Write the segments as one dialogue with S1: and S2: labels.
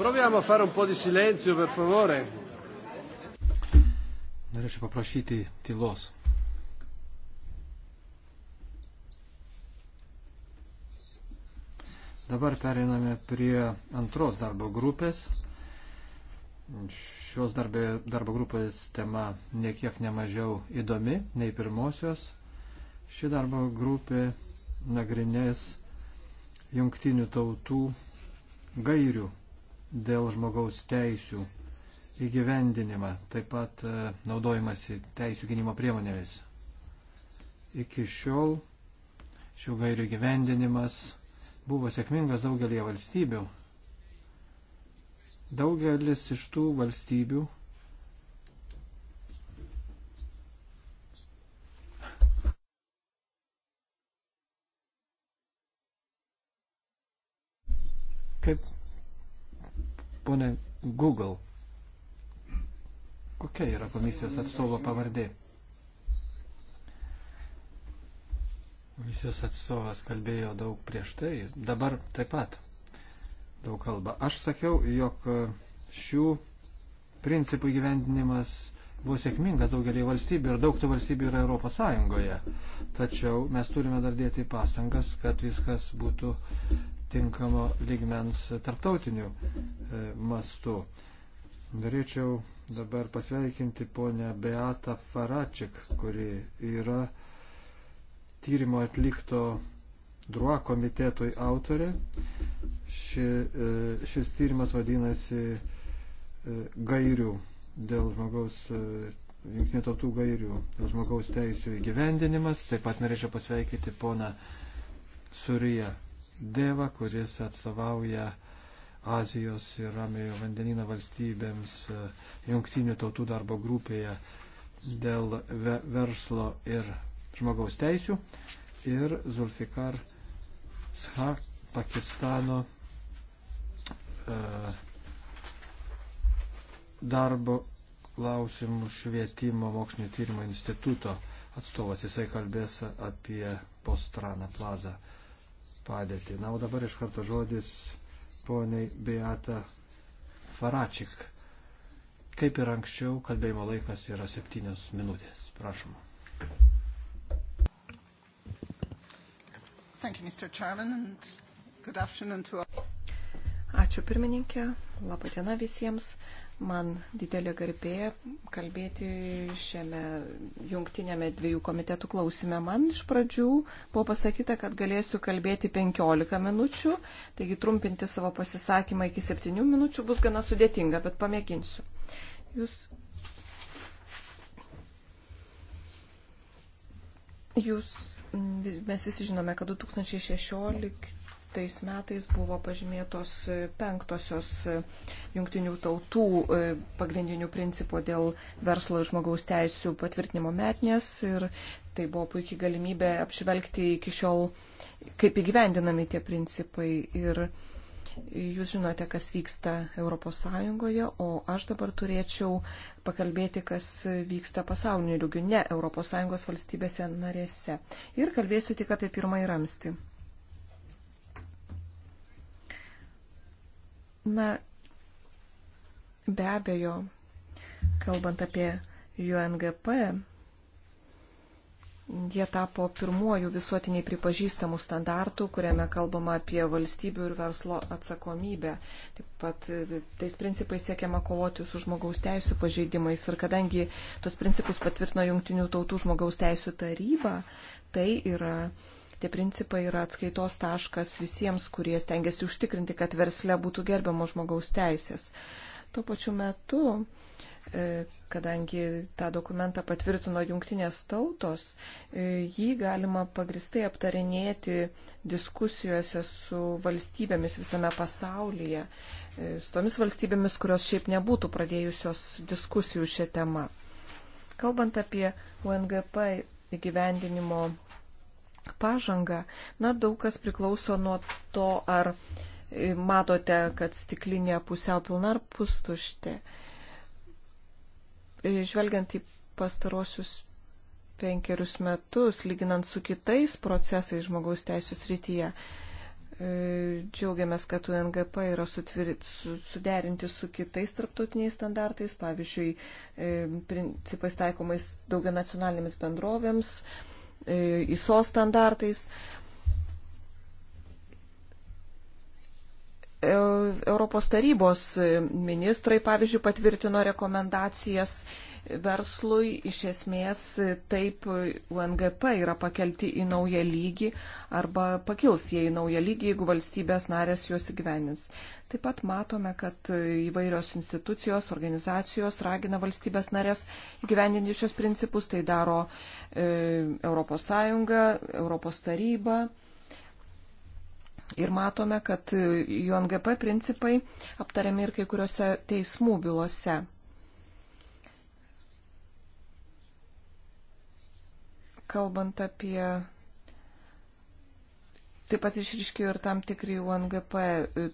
S1: Proviamo a fare un po' di silenzio, per favore. Norėčiau paprašyti tylos. Dabar pereiname prie antros darbo grupės. Šios darbė, darbo grupės tema niekiek nemažiau įdomi nei pirmosios. Ši darbo grupė nagrinės jungtinių tautų gairių dėl žmogaus teisių įgyvendinimą, taip pat e, naudojimasi teisų gynimo priemonėmis. Iki šiol šių gairių gyvendinimas buvo sėkmingas daugelie valstybių. Daugelis iš tų valstybių Pone Google, kokia yra komisijos atstovo pavardė? Komisijos atstovas kalbėjo daug prieš tai, dabar taip pat daug kalba. Aš sakiau, jog šių principų gyvendinimas buvo sėkmingas daugelį valstybių ir daug tų valstybių yra Europos Sąjungoje. Tačiau mes turime dar dėti pastangas, kad viskas būtų tinkamo lygmens tarptautiniu e, mastu. Norėčiau dabar pasveikinti ponę Beatą Faračik, kuri yra tyrimo atlikto Drua komitetui autorė. Ši, e, šis tyrimas vadinasi e, gairių dėl žmogaus, jungtinių tautų gairių dėl žmogaus teisų įgyvendinimas. Taip pat norėčiau pasveikyti poną Suriją Deva, kuris atstovauja Azijos ir Ramiojo vandenino valstybėms e, jungtinių tautų darbo grupėje dėl verslo ir žmogaus teisių ir Zulfikar Sha Pakistano e, darbo klausimų švietimo mokslinio tyrimo instituto atstovas. Jisai kalbės apie Postrana plazą padėtį. Na, o dabar iš karto žodis poniai Beata Faračik. Kaip ir anksčiau, kalbėjimo laikas yra septynios minutės. Prašom.
S2: Ačiū pirmininkė, laba diena visiems. Uh, Man didelė garbė kalbėti šiame jungtinėme dviejų komitetų klausime. Man iš pradžių buvo pasakyta, kad galėsiu kalbėti 15 minučių, taigi trumpinti savo pasisakymą iki 7 minučių bus gana sudėtinga, bet pamėginsiu. Jūs, jūs, mes visi žinome, kad 2016 2015 metais buvo pažymėtos penktosios jungtinių tautų e, pagrindinių principų dėl verslo ir žmogaus teisų patvirtinimo metnės ir tai buvo puikiai galimybė apžvelgti iki šiol, kaip įgyvendinami tie principai. Ir jūs žinote, kas vyksta ES, o aš dabar turėčiau pakalbėti, kas vyksta pasauliniu lygiu, ne ES valstybėse narėse. Ir kalbėsiu tik apie pirmąjį ramstį. Na, be abejo, kalbant apie UNGP, jie tapo pirmuoju visuotiniai pripažįstamų standartų, kuriame kalbama apie valstybių ir verslo atsakomybę. Taip pat e, tais principais siekiama kovoti su žmogaus teisų pažeidimais ir kadangi tos principus patvirtino Junktinių tautų žmogaus teisų taryba, tai yra Tie principai yra atskaitos taškas visiems, kurie stengiasi užtikrinti, kad versle būtų gerbiamos žmogaus teisės. Tuo pačiu metu, e, kadangi tą dokumentą patvirtino jungtinės tautos, e, jį galima pagristai aptarinėti diskusijose su valstybėmis visame pasaulyje, e, su tomis valstybėmis, kurios šiaip nebūtų pradėjusios diskusijų šią temą. Kalbant apie UNGP įgyvendinimo pažangą, na, daug kas priklauso nuo to, ar matote, kad stiklinė pusiau pilna ar pustuštė. E, žvelgiant į pastarosius penkerius metus, lyginant su kitais procesais žmogaus teisų srityje, e, džiaugiamės, kad UNGP yra sutvirit, su, suderinti su kitais tarptautiniais standartais, pavyzdžiui, e, principais taikomais daugia nacionalinėmis bendrovėms, E, ISO standartais. E, Europos tarybos ministrai, pavyzdžiui, patvirtino rekomendacijas verslui iš esmės taip UNGP yra pakelti į naują lygį arba pakils jie į naują lygį, jeigu valstybės narės juos įgyvenins. Taip pat matome, kad įvairios institucijos, organizacijos ragina valstybės narės įgyvendinti šios principus, tai daro e, Europos Sąjunga, Europos taryba. Ir matome, kad UNGP principai aptariami ir kai kuriuose teismų bylose. kalbant apie. Taip pat išriškėjo ir tam tikri UNGP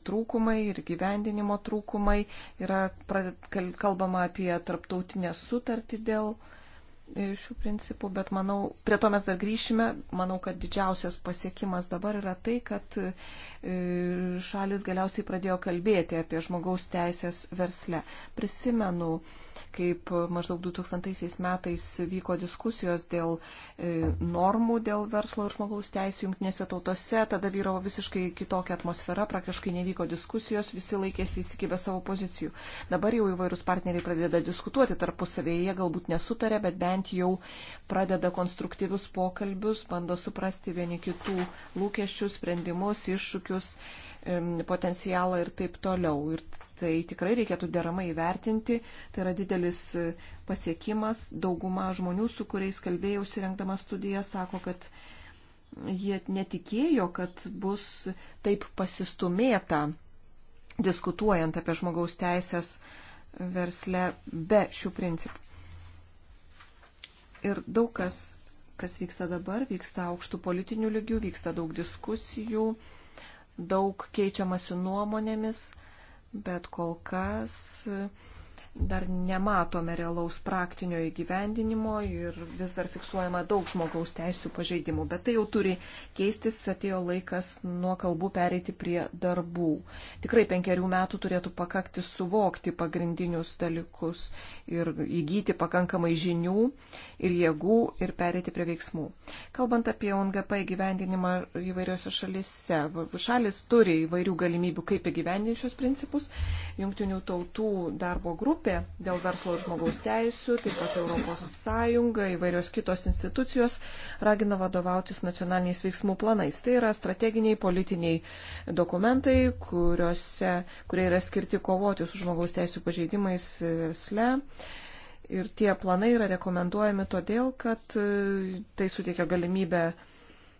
S2: trūkumai ir gyvendinimo trūkumai. Yra kalbama apie tarptautinę sutartį dėl e, šių principų, bet manau, prie to mes dar grįšime. Manau, kad didžiausias pasiekimas dabar yra tai, kad e, šalis galiausiai pradėjo kalbėti apie žmogaus teisės versle. Prisimenu, kaip maždaug 2000 metais vyko diskusijos dėl e, normų dėl verslo ir žmogaus teisų jungtinėse tautose, tada vyravo visiškai kitokia atmosfera, praktiškai nevyko diskusijos, visi laikėsi įsikibę savo pozicijų. Dabar jau įvairūs partneriai pradeda diskutuoti tarpusavėje, jie galbūt nesutarė, bet bent jau pradeda konstruktyvius pokalbius, bando suprasti vieni kitų lūkesčius, sprendimus, iššūkius. E, potencialą ir taip toliau. Ir tai tikrai reikėtų deramai įvertinti. Tai yra didelis e, pasiekimas. Dauguma žmonių, su kuriais kalbėjausi rengdama studiją, sako, kad jie netikėjo, kad bus taip pasistumėta diskutuojant apie žmogaus teisės versle be šių principų. Ir daug kas, kas vyksta dabar, vyksta aukštų politinių lygių, vyksta daug diskusijų, daug keičiamasi nuomonėmis, bet kol kas uh, dar nematome realaus praktinio įgyvendinimo ir vis dar fiksuojama daug žmogaus teisų pažeidimų. Bet tai jau turi keistis, atėjo laikas nuo kalbų pereiti prie darbų. Tikrai penkerių metų turėtų pakakti suvokti pagrindinius dalykus ir įgyti pakankamai žinių ir jėgų ir pereiti prie veiksmų. Kalbant apie ONGP įgyvendinimą įvairiose šalise, šalis turi įvairių galimybių, kaip įgyvendinti šios principus. Jungtinių tautų darbo grupė grupė dėl verslo ir žmogaus teisų, taip pat ES, įvairios kitos institucijos ragina vadovautis nacionaliniais veiksmų planais. Tai yra strateginiai politiniai dokumentai, kuriuose, kurie yra skirti kovoti su žmogaus teisų pažeidimais versle. Ir tie planai yra rekomenduojami todėl, kad e, tai suteikia galimybę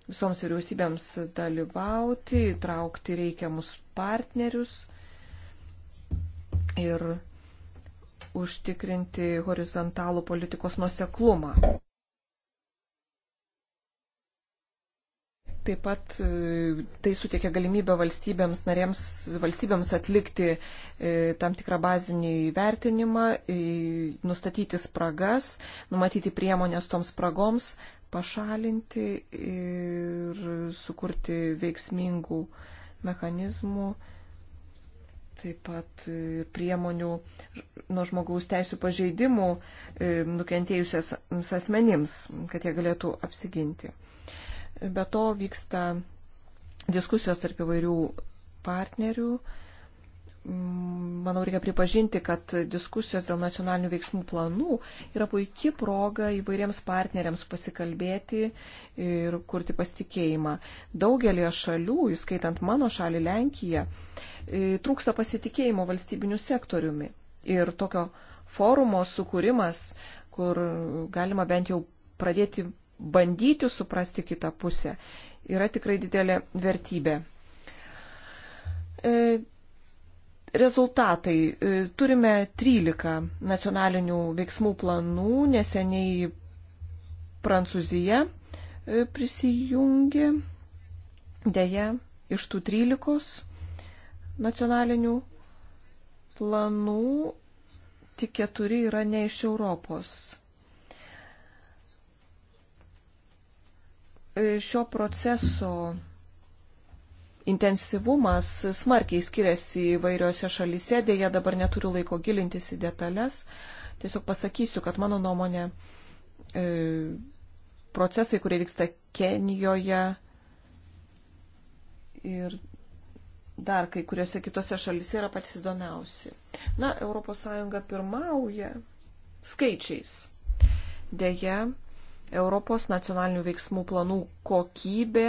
S2: visoms vyriausybėms dalyvauti, įtraukti reikiamus partnerius. Ir užtikrinti horizontalų politikos nuoseklumą. Taip pat e, tai suteikia galimybę valstybėms narėms, valstybėms atlikti e, tam tikrą bazinį įvertinimą, nustatyti spragas, numatyti priemonės toms spragoms, pašalinti ir sukurti veiksmingų mechanizmų taip pat e, priemonių nuo žmogaus teisų pažeidimų e, nukentėjusias asmenims, kad jie galėtų apsiginti. Be to vyksta diskusijos tarp įvairių partnerių manau, reikia pripažinti, kad diskusijos dėl nacionalinių veiksmų planų yra puikia proga įvairiems partneriams pasikalbėti ir kurti pasitikėjimą. Daugelie šalių, įskaitant mano šalį Lenkiją, e, trūksta pasitikėjimo valstybiniu sektoriumi. Ir tokio forumo sukūrimas, kur galima bent jau pradėti bandyti suprasti kitą pusę, yra tikrai didelė vertybė e, Rezultatai. E, turime 13 nacionalinių veiksmų planų, neseniai Prancūzija e, prisijungė. Deja, iš tų 13 nacionalinių planų tik keturi yra ne iš Europos. E, šio proceso intensyvumas smarkiai skiriasi įvairiose šalise, dėja dabar neturiu laiko gilintis į detalės. Tiesiog pasakysiu, kad mano nuomonė e, procesai, kurie vyksta Kenijoje ir dar kai kuriuose kitose šalise yra patys įdomiausi. Na, ES pirmauja skaičiais. Deja, Europos nacionalinių veiksmų planų kokybė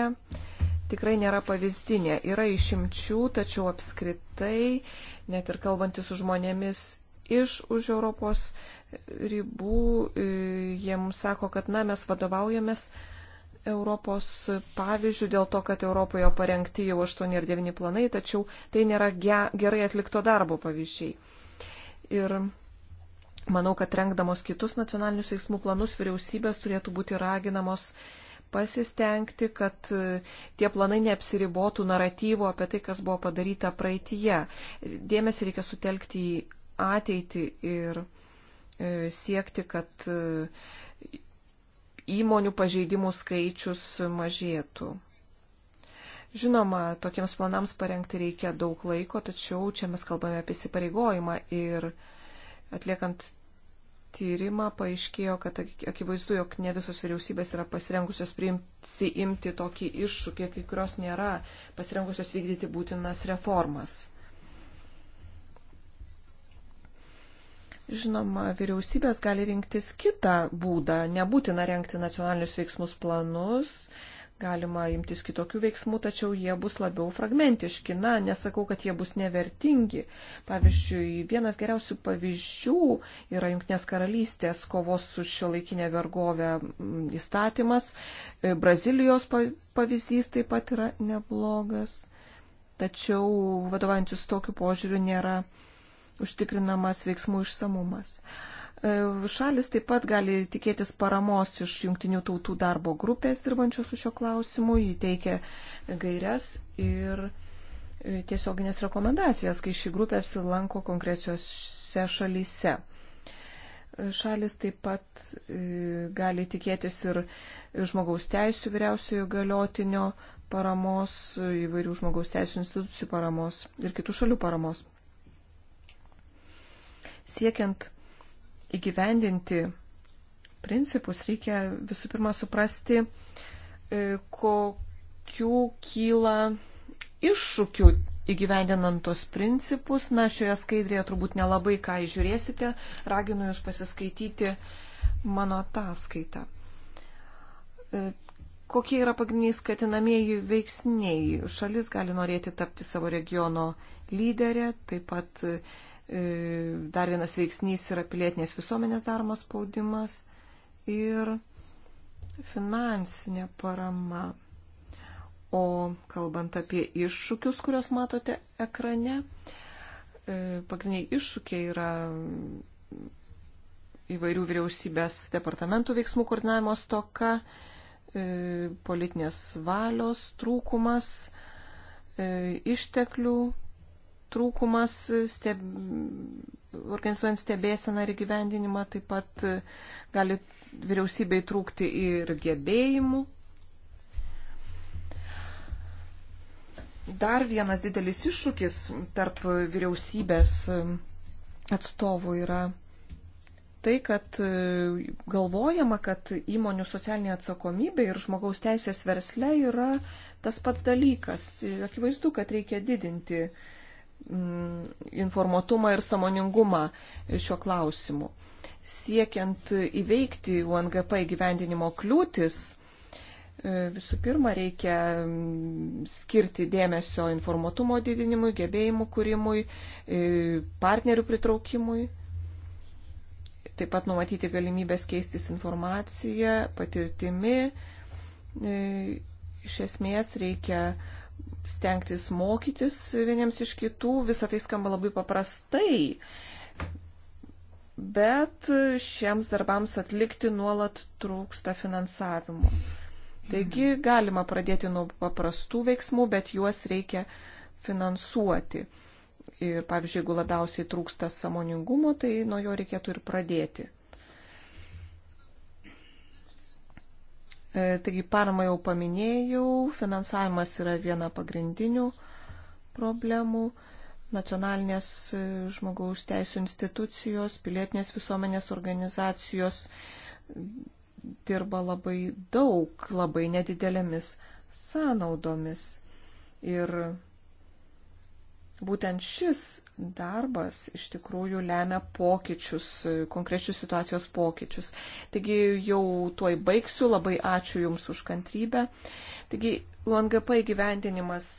S2: tikrai nėra pavyzdinė. Yra išimčių, tačiau apskritai, net ir kalbantys su žmonėmis iš už Europos ribų, e, jie mums sako, kad na, mes vadovaujamės Europos pavyzdžių dėl to, kad Europoje parengti jau 8 ar 9 planai, tačiau tai nėra gerai atlikto darbo pavyzdžiai. Ir manau, kad rengdamos kitus nacionalinius veiksmų planus, vyriausybės turėtų būti raginamos uh, pasistengti, kad e, tie planai neapsiribotų naratyvu apie tai, kas buvo padaryta praeitie. Dėmesį reikia sutelkti į ateitį ir e, siekti, kad e, įmonių pažeidimų skaičius mažėtų. Žinoma, tokiems planams parengti reikia daug laiko, tačiau čia mes kalbame apie įsipareigojimą ir atliekant tyrimą paaiškėjo, kad akivaizdu, jog ne visos vyriausybės yra pasirengusios priimti imti tokį iššūkį, kai kurios nėra pasirengusios vykdyti būtinas reformas. Žinoma, vyriausybės gali rinktis kitą būdą, nebūtina renkti nacionalinius veiksmus planus, uh, galima imtis kitokių veiksmų, tačiau jie bus labiau fragmentiški. Na, nesakau, kad jie bus nevertingi. Pavyzdžiui, vienas geriausių pavyzdžių yra Junktinės karalystės kovos su šio laikinė vergovė mm, įstatymas. E, Brazilijos pavyzdys taip pat yra neblogas. Tačiau vadovaujantis tokiu požiūriu nėra užtikrinamas veiksmų išsamumas. Uh, E, šalis taip pat gali tikėtis paramos iš jungtinių tautų darbo grupės dirbančios su šio klausimu, jį teikia gairias ir e, tiesioginės rekomendacijas, kai ši grupė apsilanko konkrečiose šalyse. E, šalis taip pat gali tikėtis ir žmogaus teisų vyriausiojo galiotinio paramos, įvairių žmogaus teisų institucijų paramos ir kitų šalių paramos. Siekiant įgyvendinti principus, reikia visų pirma suprasti, e, kokių kyla iššūkių įgyvendinant tos principus. Na, šioje skaidrėje turbūt nelabai ką įžiūrėsite. Raginu Jūs pasiskaityti mano ataskaitą. E, kokie yra pagrindiniai skatinamieji veiksniai? Šalis gali norėti tapti savo regiono lyderė, taip pat E, dar vienas veiksnys yra pilietinės visuomenės daromas spaudimas ir finansinė parama. O kalbant apie iššūkius, kuriuos matote ekrane, e, pagrindiniai iššūkiai yra įvairių vyriausybės departamentų veiksmų koordinavimo stoka, e, politinės valios trūkumas, išteklių trūkumas steb... organizuojant stebėseną ir gyvendinimą, taip pat e, gali vyriausybei trūkti ir gebėjimų. Dar vienas didelis iššūkis tarp vyriausybės e, atstovų yra tai, kad e, galvojama, kad įmonių socialinė atsakomybė ir žmogaus teisės versle yra tas pats dalykas. Akivaizdu, kad reikia didinti uh, Mm, informuotumą ir samoningumą šiuo klausimu. Siekiant įveikti UNGP įgyvendinimo kliūtis, e, visų pirma reikia mm, skirti dėmesio informuotumo didinimui, gebėjimų kūrimui, e, partnerių pritraukimui, taip pat numatyti galimybės keistis informaciją, patirtimi. E, iš esmės reikia uh, stengtis mokytis vieniems iš kitų. Visą tai skamba labai paprastai. Bet šiems darbams atlikti nuolat trūksta finansavimo. Taigi galima pradėti nuo paprastų veiksmų, bet juos reikia finansuoti. Ir pavyzdžiui, jeigu labiausiai trūksta samoningumo, tai nuo jo reikėtų ir pradėti. E, taigi paramą jau paminėjau, finansavimas yra viena pagrindinių problemų. Nacionalinės e, žmogaus teisų institucijos, pilietinės visuomenės organizacijos dirba labai daug, labai nedidelėmis sąnaudomis. Ir būtent šis darbas iš tikrųjų lemia pokyčius, konkrečius situacijos pokyčius. Taigi jau tuoj baigsiu, labai ačiū Jums už kantrybę. Taigi UNGP įgyvendinimas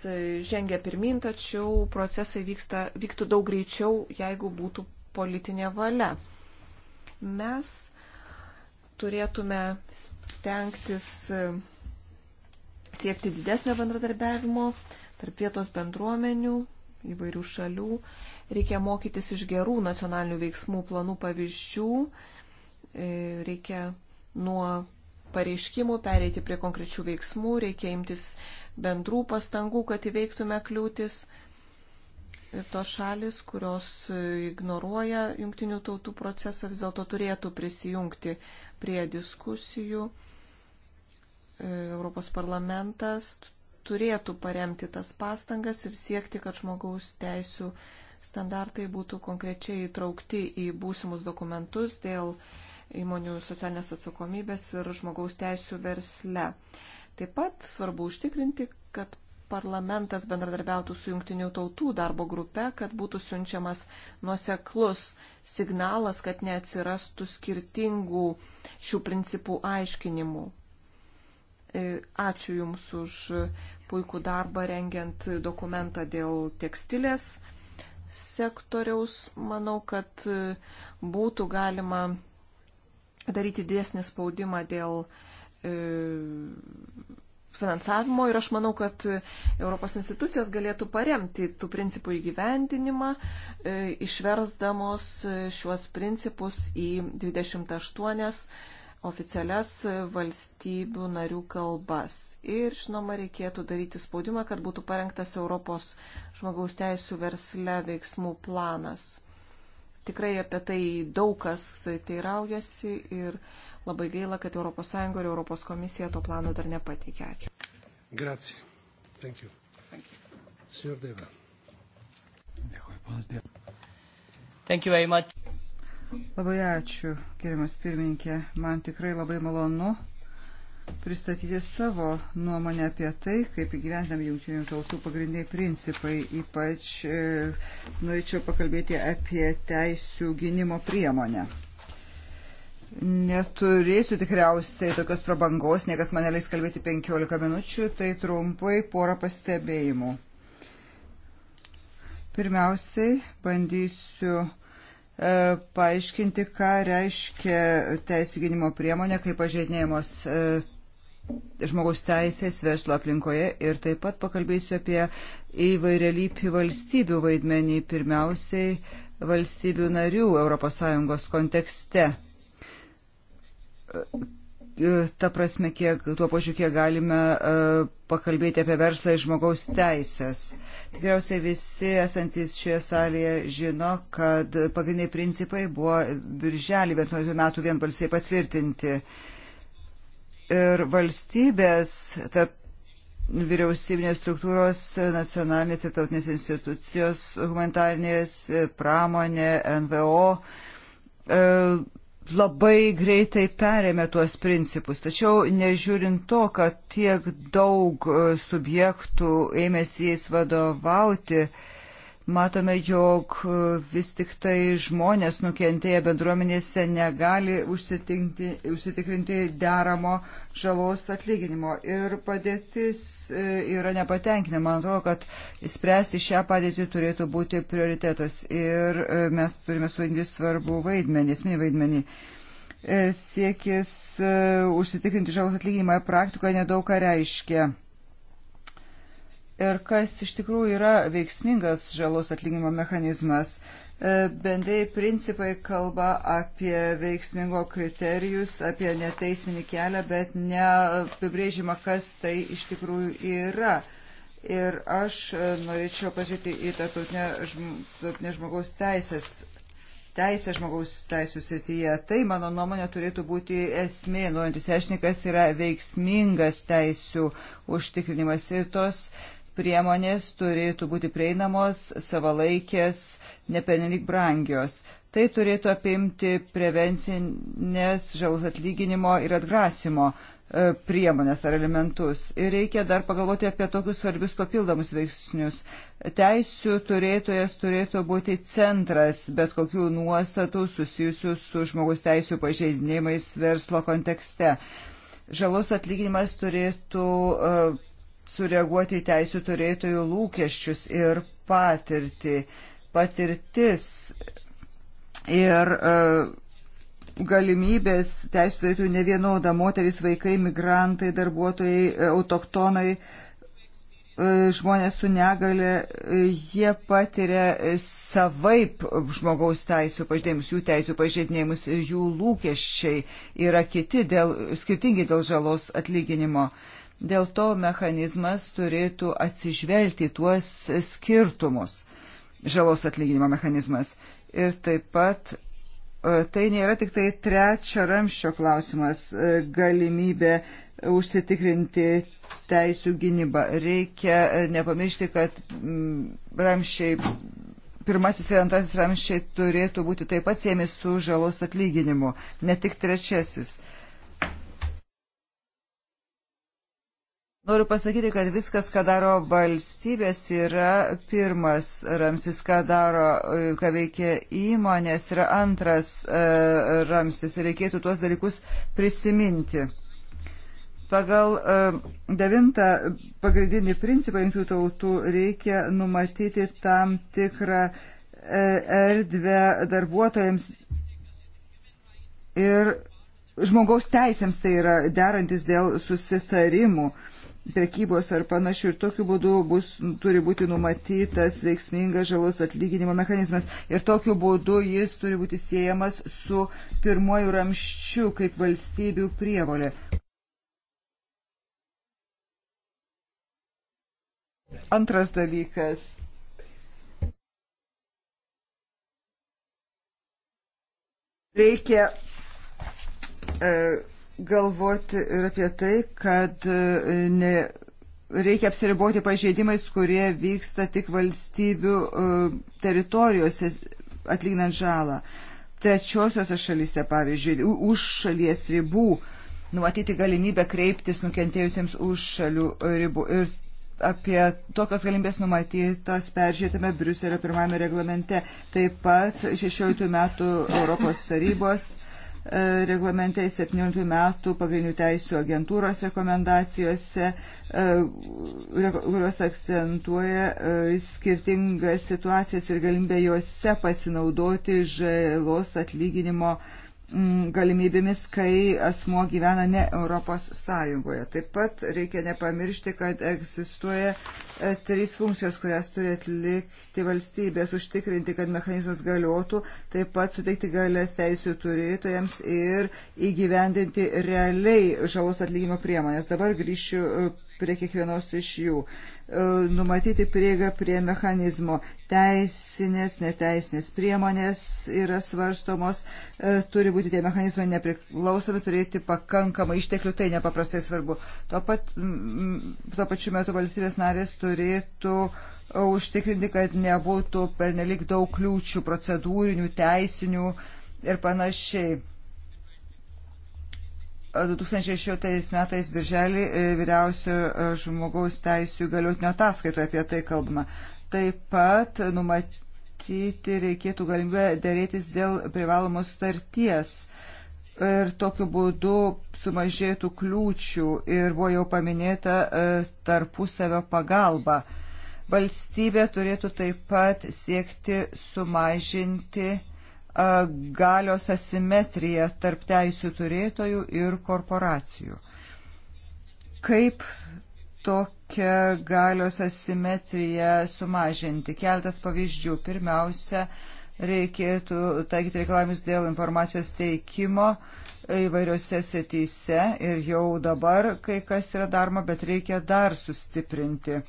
S2: žengia pirmin, tačiau procesai vyksta, vyktų daug greičiau, jeigu būtų politinė valia. Mes turėtume stengtis siekti didesnio bendradarbiavimo tarp vietos bendruomenių, įvairių šalių. Reikia mokytis iš gerų nacionalinių veiksmų planų pavyzdžių. E, reikia nuo pareiškimų pereiti prie konkrečių veiksmų. Reikia imtis bendrų pastangų, kad įveiktume kliūtis. Ir tos šalis, kurios ignoruoja jungtinių tautų procesą, vis dėlto turėtų prisijungti prie diskusijų. E, Europos parlamentas turėtų paremti tas pastangas ir siekti, kad žmogaus teisų standartai būtų konkrečiai įtraukti į būsimus dokumentus dėl įmonių socialinės atsakomybės ir žmogaus teisų versle. Taip pat svarbu užtikrinti, kad parlamentas bendradarbiautų su jungtinių tautų darbo grupe, kad būtų siunčiamas nuoseklus signalas, kad neatsirastų skirtingų šių principų aiškinimų. E, ačiū Jums už puikų darbą rengiant dokumentą dėl tekstilės sektoriaus, manau, kad e, būtų galima daryti dėsnį spaudimą dėl e, finansavimo ir aš manau, kad Europos institucijos galėtų paremti tų principų įgyvendinimą, e, išversdamos e, šiuos principus į 28 oficialias valstybių narių kalbas. Ir, žinoma, reikėtų daryti spaudimą, kad būtų parengtas Europos žmogaus teisų versle veiksmų planas. Tikrai apie tai daug kas teiraujasi ir labai gaila, kad ES ir ES komisija to plano dar nepateikė. Ačiū.
S1: Grazie. Thank you. Thank you. Sir Deva. Dėkui, panas Dėkui.
S2: Thank you very much.
S3: Labai ačiū, gerimas pirmininkė. Man tikrai labai malonu pristatyti savo nuomonę apie tai, kaip įgyvendami jungtinių tautų pagrindiniai principai. Ypač e, norėčiau pakalbėti apie teisų gynimo priemonę. Neturėsiu tikriausiai tokios prabangos, niekas mane leis kalbėti 15 minučių, tai trumpai porą pastebėjimų. Pirmiausiai bandysiu E, paaiškinti, ką reiškia teisų gynimo priemonė, kaip pažeidinėjamos e, žmogaus teisės verslo aplinkoje ir taip pat pakalbėsiu apie įvairialypį valstybių vaidmenį, pirmiausiai valstybių narių ES kontekste. E, ta prasme, kiek, tuo požiūrį, kiek galime pakalbėti apie verslą ir žmogaus teisės. Tikriausiai visi esantys šioje salėje žino, kad pagrindiniai principai buvo birželį 11 metų vienbalsiai patvirtinti. Ir valstybės, tarp vyriausybinės struktūros, nacionalinės ir tautinės institucijos, humanitarinės, pramonė, NVO labai greitai perėmė tuos principus. Tačiau nežiūrint to, kad tiek daug e, subjektų ėmėsi jais vadovauti, uh, matome, jog vis tik tai žmonės nukentėję bendruomenėse negali užsitikrinti deramo žalos atlyginimo. Ir padėtis e, yra nepatenkinama. Man atrodo, kad spręsti šią padėtį turėtų būti prioritetas. Ir e, mes turime suvaidinti svarbų vaidmenį, esminį vaidmenį e, siekis uh, užsitikrinti žalos atlyginimą praktikoje nedaug ką reiškia ir kas iš tikrųjų yra veiksmingas žalos atlyginimo mechanizmas. E, Bendrai principai kalba apie veiksmingo kriterijus, apie neteisminį kelią, bet neapibrėžima, kas tai iš tikrųjų yra. Ir aš e, norėčiau pažiūrėti į tarptautinę žmogaus teisės teisę žmogaus teisų srityje. Tai, mano nuomonė, turėtų būti esmė. Nuojantis aišnikas yra veiksmingas teisų užtikrinimas. Ir tos priemonės turėtų būti prieinamos, savalaikės, nepernelik brangios. Tai turėtų apimti prevencinės žalos atlyginimo ir atgrasimo e, priemonės ar elementus. Ir reikia dar pagalvoti apie tokius svarbius papildomus veiksnius. Teisių turėtojas turėtų būti centras bet kokių nuostatų susijusių su žmogus teisų pažeidinimais verslo kontekste. Žalos atlyginimas turėtų uh, sureaguoti į teisų turėtojų lūkesčius ir patirtį. Patirtis ir e, galimybės teisų turėtojų nevienoda moteris, vaikai, migrantai, darbuotojai, e, autoktonai, e, žmonės su negale, e, jie patiria savaip žmogaus teisų pažydėjimus, jų teisų pažydėjimus ir jų lūkesčiai yra kiti, dėl, skirtingi dėl žalos atlyginimo. E, Dėl to mechanizmas turėtų atsižvelgti tuos skirtumus, žalos atlyginimo mechanizmas. Ir taip pat e, tai nėra tik tai trečio ramščio klausimas e, - galimybė užsitikrinti teisų gynybą. Reikia e, nepamiršti, kad mm, ramščiai, pirmasis ir antrasis ramščiai turėtų būti taip pat siemi su žalos atlyginimu, ne tik trečiasis. Noriu pasakyti, kad viskas, ką daro valstybės, yra pirmas ramsis, ką daro, ką veikia įmonės, yra antras uh, e, ramsis. Reikėtų tuos dalykus prisiminti. Pagal uh, devintą pagrindinį principą jungtinių tautų reikia numatyti tam tikrą uh, erdvę darbuotojams ir žmogaus teisėms tai yra derantis dėl susitarimų. Uh, prekybos ar panašių ir tokiu būdu bus, turi būti numatytas veiksmingas žalos atlyginimo mechanizmas ir tokiu būdu jis turi būti siejamas su pirmuoju ramščiu kaip valstybių prievolė. Antras dalykas. Reikia e, galvoti ir apie tai, kad e, ne, reikia apsiriboti pažeidimais, kurie vyksta tik valstybių e, teritorijose atlyginant žalą. Trečiosiose šalyse, pavyzdžiui, už šalies ribų numatyti galimybę kreiptis nukentėjusiems už šalių e, ribų. Ir apie tokios galimybės numatytos peržiūrėtame Briuselio pirmame reglamente. Taip pat 16 metų Europos tarybos E, reglamente 17 metų pagrindinių teisų agentūros rekomendacijose, e, kurios akcentuoja e, skirtingas situacijas ir galimybę juose pasinaudoti žalos atlyginimo galimybėmis, kai asmo gyvena ne Europos Sąjungoje. Taip pat reikia nepamiršti, kad egzistuoja E, trys funkcijos, kurias turi atlikti valstybės, užtikrinti, kad mechanizmas galiotų, taip pat suteikti galės teisų turėtojams ir įgyvendinti realiai žalos atlyginimo priemonės. Dabar grįšiu e, prie kiekvienos iš jų. E, numatyti prieigą prie mechanizmo. Teisinės, neteisinės priemonės yra svarstomos, e, turi būti tie mechanizmai nepriklausomi, turėti pakankamą išteklių, tai nepaprastai svarbu. Tuo, pat, tuo pačiu metu valstybės narės turėtų užtikrinti, kad nebūtų pernelik daug kliūčių procedūrinių, teisinių ir panašiai 2006 metais birželį e, vyriausio e, žmogaus teisų įgaliotinio ataskaitoje apie tai kalbama. Taip pat numatyti reikėtų galimybę dėrėtis dėl privalomos starties ir tokiu būdu sumažėtų kliūčių ir buvo jau paminėta e, tarpusavio pagalba. Valstybė turėtų taip pat siekti sumažinti galios asimetrija tarp teisių turėtojų ir korporacijų. Kaip tokią galios asimetriją sumažinti? Keltas pavyzdžių. Pirmiausia, reikėtų taikyti reikalavimus dėl informacijos teikimo įvairiose setyse ir jau dabar kai kas yra daroma, bet reikia dar sustiprinti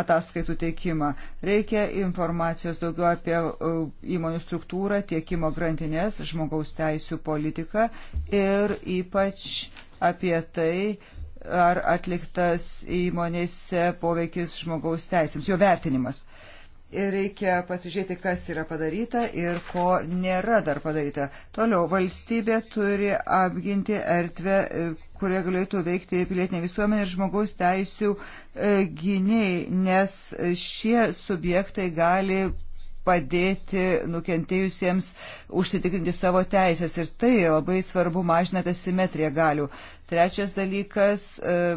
S3: ataskaitų teikimą. Reikia informacijos daugiau apie uh, įmonių struktūrą, tiekimo grantinės, žmogaus teisų politiką ir ypač apie tai, ar atliktas įmonėse poveikis žmogaus teisėms, jo vertinimas. Ir reikia pasižiūrėti, kas yra padaryta ir ko nėra dar padaryta. Toliau, valstybė turi apginti erdvę uh, kurioje galėtų veikti pilietinė visuomenė ir žmogaus teisų e, gyniai, nes šie subjektai gali padėti nukentėjusiems užsitikrinti savo teisės ir tai labai svarbu mažina tą simetriją galių. Trečias dalykas e,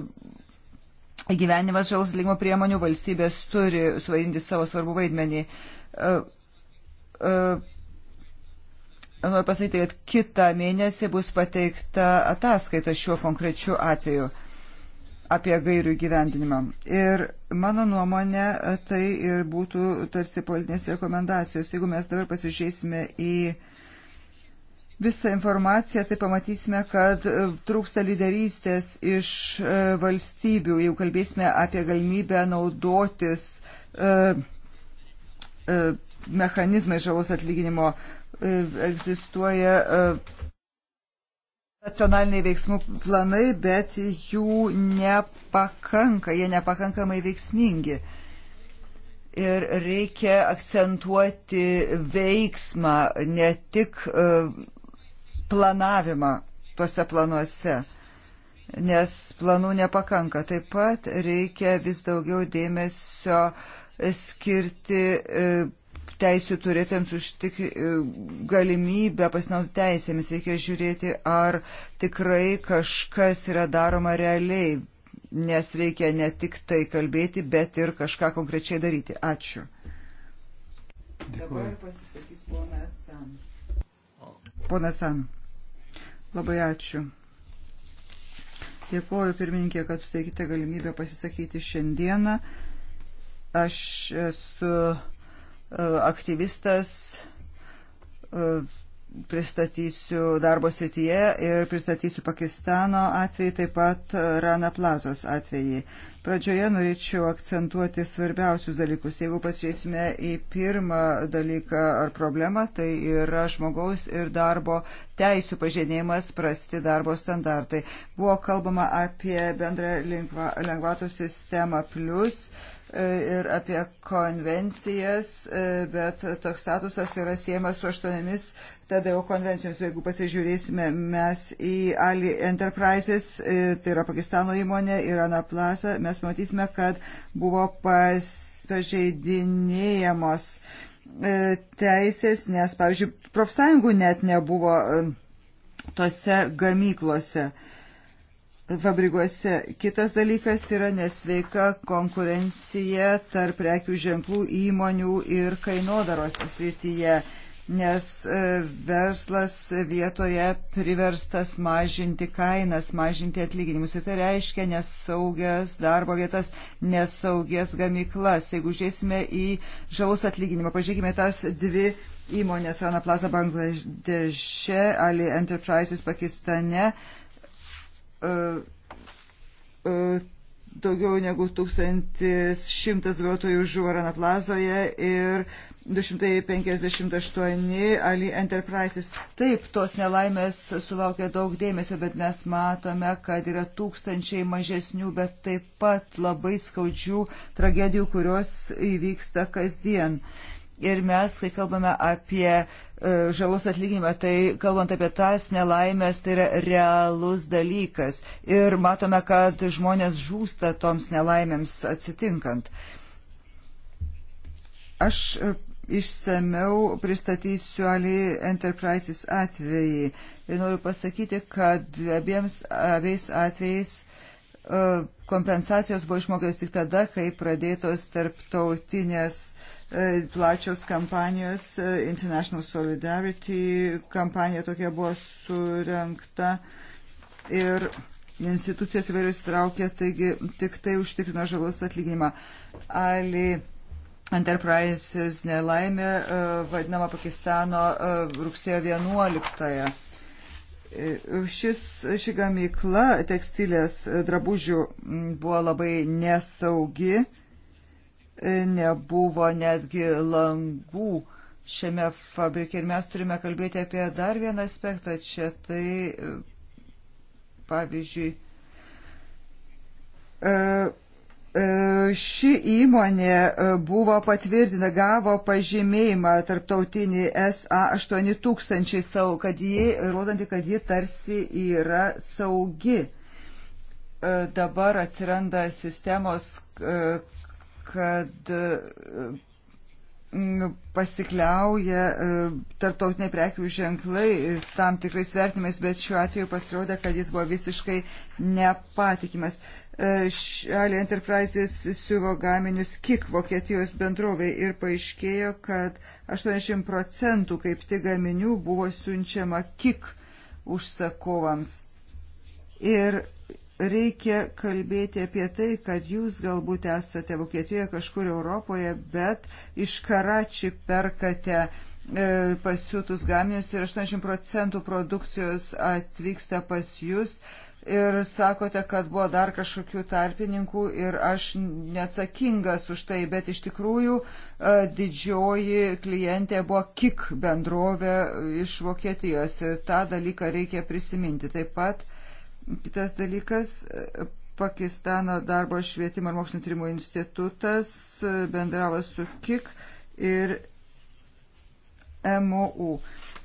S3: gyvenimas žalos lygmo priemonių valstybės turi suvaidinti savo svarbų vaidmenį. E, Noriu pasakyti, kad kitą mėnesį bus pateikta ataskaita šiuo konkrečiu atveju apie gairių gyvendinimą. Ir mano nuomonė, tai ir būtų tarsi politinės rekomendacijos. Jeigu mes dabar pasižiūrėsime į visą informaciją, tai pamatysime, kad trūksta lyderystės iš e, valstybių, jeigu kalbėsime apie galimybę naudotis e, e, mechanizmai žalos atlyginimo uh, E, egzistuoja nacionaliniai e, veiksmų planai, bet jų nepakanka, jie nepakankamai veiksmingi. Ir reikia akcentuoti veiksmą, ne tik e, planavimą tuose planuose nes planų nepakanka. Taip pat reikia vis daugiau dėmesio skirti teisių turėtėms užtik e, galimybę pasinauti teisėmis. Reikia žiūrėti, ar tikrai kažkas yra daroma realiai, nes reikia ne tik tai kalbėti, bet ir kažką konkrečiai daryti. Ačiū. Dėkuoju. Dabar pasisakys ponas San. Ponas San, labai ačiū. Dėkuoju pirmininkė, kad suteikite galimybę pasisakyti šiandieną. Aš esu E, aktyvistas, e, pristatysiu darbo srityje ir pristatysiu Pakistano atvejį, taip pat e, Rana Plazos atvejį. Pradžioje norėčiau akcentuoti svarbiausius dalykus. Jeigu pasižiūrėsime į pirmą dalyką ar problemą, tai yra žmogaus ir darbo teisų pažinėjimas, prasti darbo standartai. Buvo kalbama apie bendrą lengvatų sistemą plus. Uh, E, ir apie konvencijas, e, bet toks statusas yra siejamas su aštuoniamis TDO konvencijomis. Jeigu pasižiūrėsime mes į Ali Enterprises, e, tai yra Pakistano įmonė ir Anaplasa, mes matysime, kad buvo pas, pažeidinėjamos teisės, nes, pavyzdžiui, profsąjungų net nebuvo tose gamyklose fabrikuose. Kitas dalykas yra nesveika konkurencija tarp prekių ženklų įmonių ir kainodaros srityje, nes e, verslas vietoje priverstas mažinti kainas, mažinti atlyginimus. Ir tai reiškia nesaugias darbo vietas, nesaugias gamyklas. Jeigu žiūrėsime į žalos atlyginimą, pažiūrėkime tas dvi įmonės Rana Plaza Bangladeše, Ali Enterprises Pakistane E, e, daugiau negu 1100 vairuotojų žuvo Rana plazoje ir 258 Ali Enterprises. Taip, tos nelaimės sulaukia daug dėmesio, bet mes matome, kad yra tūkstančiai mažesnių, bet taip pat labai skaudžių tragedijų, kurios įvyksta kasdien. Uh, Ir mes, kai kalbame apie e, žalos atlyginimą, tai kalbant apie tas nelaimės, tai yra realus dalykas. Ir matome, kad žmonės žūsta toms nelaimėms atsitinkant. Aš e, išsameu pristatysiu Ali Enterprises atvejį. Ir noriu pasakyti, kad abiems, abiais atvejais e, kompensacijos buvo išmokės tik tada, kai pradėtos tarptautinės uh, E, plačios kampanijos, e, International Solidarity kampanija tokia buvo surenkta ir institucijos įvairios traukė, taigi tik tai užtikrino žalos atlyginimą. Ali Enterprises nelaimė e, vadinama Pakistano rugsėjo 11-ąją. Šis, ši gamykla tekstilės drabužių buvo labai nesaugi nebuvo netgi langų šiame fabrike. Ir mes turime kalbėti apie dar vieną aspektą čia. Tai, pavyzdžiui, e, e, ši įmonė buvo patvirtina, gavo pažymėjimą tarptautinį SA8000 savo, kad ji, rodanti, kad ji tarsi yra saugi. E, dabar atsiranda sistemos, kad e, pasikliauja e, tarptautiniai prekių ženklai tam tikrais vertimais, bet šiuo atveju pasirodė, kad jis buvo visiškai nepatikimas. E, Ali Enterprises siuvo gaminius KIK Vokietijos bendroviai ir paaiškėjo, kad 80 procentų kaip tik gaminių buvo siunčiama KIK užsakovams. Ir reikia kalbėti apie tai, kad jūs galbūt esate Vokietijoje kažkur Europoje, bet iš Karači perkate e, pasiūtus gaminius ir 80 procentų produkcijos atvyksta pas jūs ir sakote, kad buvo dar kažkokių tarpininkų ir aš neatsakingas už tai, bet iš tikrųjų e, didžioji klientė buvo KIK bendrovė iš Vokietijos ir tą dalyką reikia prisiminti. Taip pat Kitas dalykas e, - Pakistano darbo švietimo ir mokslinio tyrimų institutas e, bendravo su KIK ir MOU.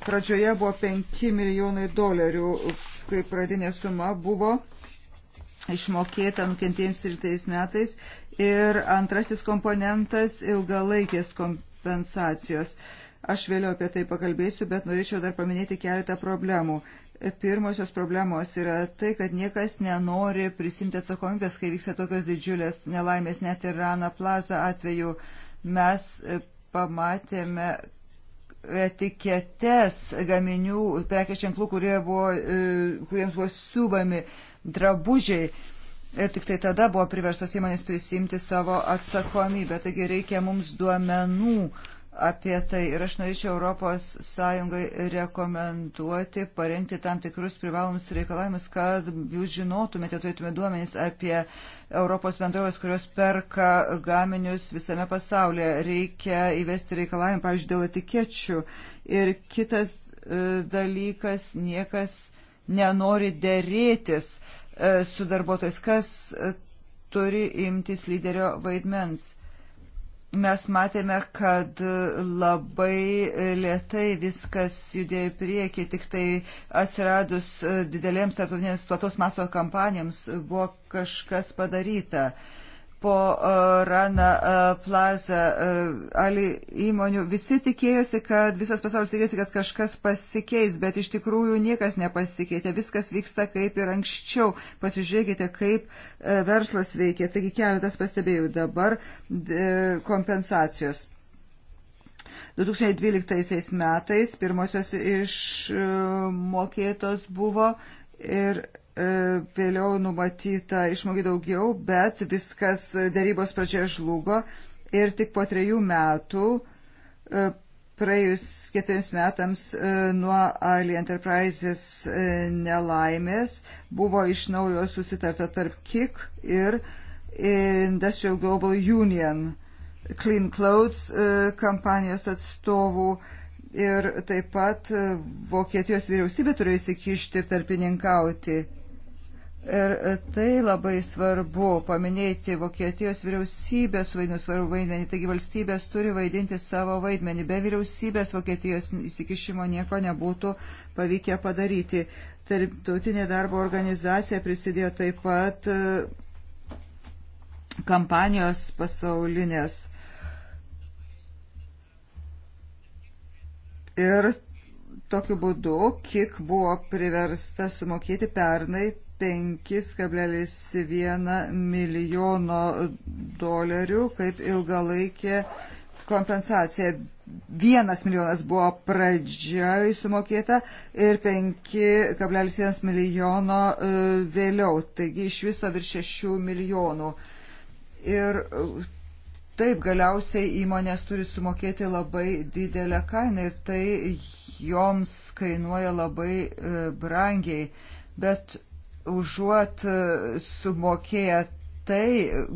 S3: Pradžioje buvo 5 milijonai dolerių, kai pradinė suma buvo išmokėta nukentėjams 13 metais. Ir antrasis komponentas - ilgalaikės kompensacijos. Aš vėliau apie tai pakalbėsiu, bet norėčiau dar paminėti keletą problemų. Pirmosios problemos yra tai, kad niekas nenori prisimti atsakomybės, kai vyksta tokios didžiulės nelaimės, net ir Rana Plaza atveju mes e, pamatėme etiketes gaminių, prekės ženklų, kurie buvo, e, kuriems buvo siūbami drabužiai. Ir tik tai tada buvo priverstos įmonės prisimti savo atsakomybę. Taigi reikia mums duomenų apie tai ir aš norėčiau ES rekomenduoti parengti tam tikrus privalomus reikalavimus, kad jūs žinotumėte, turėtume duomenys apie Europos bendrovės, kurios perka gaminius visame pasaulyje. Reikia įvesti reikalavimą, pavyzdžiui, dėl etikečių. Ir kitas e, dalykas, niekas nenori dėrėtis e, su darbuotojais, kas e, turi imtis lyderio vaidmens mes matėme, kad labai lietai viskas judėjo į priekį, tik tai atsiradus didelėms tarptautinėms platos maso kampanijoms buvo kažkas padaryta. Uh, po e, Rana e, Plaza e, Ali įmonių, visi tikėjosi, kad visas pasaulis tikėjosi, kad kažkas pasikeis, bet iš tikrųjų niekas nepasikeitė, viskas vyksta kaip ir anksčiau. Pasižiūrėkite, kaip verslas veikia. Taigi keletas pastebėjau dabar kompensacijos. 2012 metais pirmosios išmokėtos buvo ir E, vėliau numatyta išmoki daugiau, bet viskas darybos pradžioje žlugo ir tik po trejų metų, e, praėjus ketveriems metams e, nuo Ali Enterprises nelaimės, buvo iš naujo susitarta tarp KIK ir Industrial Global Union Clean Clothes kampanijos atstovų ir taip pat Vokietijos vyriausybė turėjo įsikišti ir tarpininkauti Ir tai labai svarbu paminėti Vokietijos vyriausybės vaidinų svarbu vaidmenį. Taigi valstybės turi vaidinti savo vaidmenį. Be vyriausybės Vokietijos įsikišimo nieko nebūtų pavykę padaryti. Tarptautinė darbo organizacija prisidėjo taip pat e, kampanijos pasaulinės. Ir tokiu būdu, kiek buvo priversta sumokėti pernai 5,1 milijono dolerių kaip ilgalaikė kompensacija. Vienas milijonas buvo pradžioj sumokėta ir 5,1 milijono e, vėliau, taigi iš viso virš 6 milijonų. Ir e, taip galiausiai įmonės turi sumokėti labai didelę kainą ir tai joms kainuoja labai e, brangiai. Bet užuot e, sumokėję tai,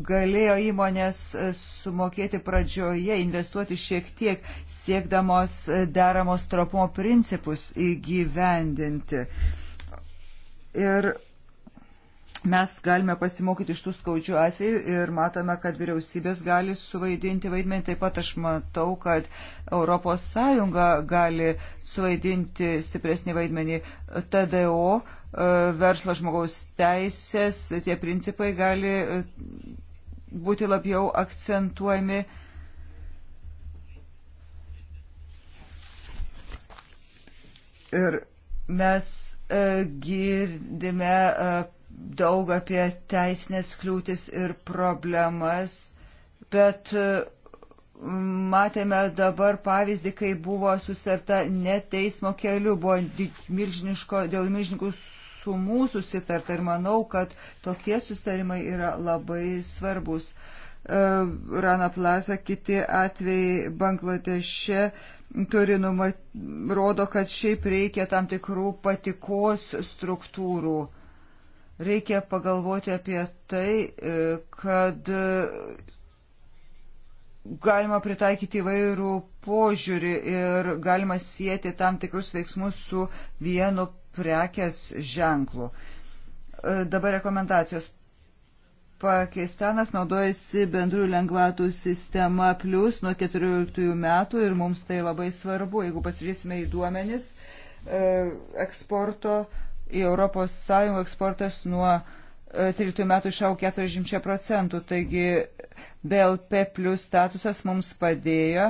S3: galėjo įmonės e, sumokėti pradžioje, investuoti šiek tiek, siekdamos e, deramos trapumo principus įgyvendinti. Ir mes galime pasimokyti iš tų skaudžių atvejų ir matome, kad vyriausybės gali suvaidinti vaidmenį. Taip pat aš matau, kad ES gali suvaidinti stipresnį vaidmenį. TDO, e, verslo žmogaus teisės, tie principai gali e, būti labiau akcentuojami. Ir mes e, girdime daug apie teisinės kliūtis ir problemas, bet e, matėme dabar pavyzdį, kai buvo susitarta ne teismo keliu, buvo milžiniško, dėl milžininkų sumų susitarta ir manau, kad tokie susitarimai yra labai svarbus. E, Rana Plaza, kiti atvejai Bangladeše turi numat, rodo, kad šiaip reikia tam tikrų patikos struktūrų Reikia pagalvoti apie tai, e, kad e, galima pritaikyti įvairių požiūrį ir galima sieti tam tikrus veiksmus su vienu prekės ženklu. E, dabar rekomendacijos. Pakistanas naudojasi bendrų lengvatų sistema plus nuo 14 metų ir mums tai labai svarbu. Jeigu pasižiūrėsime į duomenis eksporto į ES eksportas nuo 13 e, metų išaugo 40 procentų, taigi BLP plus statusas mums padėjo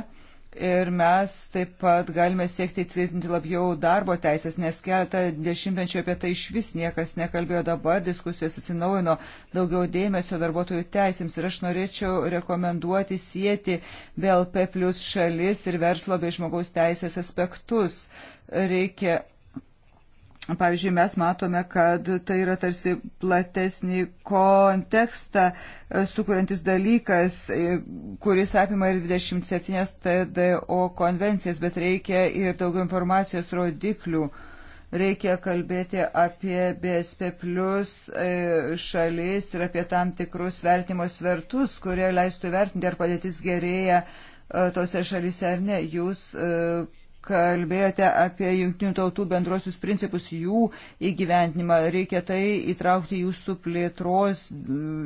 S3: ir mes taip pat galime siekti įtvirtinti labiau darbo teisės, nes keletą dešimtmečių apie tai iš vis niekas nekalbėjo dabar, diskusijos atsinaujino daugiau dėmesio darbuotojų teisėms ir aš norėčiau rekomenduoti sieti BLP plus šalis ir verslo bei žmogaus teisės aspektus. Reikia Pavyzdžiui, mes matome, kad tai yra tarsi platesnį kontekstą e, sukūrantis dalykas, e, kuris apima ir 27 TDO konvencijas, bet reikia ir daugiau informacijos rodiklių. Reikia kalbėti apie BSP plus e, šalis ir apie tam tikrus vertimo svertus, kurie leistų vertinti, ar padėtis gerėja tose šalise ar ne. Jūs kalbėjote apie jungtinių tautų bendruosius principus, jų įgyventinimą. Reikia tai įtraukti jūsų plėtros,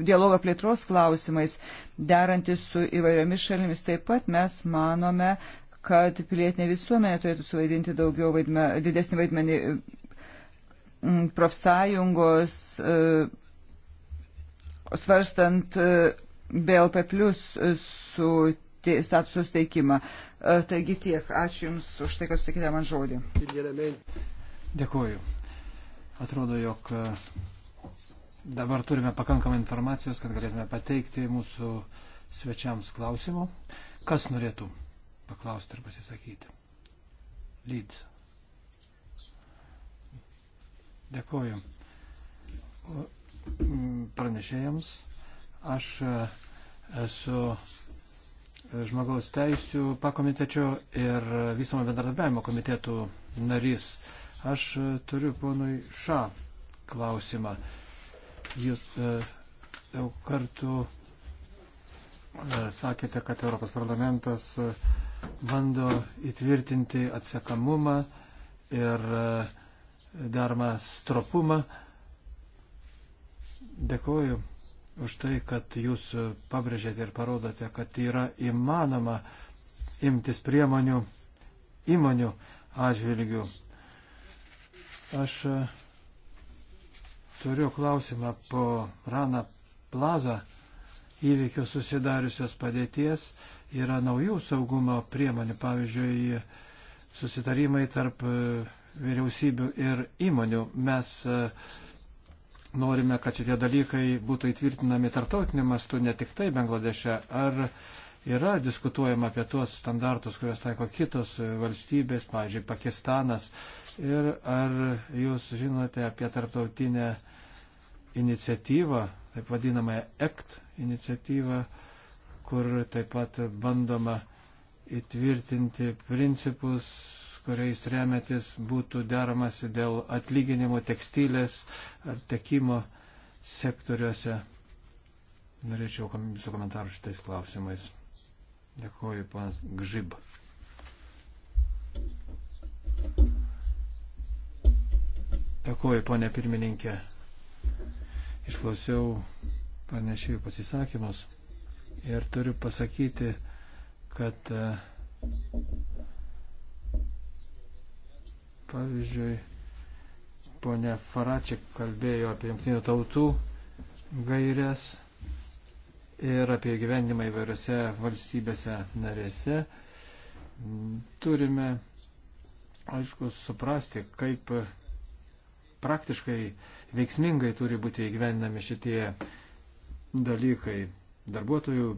S3: dialogą plėtros klausimais, derantis su įvairiomis šalimis. Taip pat mes manome, kad pilietinė visuomenė turėtų suvaidinti daugiau vaidme, didesnį vaidmenį mm, profsąjungos e, svarstant e, BLP plus e, su statuso steikimą. E, taigi tiek. Ačiū Jums už tai, kad sutikite man žodį.
S1: Dėkuoju. Atrodo, jog e, dabar turime pakankamai informacijos, kad galėtume pateikti mūsų svečiams klausimų. Kas norėtų paklausti ar pasisakyti? Lyds. Dėkuoju. Pranešėjams aš e, esu žmogaus teisų pakomitečio ir visamo bendradarbiavimo komitetų narys. Aš turiu ponui Šą klausimą. Jūs e, jau kartu e, sakėte, kad Europos parlamentas e, bando įtvirtinti atsekamumą ir e, darmą stropumą. Dėkuoju už tai, kad jūs pabrėžėte ir parodote, kad yra įmanoma imtis priemonių įmonių atžvilgių. Aš e, turiu klausimą po Rana Plaza įvykių susidariusios padėties. Yra naujų saugumo priemonių, pavyzdžiui, susitarimai tarp e, vyriausybių ir įmonių. Mes uh, norime, kad šitie dalykai būtų įtvirtinami tartautiniu mastu, ne tik tai Bangladeše. Ar yra diskutuojama apie tuos standartus, kuriuos taiko kitos valstybės, pavyzdžiui, Pakistanas? Ir ar jūs žinote apie tartautinę iniciatyvą, taip vadinamąją ECT iniciatyvą, kur taip pat bandoma įtvirtinti principus kuriais remetis būtų deramasi dėl atlyginimo tekstilės ar tekimo sektoriuose. Norėčiau jūsų komentarų šitais klausimais. Dėkuoju, panas Gžib. Dėkuoju, ponė pirmininkė. Išklausiau pranešėjų pasisakymus ir turiu pasakyti, kad uh, Pavyzdžiui, ponia Faračia kalbėjo apie jungtinių tautų gairias ir apie gyvenimą įvairiose valstybėse narėse. Turime, aišku, suprasti, kaip praktiškai veiksmingai turi būti įgyvendinami šitie dalykai. Darbuotojų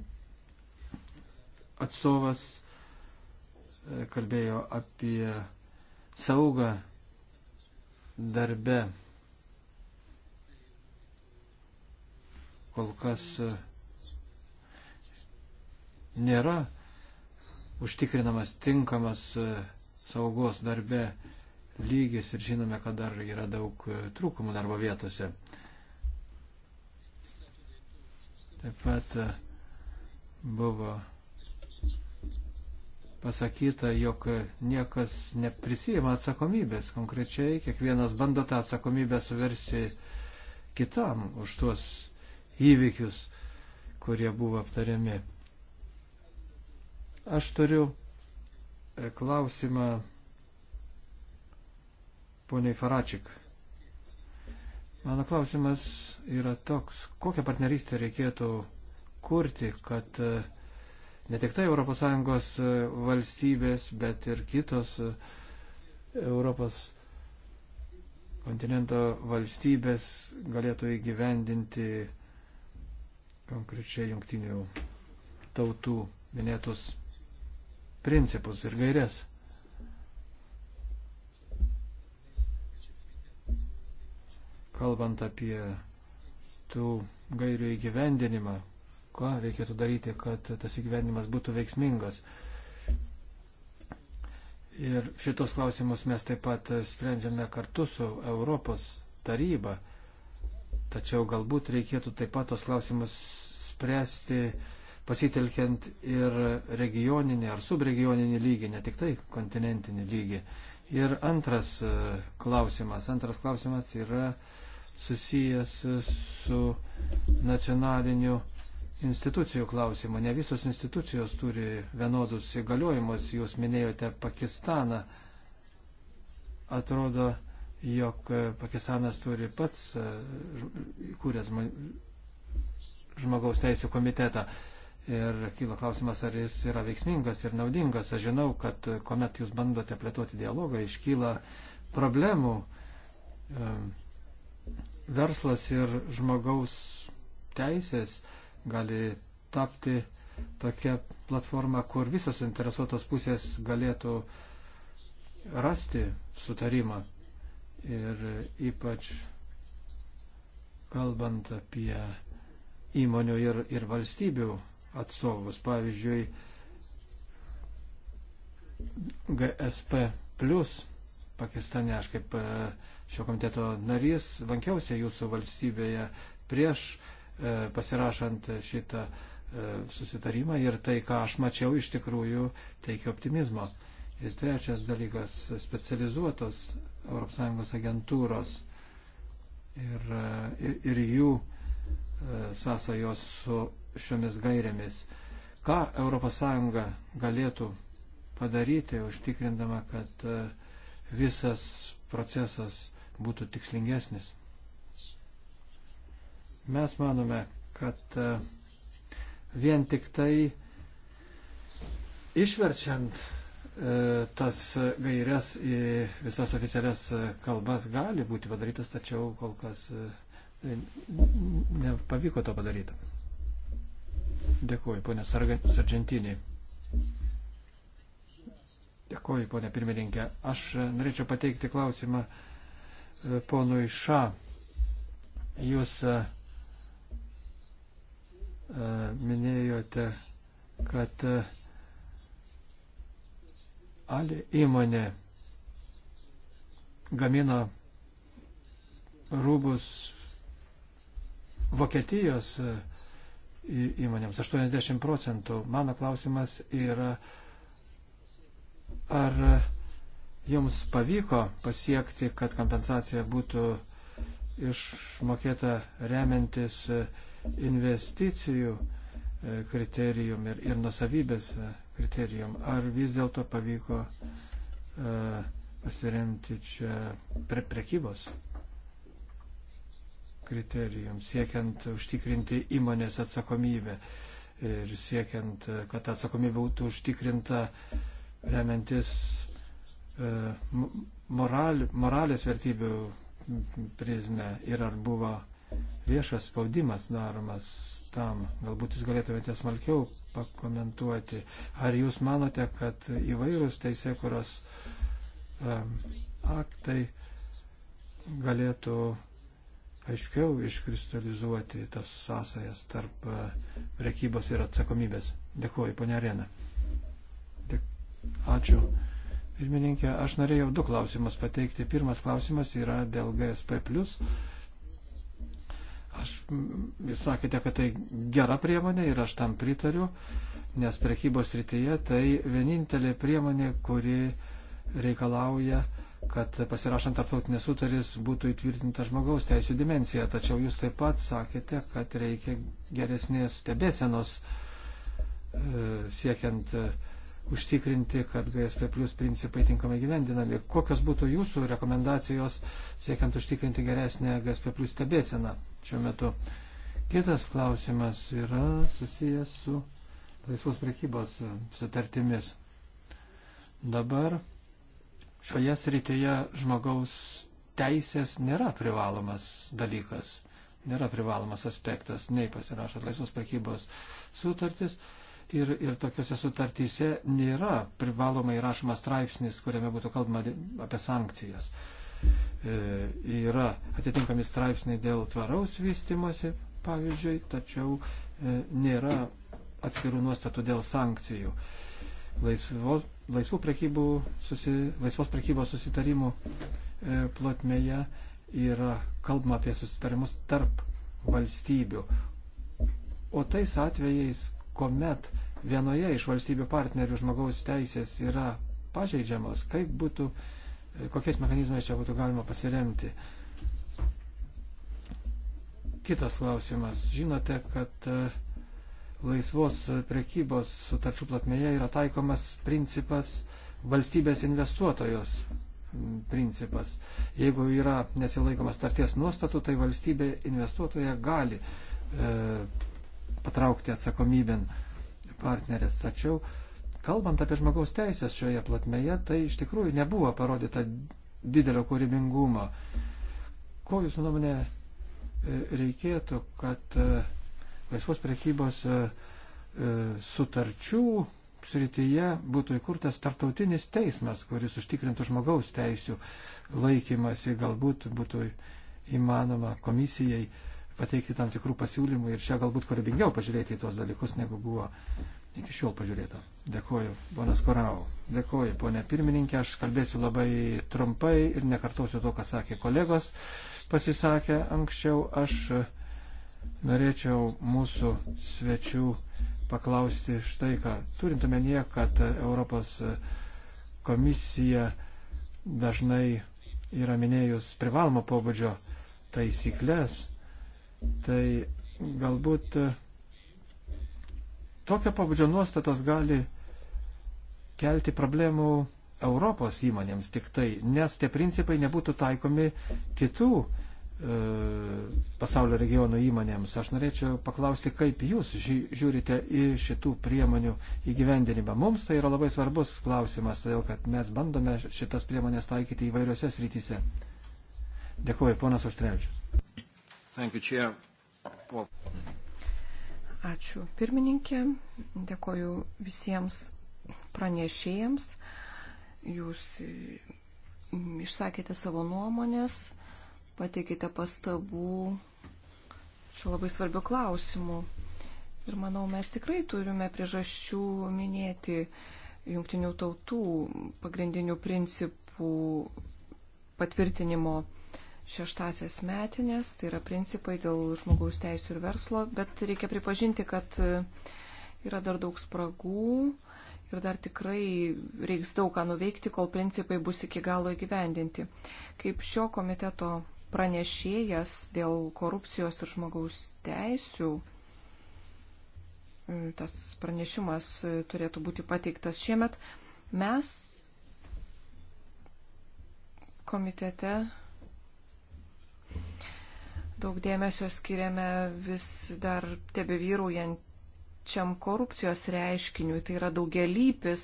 S1: atstovas e, kalbėjo apie saugą darbe. Kol kas e, nėra užtikrinamas tinkamas e, saugos darbe lygis ir žinome, kad dar yra daug e, trūkumų darbo vietose. Taip pat buvo pasakyta, jog niekas neprisijama atsakomybės konkrečiai, kiekvienas bando tą atsakomybę suversti kitam už tuos įvykius, kurie buvo aptariami. Aš turiu e, klausimą poniai Faračik. Mano klausimas yra toks, kokią partnerystę reikėtų kurti, kad uh, ne tik tai ES e, valstybės, bet ir kitos e, Europos kontinento valstybės galėtų įgyvendinti konkrečiai jungtinių tautų minėtus principus ir gairias. Kalbant apie tų gairių įgyvendinimą, ką reikėtų daryti, kad tas įgyvenimas būtų veiksmingas. Ir šitos klausimus mes taip pat sprendžiame kartu su Europos taryba. Tačiau galbūt reikėtų taip pat tos klausimus spręsti pasitelkiant ir regioninį ar subregioninį lygį, ne tik tai kontinentinį lygį. Ir antras e, klausimas. Antras klausimas yra susijęs su nacionaliniu institucijų klausimo. Ne visos institucijos turi vienodus įgaliojimus. Jūs minėjote Pakistaną. Atrodo, jog Pakistanas turi pats e, įkūręs žmogaus teisų komitetą. Ir kyla klausimas, ar jis yra veiksmingas ir naudingas. Aš žinau, kad kuomet jūs bandote plėtoti dialogą, iškyla problemų. E, verslas ir žmogaus teisės uh, gali tapti tokia platforma, kur visos interesuotos pusės galėtų rasti sutarimą. Ir ypač kalbant apie įmonių ir, ir valstybių atstovus, pavyzdžiui, GSP plus Pakistane, aš kaip e, šio komiteto narys lankiausi jūsų valstybėje prieš E, pasirašant šitą e, susitarimą ir tai, ką aš mačiau, iš tikrųjų teikia optimizmo. Ir trečias dalykas - specializuotos ES agentūros ir, e, ir, ir jų sąsajos su šiomis gairėmis. Ką ES galėtų padaryti, užtikrindama, kad visas procesas būtų tikslingesnis? Mes manome, kad e, vien tik tai išverčiant e, tas gairias į visas oficialias e, kalbas gali būti padarytas, tačiau kol kas tai nepavyko to padaryti. Dėkuoju, ponė Sargentiniai. Dėkuoju, ponė pirmininkė. Aš norėčiau pateikti klausimą ponui Ša. Jūs uh, minėjote, kad e, Ali įmonė gamina rūbus Vokietijos e, įmonėms 80 procentų. Mano klausimas yra, ar e, jums pavyko pasiekti, kad kompensacija būtų išmokėta remiantis uh, investicijų e, kriterijum ir, ir nusavybės e, kriterijum, ar vis dėlto pavyko e, pasiremti čia pre prekybos kriterijum, siekiant užtikrinti įmonės atsakomybę ir siekiant, kad atsakomybė būtų užtikrinta remiantis moral, moralės vertybių prizmę ir ar buvo viešas spaudimas daromas tam. Galbūt jūs galėtumėte smalkiau pakomentuoti. Ar jūs manote, kad įvairūs teisėkuros um, aktai galėtų aiškiau iškristalizuoti tas sąsajas tarp e, prekybos ir atsakomybės? Dėkuoju, ponia Arena. Dėk... Ačiū. Pirmininkė, aš norėjau du klausimus pateikti. Pirmas klausimas yra dėl GSP. Aš, mm, jūs sakėte, kad tai gera priemonė ir aš tam pritariu, nes prekybos rytyje tai vienintelė priemonė, kuri reikalauja, kad pasirašant tarptautinės sutaris būtų įtvirtinta žmogaus teisų dimencija. Tačiau jūs taip pat sakėte, kad reikia geresnės stebėsenos e, siekiant e, užtikrinti, kad GSP plus principai tinkamai gyvendinami. Kokios būtų jūsų rekomendacijos siekiant užtikrinti geresnę GSP plus stebėseną? šiuo metu. Kitas klausimas yra susijęs su laisvos prekybos sutartimis. Dabar šioje srityje žmogaus teisės nėra privalomas dalykas, nėra privalomas aspektas, nei pasirašant laisvos prekybos sutartis. Ir, ir tokiuose sutartyse nėra privalomai rašomas straipsnis, kuriame būtų kalbama apie sankcijas. Uh, E, yra atitinkami straipsniai dėl tvaraus vystimosi, pavyzdžiui, tačiau e, nėra atskirų nuostatų dėl sankcijų. Laisvos, laisvų prekybų, susi, laisvos prekybos susitarimų e, plotmėje yra kalbama apie susitarimus tarp valstybių. O tais atvejais, kuomet vienoje iš valstybių partnerių žmogaus teisės yra pažeidžiamas, kaip būtų uh, kokiais mechanizmais čia būtų galima pasiremti. Kitas klausimas. Žinote, kad e, laisvos prekybos sutarčių platmėje yra taikomas principas valstybės investuotojos principas. Jeigu yra nesilaikomas starties nuostatų, tai valstybė investuotoja gali e, patraukti atsakomybėn partnerės. Tačiau e, Kalbant apie žmogaus teisės šioje platmeje, tai iš tikrųjų nebuvo parodyta didelio kūrybingumo. Ko jūsų nuomonė e, reikėtų, kad e, laisvos prekybos e, sutarčių srityje būtų įkurtas tarptautinis teismas, kuris užtikrintų žmogaus teisų laikymasi, galbūt būtų įmanoma komisijai pateikti tam tikrų pasiūlymų ir čia galbūt kūrybingiau pažiūrėti į tuos dalykus, negu buvo iki šiol pažiūrėta. Dėkuoju, ponas Korau. Dėkuoju, ponė pirmininkė. Aš kalbėsiu labai trumpai ir nekartosiu to, ką sakė kolegos. Pasisakė anksčiau, aš norėčiau mūsų svečių paklausti štai ką. Turint omenyje, kad Europos komisija dažnai yra minėjus privalomo pobūdžio taisyklės, tai galbūt tokio pobūdžio nuostatos gali kelti problemų Europos įmonėms tik tai, nes tie principai nebūtų taikomi kitų e, pasaulio regionų įmonėms. Aš norėčiau paklausti, kaip jūs žiūrite į šitų priemonių įgyvendinimą. Mums tai yra labai svarbus klausimas, todėl kad mes bandome šitas priemonės taikyti įvairiose srityse. Dėkuoju, ponas Užtrevičius.
S2: Ačiū pirmininkė, dėkoju visiems pranešėjams. Jūs išsakėte savo nuomonės, pateikite pastabų šiuo labai svarbiu klausimu. Ir manau, mes tikrai turime priežasčių minėti jungtinių tautų pagrindinių principų patvirtinimo šeštasias metinės, tai yra principai dėl žmogaus teisų ir verslo, bet reikia pripažinti, kad yra dar daug spragų, ir dar tikrai reiks daug ką nuveikti, kol principai bus iki galo įgyvendinti. Kaip šio komiteto pranešėjas dėl korupcijos ir žmogaus teisių, tas pranešimas turėtų būti pateiktas šiemet, mes komitete daug dėmesio skiriame vis dar tebe vyrujant pačiam korupcijos reiškiniui. Tai yra daugelypis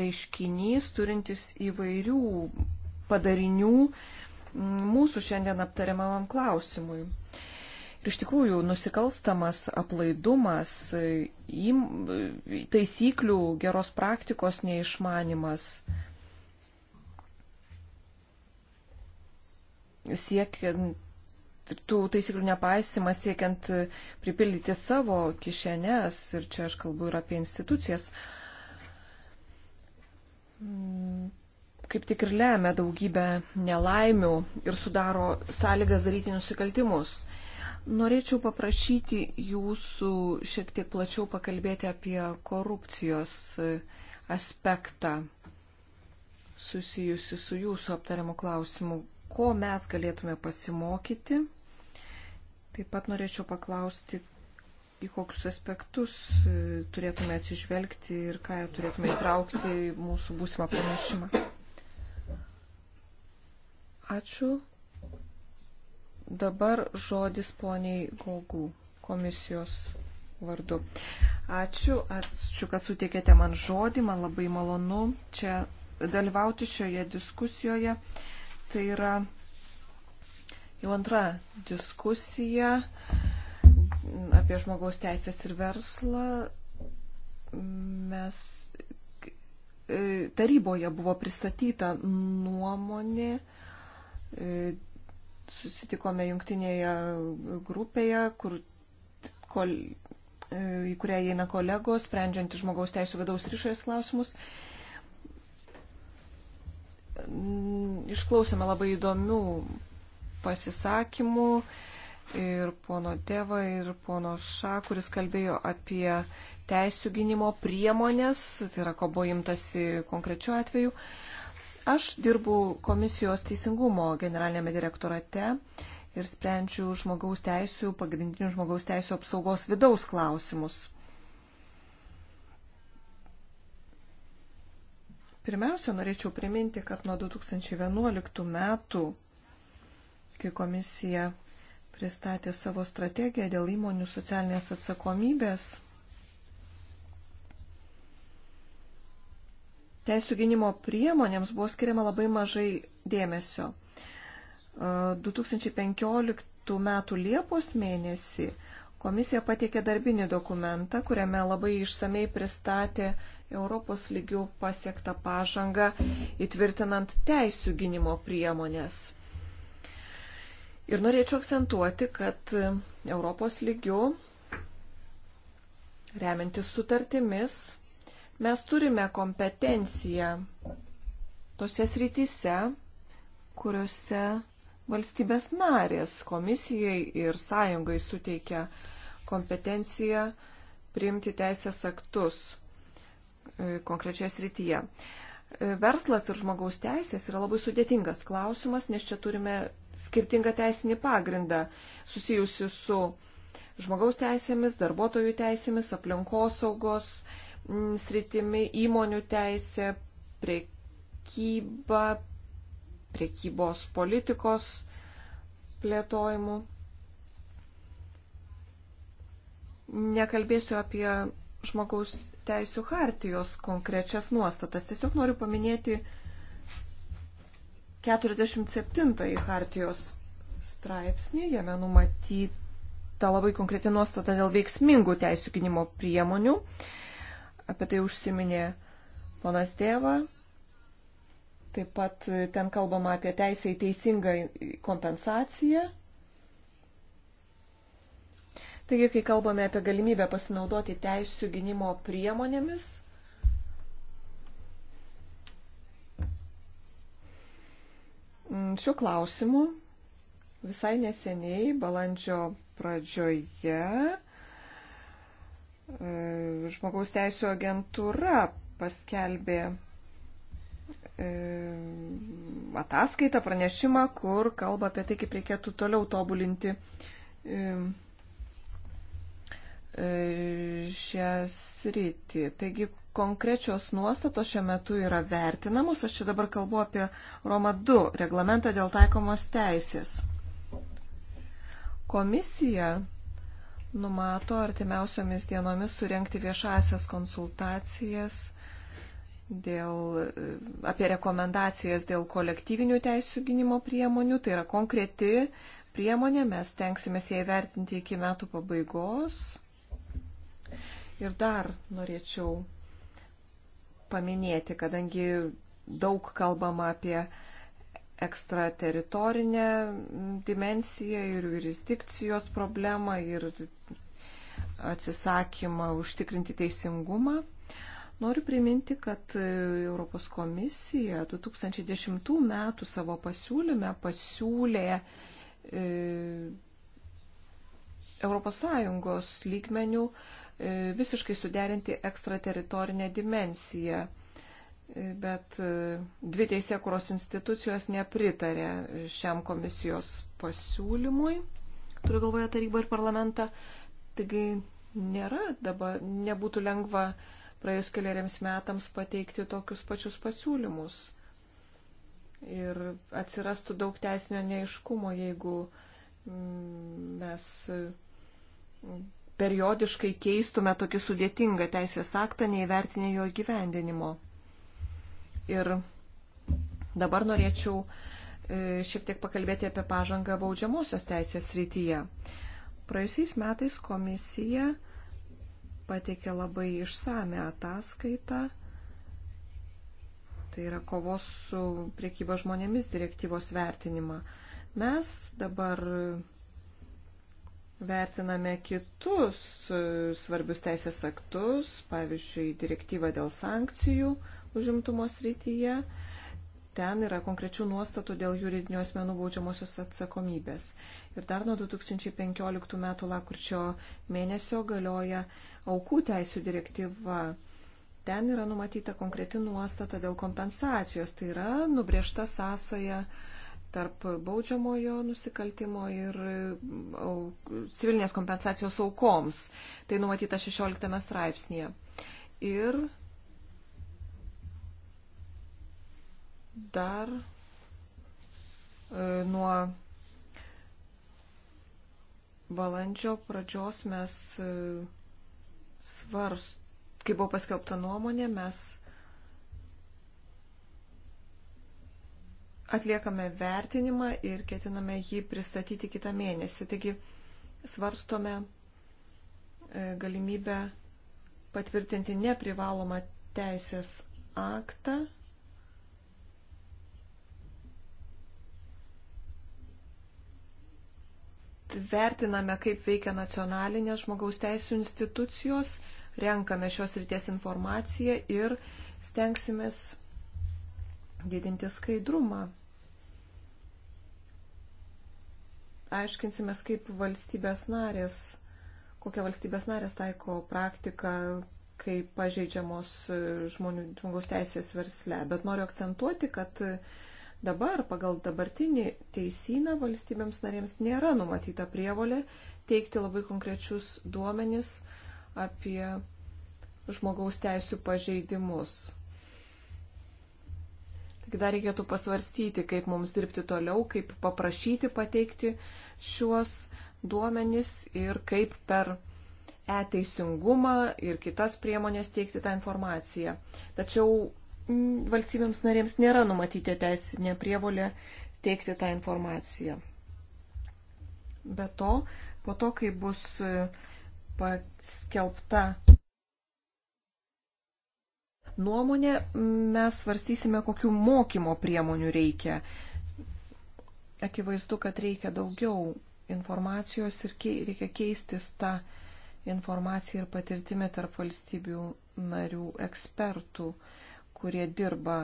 S2: reiškinys, turintis įvairių padarinių mm, mūsų šiandien aptariamam klausimui. Ir iš tikrųjų, nusikalstamas aplaidumas, taisyklių, geros praktikos neišmanimas, siekiant tų taisyklių nepaisimas siekiant pripildyti savo kišenes, ir čia aš kalbu ir apie institucijas, mm, kaip tik ir lemia daugybę nelaimių ir sudaro sąlygas daryti nusikaltimus. Norėčiau paprašyti jūsų šiek tiek plačiau pakalbėti apie korupcijos aspektą susijusi su jūsų aptariamu klausimu ko mes galėtume pasimokyti. Taip pat norėčiau paklausti, į kokius aspektus e, turėtume atsižvelgti ir ką turėtume įtraukti į mūsų būsimą pranešimą. Ačiū. Dabar žodis poniai Gogų komisijos vardu. Ačiū, ačiū, kad suteikėte man žodį, man labai malonu čia dalyvauti šioje diskusijoje. Uh, Tai yra jau antra diskusija apie žmogaus teisės ir verslą. Mes e, taryboje buvo pristatyta nuomonė, e, susitikome jungtinėje grupėje, kur, kol, e, į kurią įeina kolegos, sprendžianti žmogaus teisų vidaus ryšės klausimus. Mm, išklausėme labai įdomių pasisakymų ir pono tėvą, ir pono ša, kuris kalbėjo apie teisų gynimo priemonės, tai yra ko buvo imtasi konkrečiu atveju. Aš dirbu komisijos teisingumo generalinėme direktorate ir sprendžiu žmogaus teisų, pagrindinių žmogaus teisų apsaugos vidaus klausimus. Pirmiausia, norėčiau priminti, kad nuo 2011 metų, kai komisija pristatė savo strategiją dėl įmonių socialinės atsakomybės, teisų gynimo priemonėms buvo skiriama labai mažai dėmesio. 2015 m. Liepos mėnesį Komisija pateikė darbinį dokumentą, kuriame labai išsamei pristatė Europos lygių pasiektą pažangą įtvirtinant teisų gynimo priemonės. Ir norėčiau akcentuoti, kad Europos lygių remiantis sutartimis mes turime kompetenciją tose srityse, kuriuose valstybės narės komisijai ir sąjungai suteikia uh, kompetenciją priimti teisės aktus e, konkrečioje srityje. E, verslas ir žmogaus teisės yra labai sudėtingas klausimas, nes čia turime skirtingą teisinį pagrindą susijusi su žmogaus teisėmis, darbuotojų teisėmis, aplinkosaugos sritimi, įmonių teisė, priekyba, priekybos politikos plėtojimu. nekalbėsiu apie žmogaus teisų hartijos konkrečias nuostatas. Tiesiog noriu paminėti 47 hartijos straipsnį, jame numatyta labai konkreti nuostata dėl veiksmingų teisų gynimo priemonių. Apie tai užsiminė ponas tėva. Taip pat ten kalbama apie teisę į teisingą kompensaciją Taigi, kai kalbame apie galimybę pasinaudoti teisų gynimo priemonėmis, mm, šiuo klausimu visai neseniai, balandžio pradžioje, e, žmogaus teisų agentūra paskelbė e, ataskaitą, pranešimą, kur kalba apie tai, kaip reikėtų toliau tobulinti e, E, šią sritį. Taigi konkrečios nuostatos šiuo metu yra vertinamos. Aš čia dabar kalbu apie Roma 2 reglamentą dėl taikomos teisės. Komisija numato artimiausiomis dienomis surenkti viešasias konsultacijas dėl, e, apie rekomendacijas dėl kolektyvinių teisų gynimo priemonių. Tai yra konkreti priemonė, mes tenksime ją įvertinti iki metų pabaigos. Ir dar norėčiau paminėti, kadangi daug kalbama apie ekstrateritorinę dimensiją ir jurisdikcijos problemą ir atsisakymą užtikrinti teisingumą. Noriu priminti, kad Europos komisija 2010 metų savo pasiūlyme pasiūlė e, Europos Sąjungos lygmenių e, E, visiškai suderinti ekstrateritorinę dimensiją. E, bet e, dvi teisėkuros institucijos nepritarė šiam komisijos pasiūlymui, turiu galvoje tarybą ir parlamentą. Taigi nėra dabar, nebūtų lengva praėjus keliariems metams pateikti tokius pačius pasiūlymus. Ir atsirastų daug teisinio neiškumo, jeigu mm, mes periodiškai keistume tokį sudėtingą teisės aktą, neįvertinę jo gyvendinimo. Ir dabar norėčiau e, šiek tiek pakalbėti apie pažangą baudžiamosios teisės rytyje. Praėjusiais metais komisija pateikė labai išsame ataskaitą. Tai yra kovos su priekyba žmonėmis direktyvos vertinimą. Mes dabar vertiname kitus e, svarbius teisės aktus, pavyzdžiui, direktyvą dėl sankcijų užimtumo srityje. Ten yra konkrečių nuostatų dėl juridinių asmenų baudžiamosios atsakomybės. Ir dar nuo 2015 m. lakurčio mėnesio galioja aukų teisų direktyva. Ten yra numatyta konkreti nuostata dėl kompensacijos, tai yra nubriežta sąsaja uh, tarp baudžiamojo nusikaltimo ir civilinės kompensacijos aukoms. Tai numatyta 16 straipsnėje. Ir dar e, nuo balandžio pradžios mes e, svarst, kai buvo paskelbta nuomonė, mes atliekame vertinimą ir ketiname jį pristatyti kitą mėnesį. Taigi svarstome e, galimybę patvirtinti neprivalomą teisės aktą. Vertiname, kaip veikia nacionalinės žmogaus teisų institucijos, renkame šios ryties informaciją ir stengsimės didinti skaidrumą aiškinsimės, kaip valstybės narės, kokia valstybės narės taiko praktiką, kaip pažeidžiamos žmonių žmogaus teisės versle. Bet noriu akcentuoti, kad dabar pagal dabartinį teisyną valstybėms narėms nėra numatyta prievolė teikti labai konkrečius duomenis apie žmogaus teisų pažeidimus dar reikėtų pasvarstyti, kaip mums dirbti toliau, kaip paprašyti pateikti šiuos duomenis ir kaip per e-teisingumą ir kitas priemonės teikti tą informaciją. Tačiau mm, valstybėms narėms nėra numatyta teisinė prievolė teikti tą informaciją. Be to, po to, kai bus e, paskelbta nuomonę mes svarstysime, kokiu mokymo priemonių reikia. Akivaizdu, kad reikia daugiau informacijos ir kei, reikia keistis tą informaciją ir patirtimį tarp valstybių narių ekspertų, kurie dirba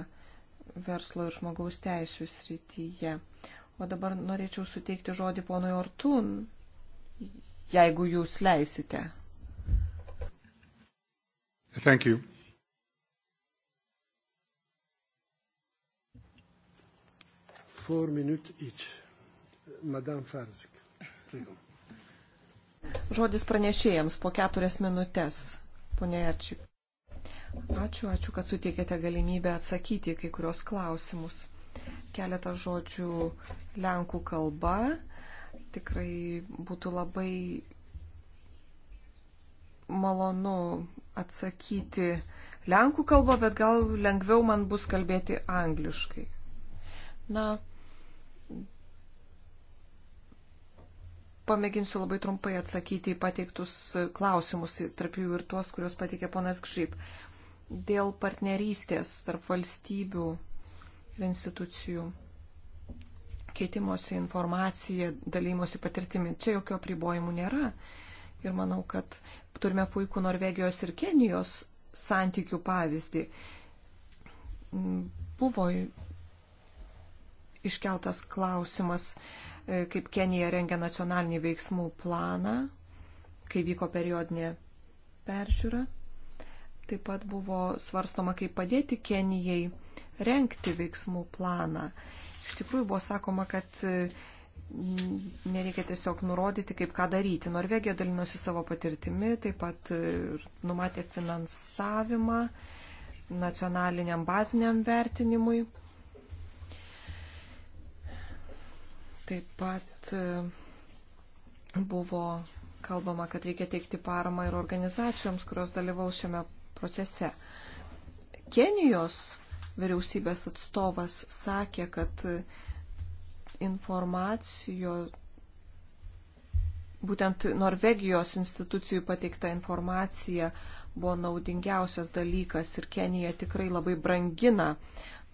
S2: verslo ir žmogaus teisų srityje. O dabar norėčiau suteikti žodį ponui Ortun, jeigu jūs leisite.
S1: Thank you. four minutes each. Madame Farzik.
S2: Žodis pranešėjams po keturias minutės. Pone Jačik. Ačiū, ačiū, kad suteikėte galimybę atsakyti kai kurios klausimus. Keletą žodžių lenkų kalba. Tikrai būtų labai malonu atsakyti lenkų kalbą, bet gal lengviau man bus kalbėti angliškai. Na, pamėginsiu labai trumpai atsakyti į pateiktus klausimus, tarp jų ir tuos, kuriuos pateikė ponas Kšyp. Dėl partnerystės tarp valstybių ir institucijų keitimosi informacija, dalymosi patirtimi. Čia jokio apribojimų nėra. Ir manau, kad turime puikų Norvegijos ir Kenijos santykių pavyzdį. Buvo iškeltas klausimas, kaip Kenija rengia nacionalinį veiksmų planą, kai vyko periodinė peržiūra. Taip pat buvo svarstoma, kaip padėti Kenijai renkti veiksmų planą. Iš tikrųjų buvo sakoma, kad mm, nereikia tiesiog nurodyti, kaip ką daryti. Norvegija dalinosi savo patirtimi, taip pat numatė finansavimą nacionaliniam baziniam vertinimui. Taip pat e, buvo kalbama, kad reikia teikti paramą ir organizacijoms, kurios dalyvaus šiame procese. Kenijos vyriausybės atstovas sakė, kad informacijo, būtent Norvegijos institucijų pateikta informacija buvo naudingiausias dalykas ir Kenija tikrai labai brangina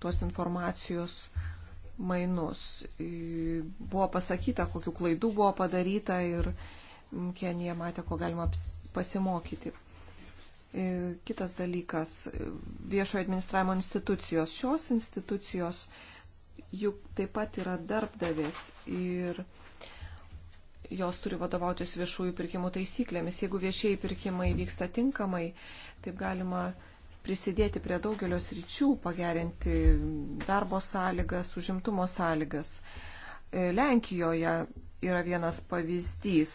S2: tuos informacijos mainus. Buvo pasakyta, kokiu klaidų buvo padaryta ir Kenija matė, ko galima pasimokyti. Kitas dalykas - viešojo administravimo institucijos. Šios institucijos juk taip pat yra darbdavės ir jos turi vadovautis viešųjų pirkimų taisyklėmis. Jeigu viešieji pirkimai vyksta tinkamai, taip galima prisidėti prie daugelio sričių, pagerinti darbo sąlygas, užimtumo sąlygas. E, Lenkijoje yra vienas pavyzdys.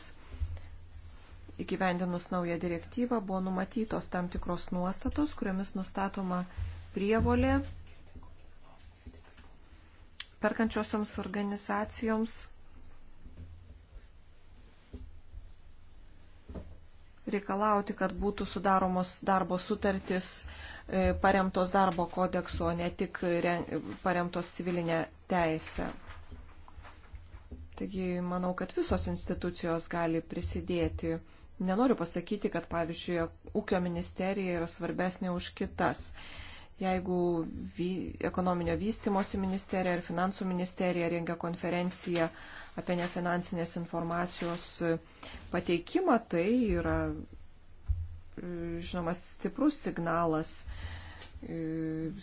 S2: Įgyvendinus naują direktyvą buvo numatytos tam tikros nuostatos, kuriomis nustatoma prievolė perkančiosioms organizacijoms reikalauti, kad būtų sudaromos darbo sutartys e, paremtos darbo kodeksu, o ne tik paremtos civilinė teisė. Taigi manau, kad visos institucijos gali prisidėti. Nenoriu pasakyti, kad pavyzdžiui, ūkio ministerija yra svarbesnė už kitas. Uh, jeigu vy, ekonominio vystimosi ministerija ir finansų ministerija rengia konferenciją apie nefinansinės informacijos e, pateikimą, tai yra, e, žinoma, stiprus signalas. E,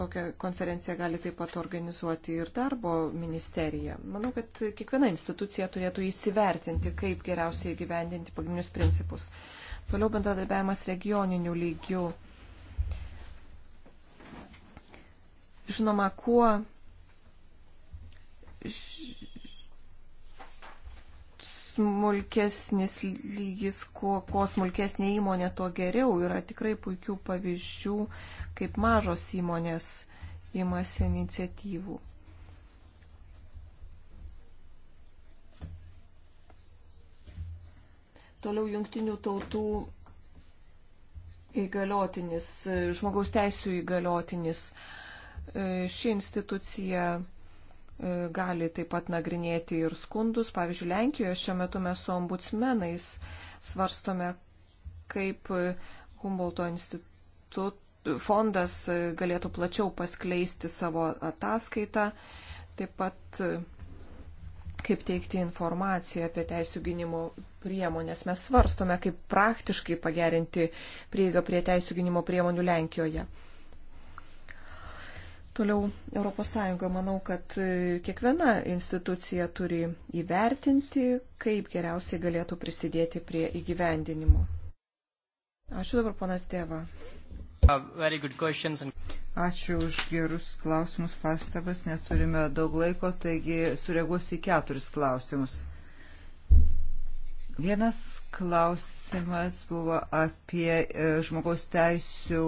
S2: tokią konferenciją gali taip pat organizuoti ir darbo ministerija. Manau, kad kiekviena institucija turėtų įsivertinti, kaip geriausiai gyvendinti pagrindinius principus. Toliau bendradarbiavimas regioninių lygių Žinoma, kuo smulkesnis lygis, kuo, kuo smulkesnė įmonė, tuo geriau. Yra tikrai puikių pavyzdžių, kaip mažos įmonės imasi iniciatyvų. Toliau jungtinių tautų įgaliotinis, žmogaus teisų įgaliotinis. Uh, E, ši institucija e, gali taip pat nagrinėti ir skundus. Pavyzdžiui, Lenkijoje šiuo metu mes su ombudsmenais svarstome, kaip e, Humboldto institut, fondas galėtų plačiau paskleisti savo ataskaitą, taip pat kaip teikti informaciją apie teisų gynimo priemonės. Mes svarstome, kaip praktiškai pagerinti prieigą prie teisų gynimo priemonių Lenkijoje. Toliau ES, manau, kad e, kiekviena institucija turi įvertinti, kaip geriausiai galėtų prisidėti prie įgyvendinimo. Ačiū dabar, ponas Dėva.
S1: Uh,
S3: Ačiū už gerus klausimus, pastabas, neturime daug laiko, taigi sureaguosiu į keturis klausimus. Vienas Klausimas buvo apie e, žmogaus teisų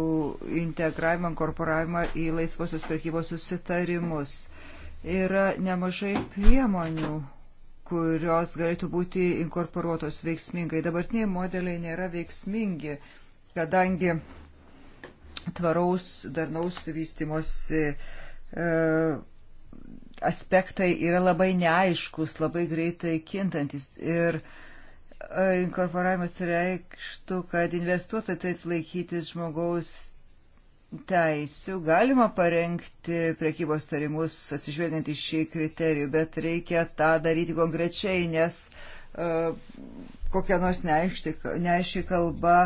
S3: integravimą, inkorporavimą į laisvosios prekybos susitarimus. Yra nemažai priemonių, kurios galėtų būti inkorporuotos veiksmingai. Dabartiniai modeliai nėra veiksmingi, kadangi tvaraus, darnaus vystimosi e, aspektai yra labai neaiškus, labai greitai kintantis. Ir e, inkorporavimas reikštų, kad investuotojai turėtų laikytis žmogaus teisių. Galima parengti prekybos tarimus atsižvelgiant į šį kriterijų, bet reikia tą daryti konkrečiai, nes uh, kokia nors neaiški kalba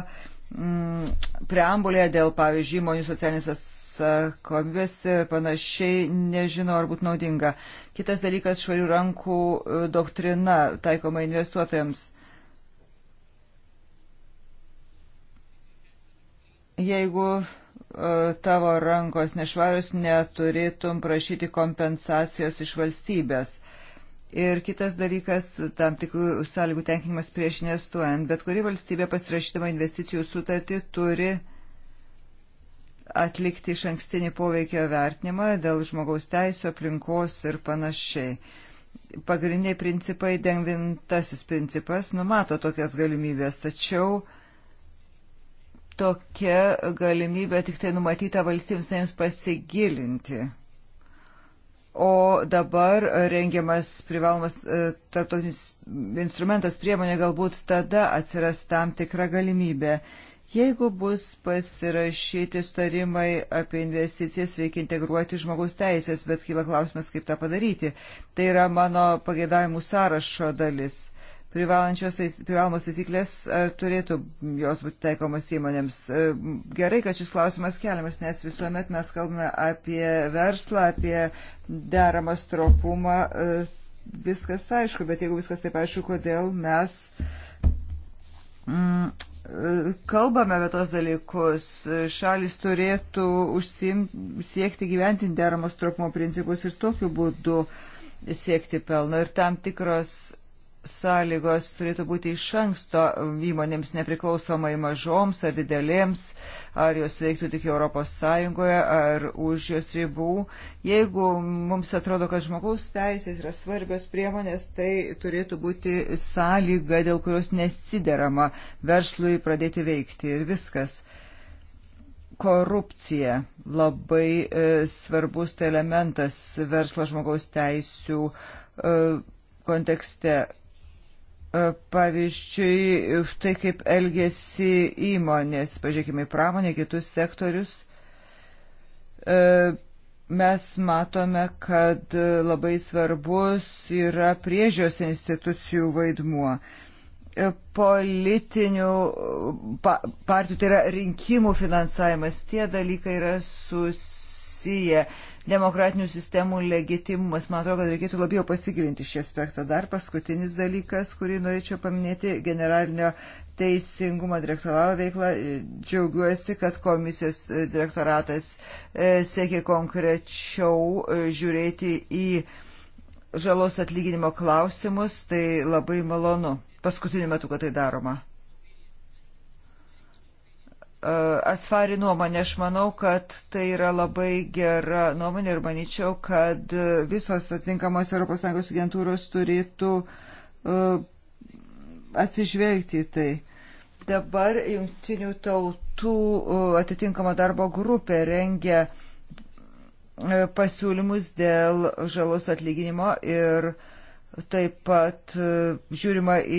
S3: mm, preambulė dėl, pavyzdžiui, įmonių socialinės atsakomybės ir panašiai nežino, ar būtų naudinga. Kitas dalykas - švarių rankų e, doktrina taikoma investuotojams Jeigu e, tavo rankos nešvarius, neturėtum prašyti kompensacijos iš valstybės. Ir kitas dalykas, tam tikrų sąlygų tenkinimas prieš investuojant. Bet kuri valstybė pasirašydama investicijų sutartį turi atlikti iš ankstinį poveikio vertinimą dėl žmogaus teisų, aplinkos ir panašiai. Pagrindiniai principai, devintasis principas, numato tokias galimybės, tačiau uh, tokia galimybė tik tai numatyta valstybėms narėms pasigilinti. O dabar rengiamas privalomas e, tarptautinis instrumentas priemonė galbūt tada atsiras tam tikra galimybė. Jeigu bus pasirašyti starimai apie investicijas, reikia integruoti žmogaus teisės, bet kyla klausimas, kaip tą padaryti. Tai yra mano pagėdavimų sąrašo dalis privalomos taisyklės, ar turėtų jos būti taikomos įmonėms. E, gerai, kad šis klausimas keliamas, nes visuomet mes kalbame apie verslą, apie deramą stropumą. E, viskas aišku, bet jeigu viskas taip aišku, kodėl mes mm, e, kalbame apie tos dalykus, šalis turėtų užsim, siekti gyventinti deramos stropumo principus ir tokiu būdu siekti pelno. Ir tam tikros sąlygos turėtų būti iš anksto įmonėms nepriklausomai mažoms ar didelėms, ar jos veiktų tik ES ar už jos ribų. Jeigu mums atrodo, kad žmogaus teisės yra svarbios priemonės, tai turėtų būti sąlyga, dėl kurios nesiderama verslui pradėti veikti ir viskas korupcija labai e, svarbus elementas verslo žmogaus teisių e, kontekste. E, pavyzdžiui, tai kaip elgesi įmonės, pažiūrėkime, pramonė, kitus sektorius. E, mes matome, kad labai svarbus yra priežios institucijų vaidmuo e, politinių partijų, tai yra rinkimų finansavimas, tie dalykai yra susiję demokratinių sistemų legitimumas. Man atrodo, kad reikėtų labiau pasigilinti šį aspektą. Dar paskutinis dalykas, kurį norėčiau paminėti, generalinio teisingumo direktoravo veiklą. Džiaugiuosi, kad komisijos direktoratas e, siekia konkrečiau e, žiūrėti į žalos atlyginimo klausimus. Tai labai malonu paskutiniu metu, kad tai daroma. E, asfari nuomonė, aš manau, kad tai yra labai gera nuomonė ir manyčiau, kad visos atitinkamos ES agentūros turėtų e, atsižvelgti į tai. Dabar jungtinių tautų e, atitinkama darbo grupė rengia pasiūlymus dėl žalos atlyginimo ir taip pat žiūrima į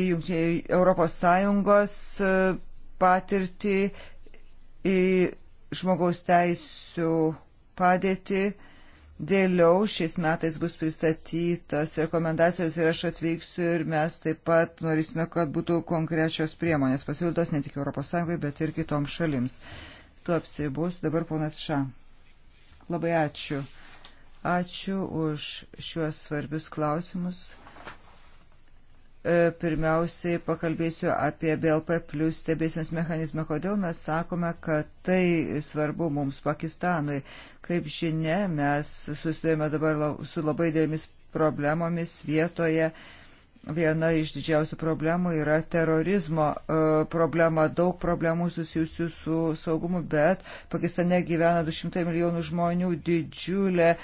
S3: Europos Sąjungos patirtį į žmogaus teisų padėtį. Vėliau šiais metais bus pristatytos rekomendacijos ir aš atvyksiu ir mes taip pat norėsime, kad būtų konkrečios priemonės pasiūlytos ne tik ES, bet ir kitoms šalims. Tu apsiribus, dabar ponas Ša. Labai ačiū. Ačiū už šiuos svarbius klausimus. E, pirmiausiai pakalbėsiu apie BLP plus stebėsienos mechanizmą. Kodėl mes sakome, kad tai svarbu mums Pakistanui? Kaip žinia, mes susidurėme dabar su labai dėlėmis problemomis vietoje. Uh, Viena iš didžiausių problemų yra terorizmo e, problema, daug problemų susijusių su saugumu, bet Pakistane gyvena 200 milijonų žmonių, didžiulė e,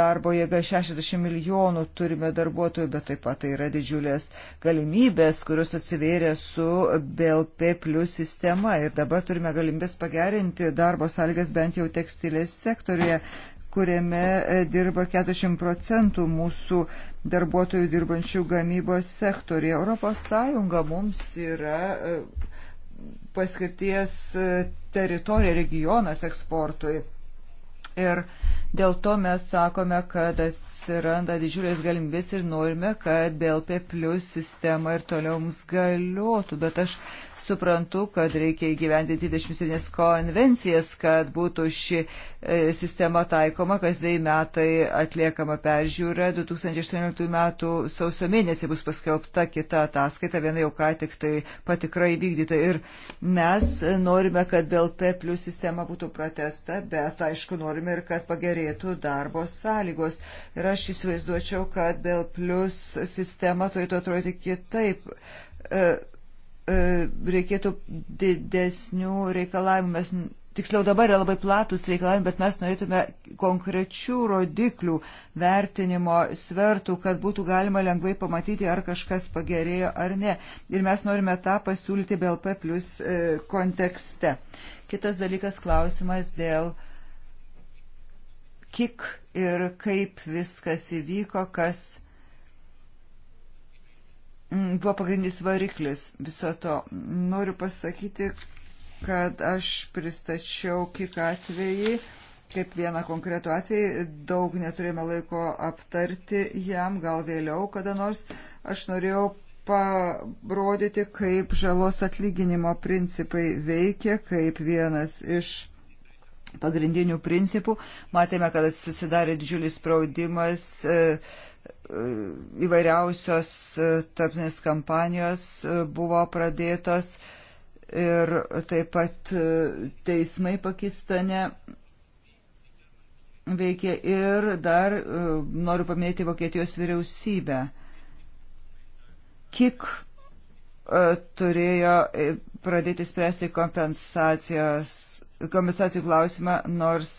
S3: darbo jėga, 60 milijonų turime darbuotojų, bet taip pat tai yra didžiulės galimybės, kurios atsivėrė su BLP plus sistema ir dabar turime galimybės pagerinti darbo sąlygas bent jau tekstilės sektoriuje kuriame e, dirba 40 procentų mūsų darbuotojų dirbančių gamybos sektorėje. Europos Sąjunga mums yra e, paskirties e, teritorija, regionas eksportui. Ir dėl to mes sakome, kad atsiranda didžiulės galimybės ir norime, kad BLP plus sistema ir toliau mums galiotų. Bet aš suprantu, kad reikia įgyvendinti 27 konvencijas, kad būtų ši e, sistema taikoma, kasdien metai atliekama peržiūra. 2018 metų sausio mėnesį bus paskelbta kita ataskaita, viena jau ką tik tai patikrai vykdyta. Ir mes norime, kad BLP plus sistema būtų pratesta, bet aišku, norime ir kad pagerėtų darbo sąlygos. Ir aš įsivaizduočiau, kad BLP plus sistema turėtų atrodyti kitaip. Uh, E, reikėtų didesnių reikalavimų. Mes, tiksliau dabar yra labai platus reikalavimai, bet mes norėtume konkrečių rodiklių vertinimo svertų, kad būtų galima lengvai pamatyti, ar kažkas pagerėjo ar ne. Ir mes norime tą pasiūlyti BLP plus e, kontekste. Kitas dalykas klausimas dėl kiek ir kaip viskas įvyko, kas Mm, buvo pagrindinis variklis viso to. Noriu pasakyti, kad aš pristačiau kik atvejį, kaip vieną konkretų atvejį, daug neturėjome laiko aptarti jam, gal vėliau kada nors. Aš norėjau parodyti, kaip žalos atlyginimo principai veikia, kaip vienas iš pagrindinių principų. Matėme, kad susidarė didžiulis spaudimas. E, įvairiausios e, tarpinės kampanijos e, buvo pradėtos ir taip pat e, teismai Pakistane veikia ir dar noriu paminėti Vokietijos vyriausybę. Kik turėjo pradėti spręsti kompensacijų klausimą, nors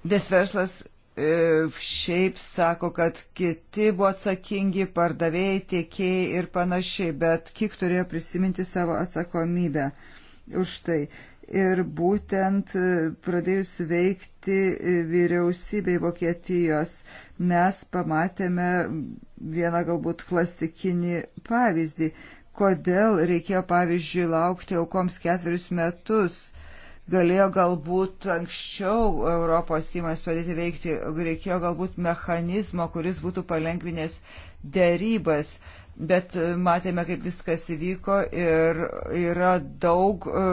S3: Des verslas E, šiaip sako, kad kiti buvo atsakingi, pardavėjai, tiekėjai ir panašiai, bet kiek turėjo prisiminti savo atsakomybę už tai. Ir būtent e, pradėjus veikti e, vyriausybei Vokietijos, mes pamatėme vieną galbūt klasikinį pavyzdį, kodėl reikėjo pavyzdžiui laukti aukoms ketverius metus galėjo galbūt anksčiau Europos įmonės padėti veikti, reikėjo galbūt mechanizmo, kuris būtų palengvinęs dėrybas. Bet e, matėme, kaip viskas įvyko ir yra daug e,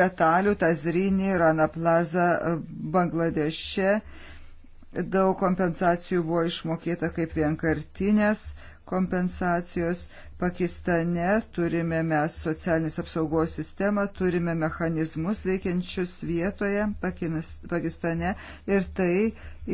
S3: detalių, Tazrinį, Rana Plaza, e, Bangladeše. Daug kompensacijų buvo išmokėta kaip vienkartinės kompensacijos. Pakistane turime mes socialinės apsaugos sistemą, turime mechanizmus veikiančius vietoje Pakistane ir tai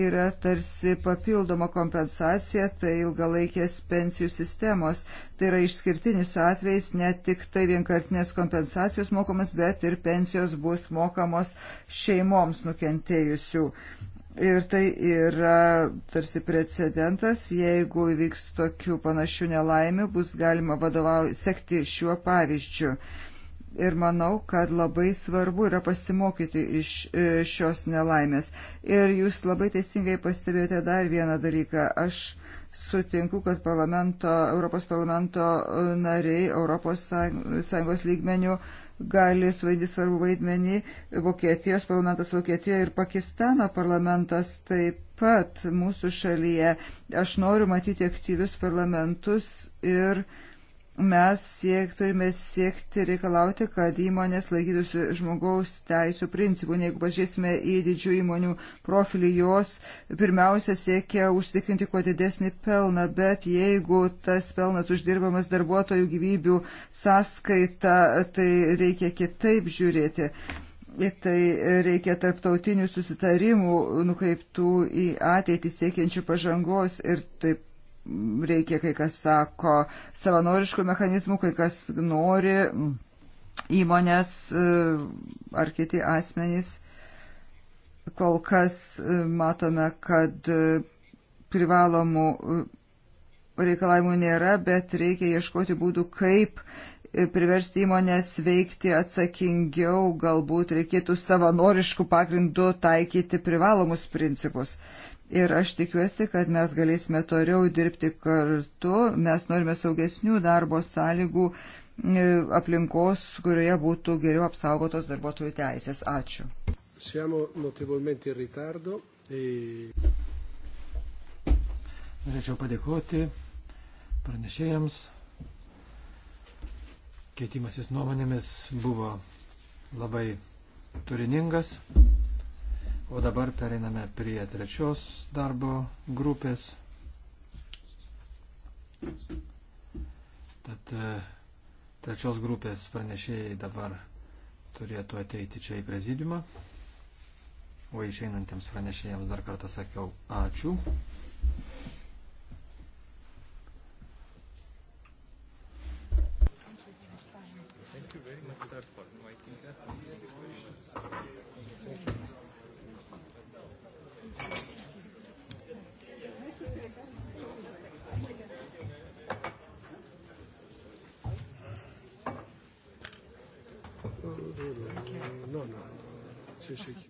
S3: yra tarsi papildoma kompensacija, tai ilgalaikės pensijų sistemos. Tai yra išskirtinis atvejs, ne tik tai vienkartinės kompensacijos mokamas, bet ir pensijos bus mokamos šeimoms nukentėjusių. Mm Ir tai yra tarsi precedentas, jeigu įvyks tokių panašių nelaimių, bus galima vadovau, sekti šiuo pavyzdžiu. Ir manau, kad labai svarbu yra pasimokyti iš e, šios nelaimės. Ir jūs labai teisingai pastebėjote dar vieną dalyką. Aš sutinku, kad parlamento, Europos parlamento e, nariai Europos Sąjungos lygmenių uh, gali suvaidyti svarbu vaidmenį Vokietijos parlamentas Vokietijoje ir Pakistano parlamentas taip pat mūsų šalyje. Aš noriu matyti aktyvius parlamentus ir uh, mes siek, turime siekti reikalauti, kad įmonės laikytųsi žmogaus teisų principų. Jeigu pažiūrėsime į didžių įmonių profilį, jos pirmiausia siekia užtikrinti kuo didesnį pelną, bet jeigu tas pelnas uždirbamas darbuotojų gyvybių sąskaita, tai reikia kitaip žiūrėti. Ir tai reikia tarptautinių susitarimų nukreiptų į ateitį siekiančių pažangos ir taip reikia, kai kas sako, savanoriškų mechanizmų, kai kas nori įmonės e, ar kiti asmenys. Kol kas e, matome, kad e, privalomų reikalavimų nėra, bet reikia ieškoti būdų, kaip priversti įmonės veikti atsakingiau, galbūt reikėtų savanoriškų pagrindų taikyti privalomus principus. Uh, Ir aš tikiuosi, kad mes galėsime toliau dirbti kartu. Mes norime saugesnių darbo sąlygų e, aplinkos, kurioje būtų geriau apsaugotos darbuotojų teisės. Ačiū.
S1: E- Norėčiau padėkoti pranešėjams. Keitimasis nuomonėmis buvo labai turiningas. O dabar pereiname prie trečios darbo grupės. Tad e, trečios grupės pranešėjai dabar turėtų ateiti čia į prezidiumą. O išeinantiems pranešėjams dar kartą sakiau ačiū. no, no. Sí, sí.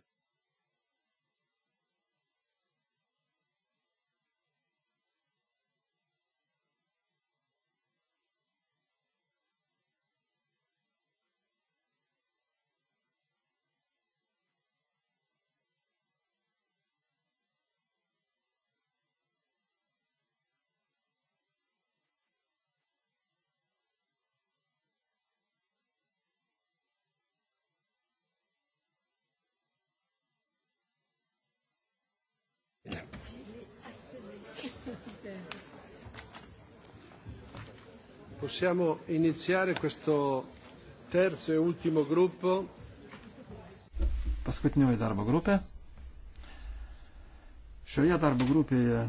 S1: Possiamo iniziare questo terzo e ultimo gruppo. Paskutinioji darbo grupė. Šioje darbo grupėje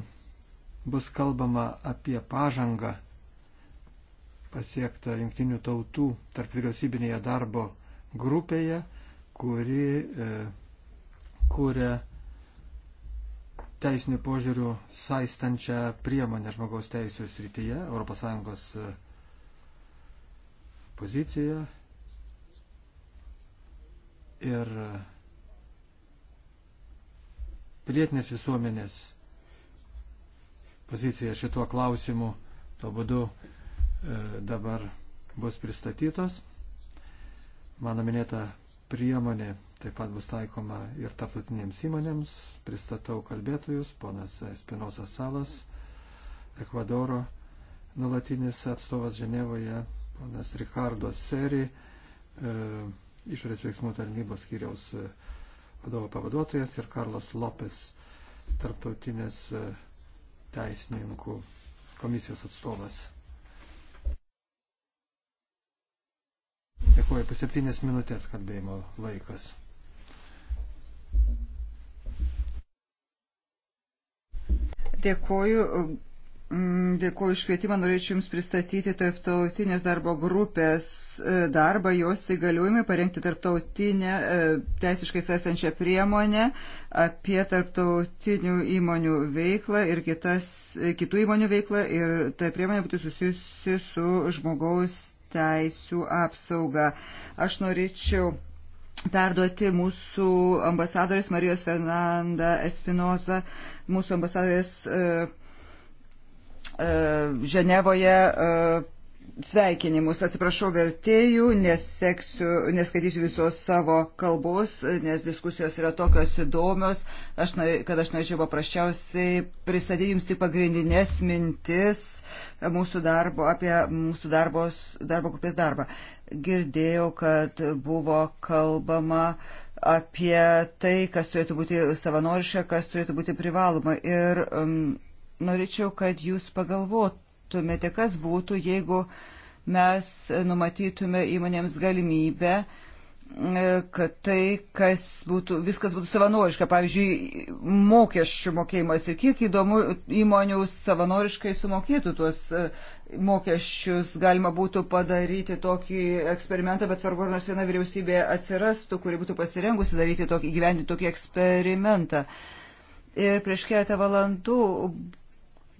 S1: bus kalbama apie pažangą pasiektą jungtinių tautų tarp vyriausybinėje darbo grupėje, kuri e, kūrė e, teisinių požiūrių saistančią priemonę žmogaus teisų srityje, ES e, poziciją ir e, pilietinės visuomenės pozicija šituo klausimu tuo būdu e, dabar bus pristatytos. Mano minėta priemonė taip pat bus taikoma ir tarptautinėms įmonėms. Pristatau kalbėtojus, ponas Spinosas Salas, Ekvadoro nulatinis atstovas Ženevoje, ponas Ricardo Seri, e, išorės veiksmų tarnybos skyriaus e, vadovo pavaduotojas ir Karlos Lopes, tarptautinės e, teisininkų komisijos atstovas. Dėkuoju, po septynės minutės kalbėjimo laikas.
S3: Dėkoju. Mm, Dėkuoju iš kvietimą, norėčiau Jums pristatyti tarptautinės darbo grupės e, darbą, jos įgaliojimai, parengti tarptautinę e, teisiškai esančią priemonę apie tarptautinių įmonių veiklą ir kitas, e, kitų įmonių veiklą ir ta priemonė būtų susijusi su žmogaus teisų apsauga. Aš norėčiau perduoti mūsų ambasadorės Marijos Fernanda Espinoza, mūsų ambasadorės uh, uh, Ženevoje. Uh, sveikinimus. Atsiprašau vertėjų, neseksiu, neskaitysiu visos savo kalbos, nes diskusijos yra tokios įdomios, aš, kad aš norėčiau paprasčiausiai pristatyti jums tik pagrindinės mintis mūsų darbo, apie mūsų darbos, darbo grupės darbą girdėjau, kad buvo kalbama apie tai, kas turėtų būti savanoriška, kas turėtų būti privaloma. Ir um, norėčiau, kad jūs pagalvotumėte, kas būtų, jeigu mes numatytume įmonėms galimybę e, kad tai, kas būtų, viskas būtų savanoriška, pavyzdžiui, mokesčių mokėjimas ir kiek įdomu įmonių savanoriškai sumokėtų tuos e, mokesčius. Galima būtų padaryti tokį eksperimentą, bet vargu ar nors viena vyriausybė atsirastų, kuri būtų pasirengusi daryti tokį, gyventi tokį eksperimentą. Ir prieš keletą valandų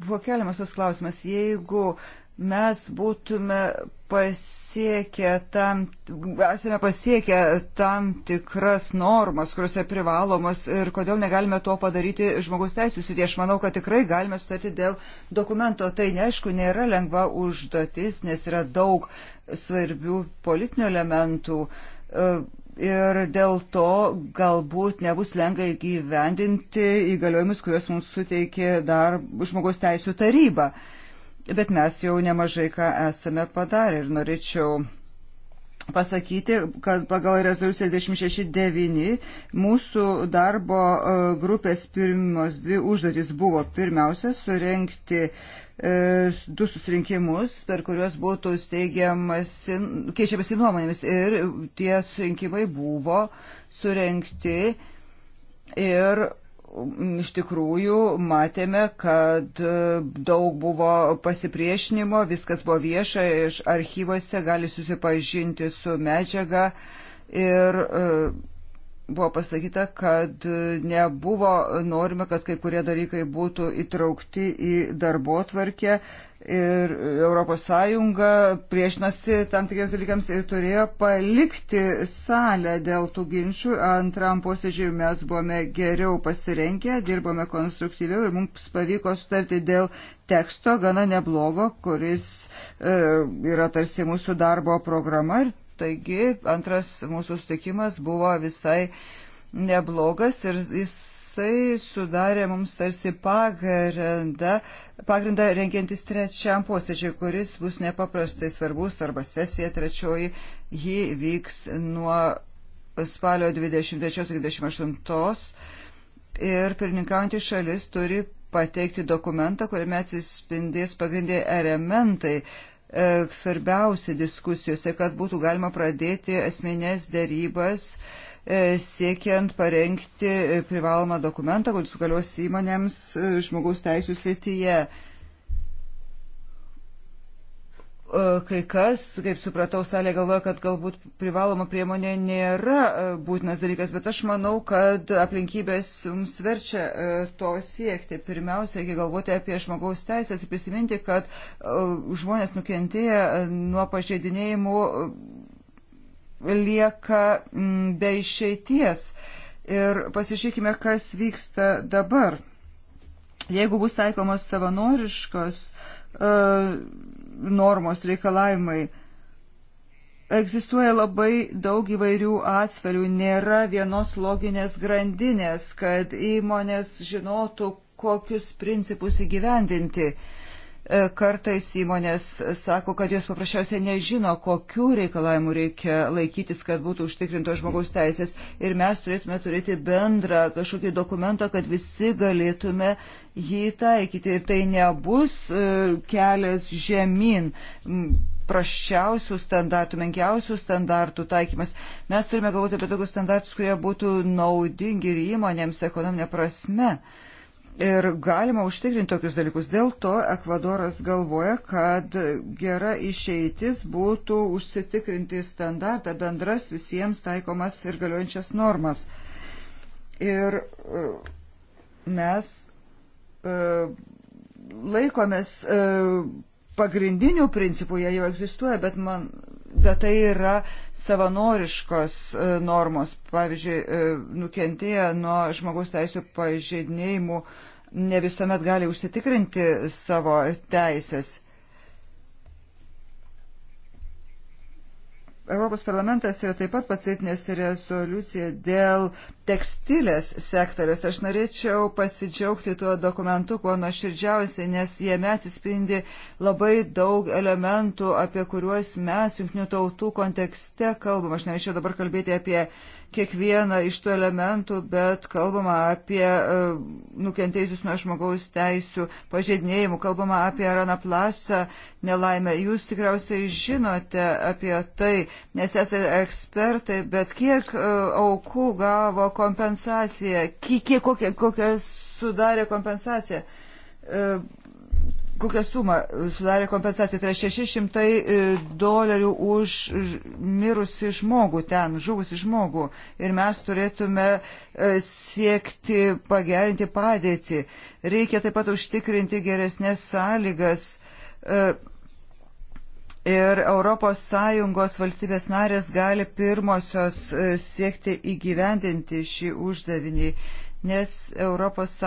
S3: buvo keliamas tas klausimas, jeigu mes būtume pasiekę tam, esame pasiekę tam tikras normas, kuriuose privalomos ir kodėl negalime to padaryti žmogus teisų sitie. Aš manau, kad tikrai galime sutarti dėl dokumento. Tai neaišku, nėra lengva užduotis, nes yra daug svarbių politinių elementų. E, ir dėl to galbūt nebus lengva įgyvendinti įgaliojimus, kuriuos mums suteikė dar žmogaus teisų taryba. Uh, bet mes jau nemažai ką esame padarę ir norėčiau pasakyti, kad pagal rezoliuciją 26.9 mūsų darbo e, grupės pirmos dvi užduotis buvo pirmiausia surenkti e, du susirinkimus, per kuriuos būtų keičiamasi nuomonėmis ir tie susirinkimai buvo surenkti ir iš tikrųjų matėme, kad e, daug buvo pasipriešinimo, viskas buvo vieša, iš archyvose gali susipažinti su medžiaga ir uh, buvo pasakyta, kad nebuvo norima, kad kai kurie dalykai būtų įtraukti į darbo tvarkę ir ES priešinosi tam tikriems dalykams ir turėjo palikti salę dėl tų ginčių. Antram posėdžiui mes buvome geriau pasirenkę, dirbome konstruktyviau ir mums pavyko sutarti dėl teksto gana neblogo, kuris e, yra tarsi mūsų darbo programa ir Taigi antras mūsų sutikimas buvo visai neblogas ir jisai sudarė mums tarsi pagrindą, pagrindą rengiantis trečiam posėdžiui, kuris bus nepaprastai svarbus arba sesija trečioji. Ji vyks nuo spalio 23-28 ir pirmininkaujantys šalis turi pateikti dokumentą, kuriame atsispindės pagrindiniai elementai E, svarbiausia diskusijose, kad būtų galima pradėti esminės dėrybas e, siekiant parengti privalomą dokumentą, kuris galios įmonėms e, žmogaus teisų srityje. E, kai kas, kaip supratau, salė galvoja, kad galbūt privaloma priemonė nėra e, būtinas dalykas, bet aš manau, kad aplinkybės jums verčia e, to siekti. Pirmiausia, reikia galvoti apie žmogaus teisės ir prisiminti, kad žmonės nukentėję nuo pažeidinėjimų lieka be išeities. Ir pasižiūrėkime, kas vyksta dabar. Jeigu bus taikomos savanoriškos, uh, normos reikalavimai. Egzistuoja labai daug įvairių atsverių, nėra vienos loginės grandinės, kad įmonės žinotų, kokius principus įgyvendinti. E, kartais įmonės sako, kad jos paprasčiausiai nežino, kokių reikalavimų reikia laikytis, kad būtų užtikrintos žmogaus teisės. Ir mes turėtume turėti bendrą kažkokį dokumentą, kad visi galėtume jį taikyti. Ir tai nebus e, kelias žemyn prasčiausių standartų, menkiausių standartų taikymas. Mes turime galvoti apie tokius standartus, kurie būtų naudingi ir įmonėms ekonominė prasme. Uh, Ir galima užtikrinti tokius dalykus. Dėl to Ekvadoras galvoja, kad gera išeitis būtų užsitikrinti standartą bendras visiems taikomas ir galiojančias normas. Ir e, mes e, laikomės e, pagrindinių principų, jie jau egzistuoja, bet man bet tai yra savanoriškos e, normos. Pavyzdžiui, e, nukentėję nuo žmogaus teisų pažeidinėjimų ne visuomet gali užsitikrinti savo teisės. Europos parlamentas yra taip pat patvirtinęs rezoliuciją dėl tekstilės sektorės. Aš norėčiau pasidžiaugti tuo dokumentu, kuo nuoširdžiausiai, nes jame atsispindi labai daug elementų, apie kuriuos mes jungtinių tautų kontekste kalbam. Aš norėčiau dabar kalbėti apie uh, kiekvieną iš tų elementų, bet kalbama apie e, nukentėjusius nuo žmogaus teisų pažeidinėjimų, kalbama apie ranaplasą nelaimę. Jūs tikriausiai žinote apie tai, nes esate ekspertai, bet kiek e, aukų gavo kompensaciją, kiek, kokią, kokią sudarė kompensaciją? E, kokią sumą sudarė kompensacija. Tai yra 600 e, dolerių už mirusi žmogų ten, žuvusi žmogų. Ir mes turėtume e, siekti pagerinti padėtį. Reikia taip pat užtikrinti geresnės sąlygas. E, ir ES valstybės narės gali pirmosios siekti įgyvendinti šį uždavinį nes ES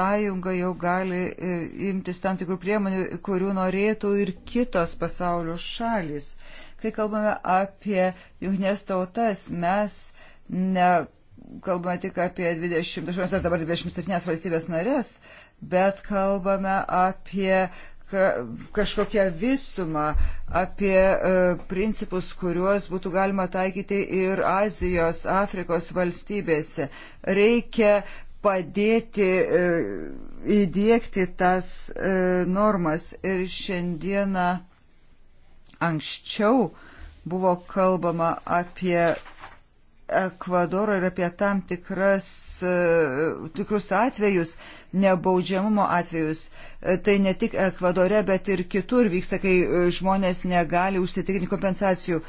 S3: jau gali e, imtis tam tikrų priemonių, kurių norėtų ir kitos pasaulio šalis. Kai kalbame apie jungtinės tautas, mes ne kalbame tik apie 28 ar dabar 27 valstybės narės, bet kalbame apie kažkokią visumą, apie e, principus, kuriuos būtų galima taikyti ir Azijos, Afrikos valstybėse. Reikia padėti e, įdėkti tas e, normas. Ir šiandieną anksčiau buvo kalbama apie Ekvadoro ir apie tam tikras, e, tikrus atvejus, nebaudžiamumo atvejus. E, tai ne tik Ekvadore, bet ir kitur vyksta, kai e, žmonės negali užsitikrinti kompensacijų.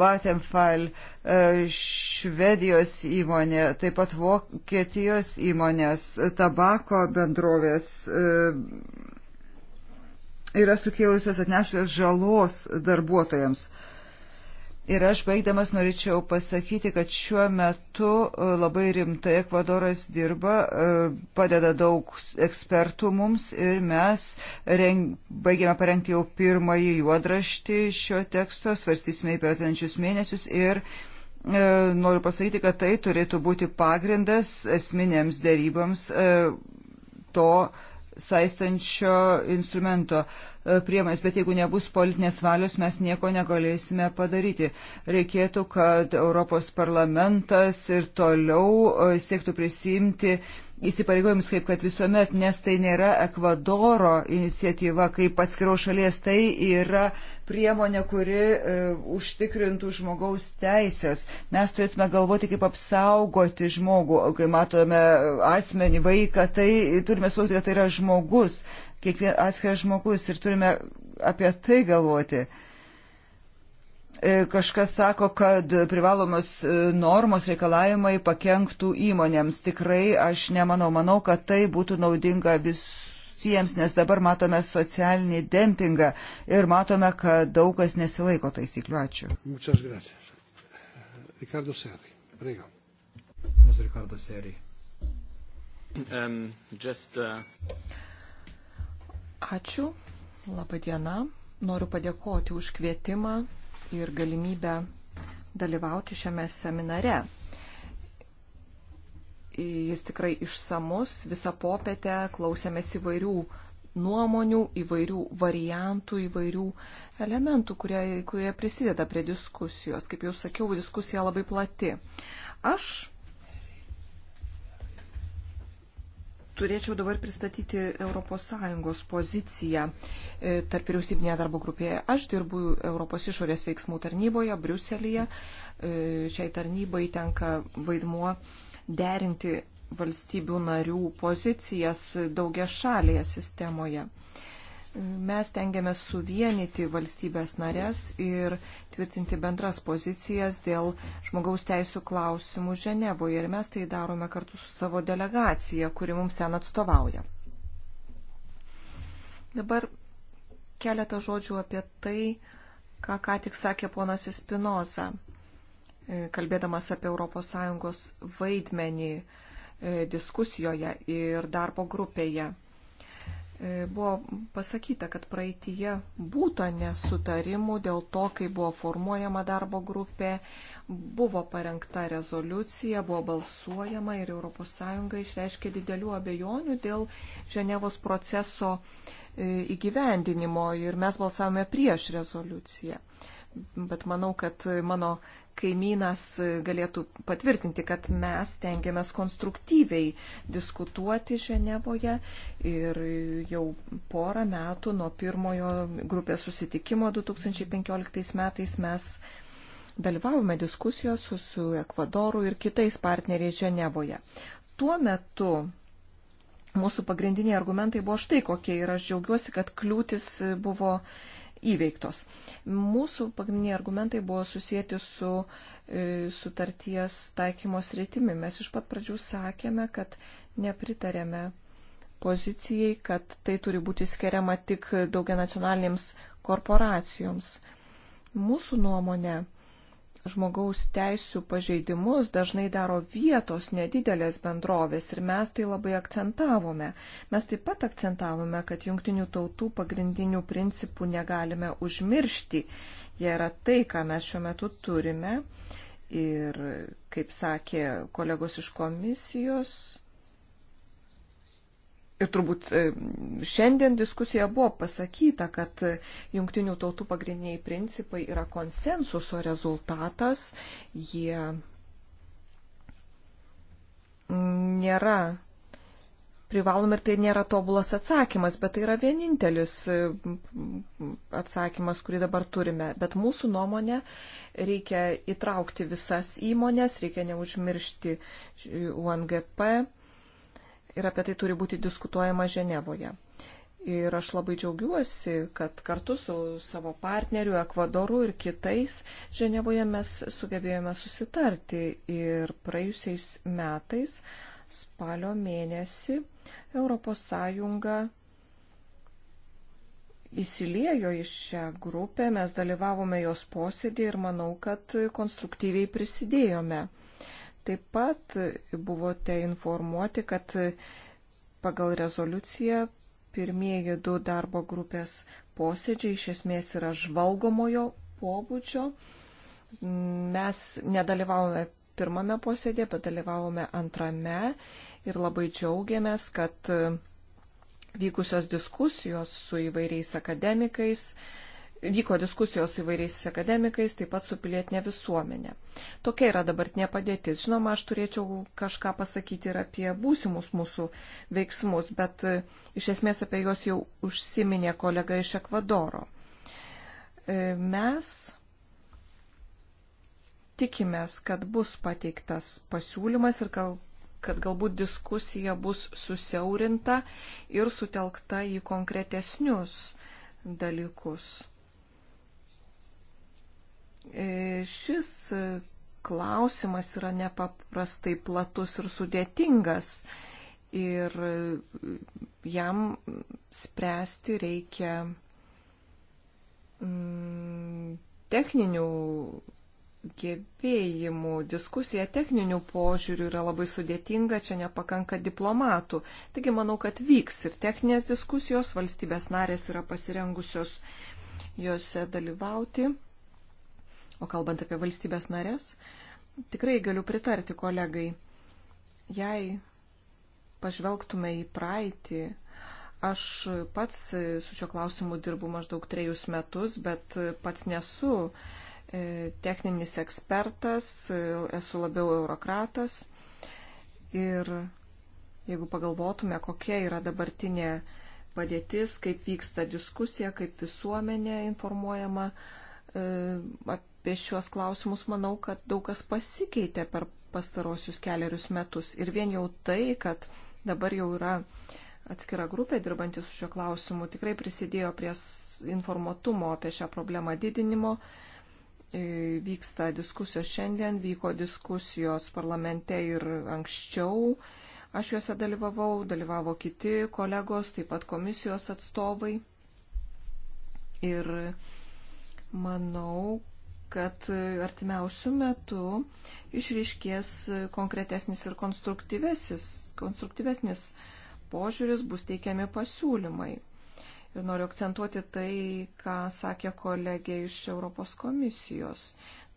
S3: Vattenfall, Švedijos įmonė, taip pat Vokietijos įmonės, tabako bendrovės yra sukėlusios atnešęs žalos darbuotojams. Uh, Ir aš baigdamas norėčiau pasakyti, kad šiuo metu e, labai rimtai Ekvadoras dirba, e, padeda daug ekspertų mums ir mes reng, baigėme parengti jau pirmąjį juodraštį šio teksto, svarstysime į per atinančius mėnesius ir e, noriu pasakyti, kad tai turėtų būti pagrindas esminėms dėryboms to saistančio instrumento. E, priemonės, bet jeigu nebus politinės valios, mes nieko negalėsime padaryti. Reikėtų, kad Europos parlamentas ir toliau e, siektų prisimti įsipareigojimus kaip kad visuomet, nes tai nėra Ekvadoro iniciatyva kaip atskiros šalies, tai yra priemonė, kuri e, užtikrintų žmogaus teisės. Mes turėtume galvoti, kaip apsaugoti žmogų, kai matome e, asmenį, vaiką, tai turime suvokti, kad tai yra žmogus kiekvien atskiras žmogus ir turime apie tai galvoti. E, kažkas sako, kad privalomos e, normos reikalavimai pakenktų įmonėms. Tikrai aš nemanau, manau, kad tai būtų naudinga visiems, nes dabar matome socialinį dempingą ir matome, kad daug kas nesilaiko
S1: taisyklių. Ačiū. Muchas gracias. Ricardo Serri. Prego. Ricardo Serri. Um, just, uh...
S2: Ačiū. Labą dieną. Noriu padėkoti už kvietimą ir galimybę dalyvauti šiame seminare. Jis tikrai išsamus. Visą popietę klausėmės įvairių nuomonių, įvairių variantų, įvairių elementų, kurie, kurie prisideda prie diskusijos. Kaip jau sakiau, diskusija labai plati. Aš turėčiau dabar pristatyti ES poziciją e, tarp vyriausybinėje darbo grupėje. Aš dirbu Europos išorės veiksmų tarnyboje, Briuselėje. E, šiai tarnybai tenka vaidmuo derinti valstybių narių pozicijas daugia šalėje sistemoje. E, mes tengiamės suvienyti valstybės narės ir patvirtinti bendras pozicijas dėl žmogaus teisų klausimų Ženevoje ir mes tai darome kartu su savo delegacija, kuri mums ten atstovauja. Dabar keletą žodžių apie tai, ką ką tik sakė ponas Espinoza, e, kalbėdamas apie ES vaidmenį e, diskusijoje ir darbo grupėje. E, buvo pasakyta, kad praeitie būta nesutarimų dėl to, kai buvo formuojama darbo grupė, buvo parengta rezoliucija, buvo balsuojama ir ES išreiškė didelių abejonių dėl Ženevos proceso e, įgyvendinimo ir mes balsavome prieš rezoliuciją. Bet manau, kad mano kaimynas galėtų patvirtinti, kad mes tengiamės konstruktyviai diskutuoti Ženevoje ir jau porą metų nuo pirmojo grupės susitikimo 2015 metais mes dalyvavome diskusijos su, su Ekvadoru ir kitais partneriais Ženevoje. Tuo metu mūsų pagrindiniai argumentai buvo štai kokie ir aš džiaugiuosi, kad kliūtis buvo įveiktos. Mūsų pagrindiniai argumentai buvo susijęti su e, sutarties taikymos rytimi. Mes iš pat pradžių sakėme, kad nepritarėme pozicijai, kad tai turi būti skiriama tik daugia nacionalinėms korporacijoms. Mūsų nuomonė, žmogaus teisų pažeidimus dažnai daro vietos nedidelės bendrovės ir mes tai labai akcentavome. Mes taip pat akcentavome, kad jungtinių tautų pagrindinių principų negalime užmiršti. Jie yra tai, ką mes šiuo metu turime. Ir, kaip sakė kolegos iš komisijos, Ir turbūt e, šiandien diskusija buvo pasakyta, kad jungtinių tautų pagrindiniai principai yra konsensuso rezultatas, jie nėra privalomi ir tai nėra tobulas atsakymas, bet tai yra vienintelis e, atsakymas, kurį dabar turime. Bet mūsų nuomonė reikia įtraukti visas įmonės, reikia neužmiršti UNGP ir apie tai turi būti diskutuojama Ženevoje. Ir aš labai džiaugiuosi, kad kartu su savo partneriu Ekvadoru ir kitais Ženevoje mes sugebėjome susitarti ir praėjusiais metais spalio mėnesį ES įsiliejo į šią grupę, mes dalyvavome jos posėdį ir manau, kad konstruktyviai prisidėjome. Taip pat buvote informuoti, kad pagal rezoliuciją pirmieji du darbo grupės posėdžiai iš esmės yra žvalgomojo pobūdžio. Mes nedalyvavome pirmame posėdėje, bet dalyvavome antrame ir labai džiaugiamės, kad vykusios diskusijos su įvairiais akademikais, vyko diskusijos įvairiais akademikais, taip pat su pilietinė visuomenė. Tokia yra dabartinė padėtis. Žinoma, aš turėčiau kažką pasakyti ir apie būsimus mūsų veiksmus, bet e, iš esmės apie juos jau užsiminė kolega iš Ekvadoro. E, mes tikimės, kad bus pateiktas pasiūlymas ir gal kad galbūt diskusija bus susiaurinta ir sutelkta į konkretesnius dalykus E, šis klausimas yra nepaprastai platus ir sudėtingas ir jam spręsti reikia mm, techninių gebėjimų. Diskusija techninių požiūrių yra labai sudėtinga, čia nepakanka diplomatų. Taigi manau, kad vyks ir techninės diskusijos, valstybės narės yra pasirengusios juose dalyvauti. O kalbant apie valstybės narės, tikrai galiu pritarti kolegai. Jei pažvelgtume į praeitį, aš pats su šio klausimu dirbu maždaug trejus metus, bet pats nesu e, techninis ekspertas, e, esu labiau eurokratas. Ir jeigu pagalvotume, kokia yra dabartinė padėtis, kaip vyksta diskusija, kaip visuomenė informuojama E, apie šiuos klausimus manau, kad daug kas pasikeitė per pastarosius keliarius metus. Ir vien jau tai, kad dabar jau yra atskira grupė dirbanti su šiuo klausimu, tikrai prisidėjo prie informatumo apie šią problemą didinimo. E, vyksta diskusijos šiandien, vyko diskusijos parlamente ir anksčiau. Aš juose dalyvavau, dalyvavo kiti kolegos, taip pat komisijos atstovai. Ir manau, kad artimiausių metų išryškės konkretesnis ir konstruktyvesnis požiūris, bus teikiami pasiūlymai. Ir noriu akcentuoti tai, ką sakė kolegė iš Europos komisijos.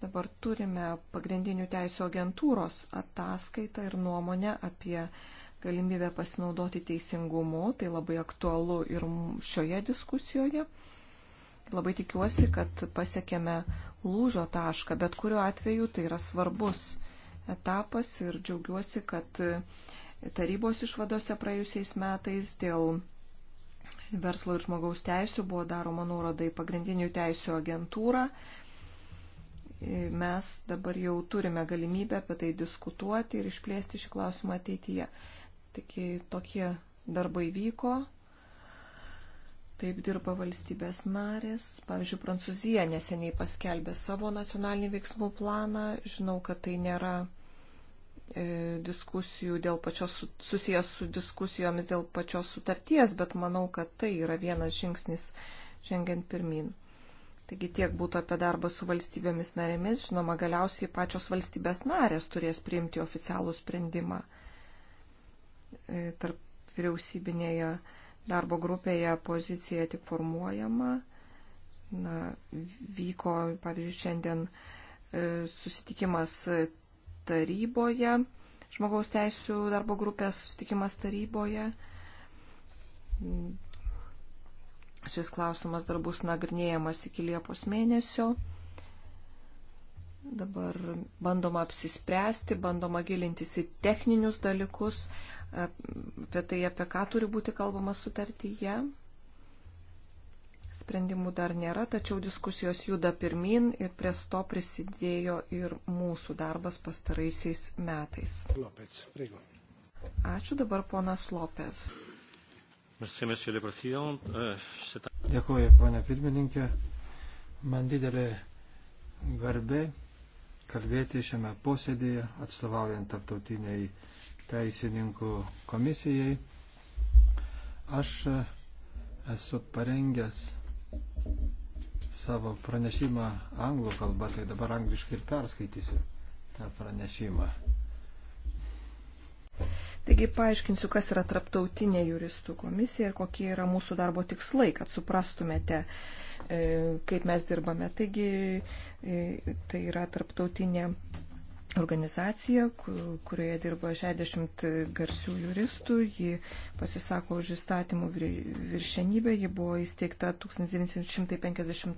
S2: Dabar turime pagrindinių teisų agentūros ataskaitą ir nuomonę apie galimybę pasinaudoti teisingumu. Tai labai aktualu ir šioje diskusijoje. Labai tikiuosi, kad pasiekėme lūžio tašką, bet kuriuo atveju tai yra svarbus etapas ir džiaugiuosi, kad tarybos išvadose praėjusiais metais dėl verslo ir žmogaus teisų buvo daroma nuoroda į pagrindinių teisų agentūrą. Mes dabar jau turime galimybę apie tai diskutuoti ir išplėsti šį klausimą ateityje. Tik tokie darbai vyko Taip dirba valstybės narės. Pavyzdžiui, Prancūzija neseniai paskelbė savo nacionalinį veiksmų planą. Žinau, kad tai nėra e, diskusijų dėl pačios, susijęs su diskusijomis dėl pačios sutarties, bet manau, kad tai yra vienas žingsnis žengiant pirmin. Taigi tiek būtų apie darbą su valstybėmis narėmis, žinoma, galiausiai pačios valstybės narės turės priimti oficialų sprendimą e, tarp vyriausybinėje darbo grupėje pozicija tik formuojama. Na, vyko, pavyzdžiui, šiandien e, susitikimas taryboje, žmogaus teisų darbo grupės susitikimas taryboje. Šis klausimas dar bus nagrinėjamas iki Liepos mėnesio. Dabar bandoma apsispręsti, bandoma gilintis į techninius dalykus, apie tai, apie ką turi būti kalbama sutartyje. Sprendimų dar nėra, tačiau diskusijos juda pirmin ir prie to prisidėjo ir mūsų darbas pastaraisiais metais. Lopez,
S1: reigo. Ačiū dabar ponas Lopez. Euh, Dėkuoju, ponė pirmininkė. Man didelė garbė kalbėti šiame posėdėje atstovaujant tarptautiniai teisininkų komisijai. Aš e, esu parengęs savo pranešimą anglų kalba, tai dabar angliškai ir perskaitysiu tą pranešimą.
S2: Taigi paaiškinsiu, kas yra traptautinė juristų komisija ir kokie yra mūsų darbo tikslai, kad suprastumėte, e, kaip mes dirbame. Taigi e, tai yra traptautinė organizacija, kurioje dirba 60 garsių juristų, ji pasisako už įstatymų viršenybę, ji buvo įsteigta 1952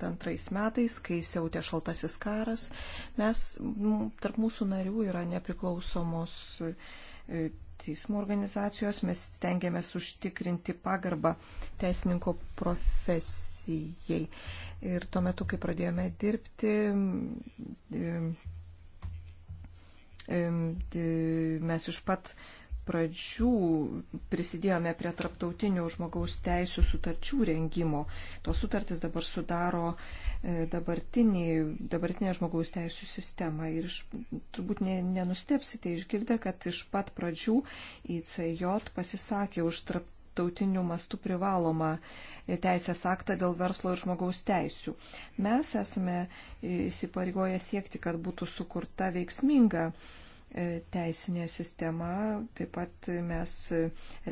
S2: metais, kai siautė šaltasis karas. Mes, tarp mūsų narių yra nepriklausomos e, teismų organizacijos, mes stengiamės užtikrinti pagarbą teisininko profesijai. Ir tuo metu, kai pradėjome dirbti, e, mes iš pat pradžių prisidėjome prie tarptautinių žmogaus teisų sutarčių rengimo. Tos sutartys dabar sudaro e, dabartinę žmogaus teisų sistemą. Ir iš, turbūt ne, nenustepsite išgirdę, kad iš pat pradžių ICJ pasisakė už tarp, tarptautiniu mastu privalomą teisės aktą dėl verslo ir žmogaus teisių. Mes esame įsipareigoję siekti, kad būtų sukurta veiksminga e, teisinė sistema. Taip pat mes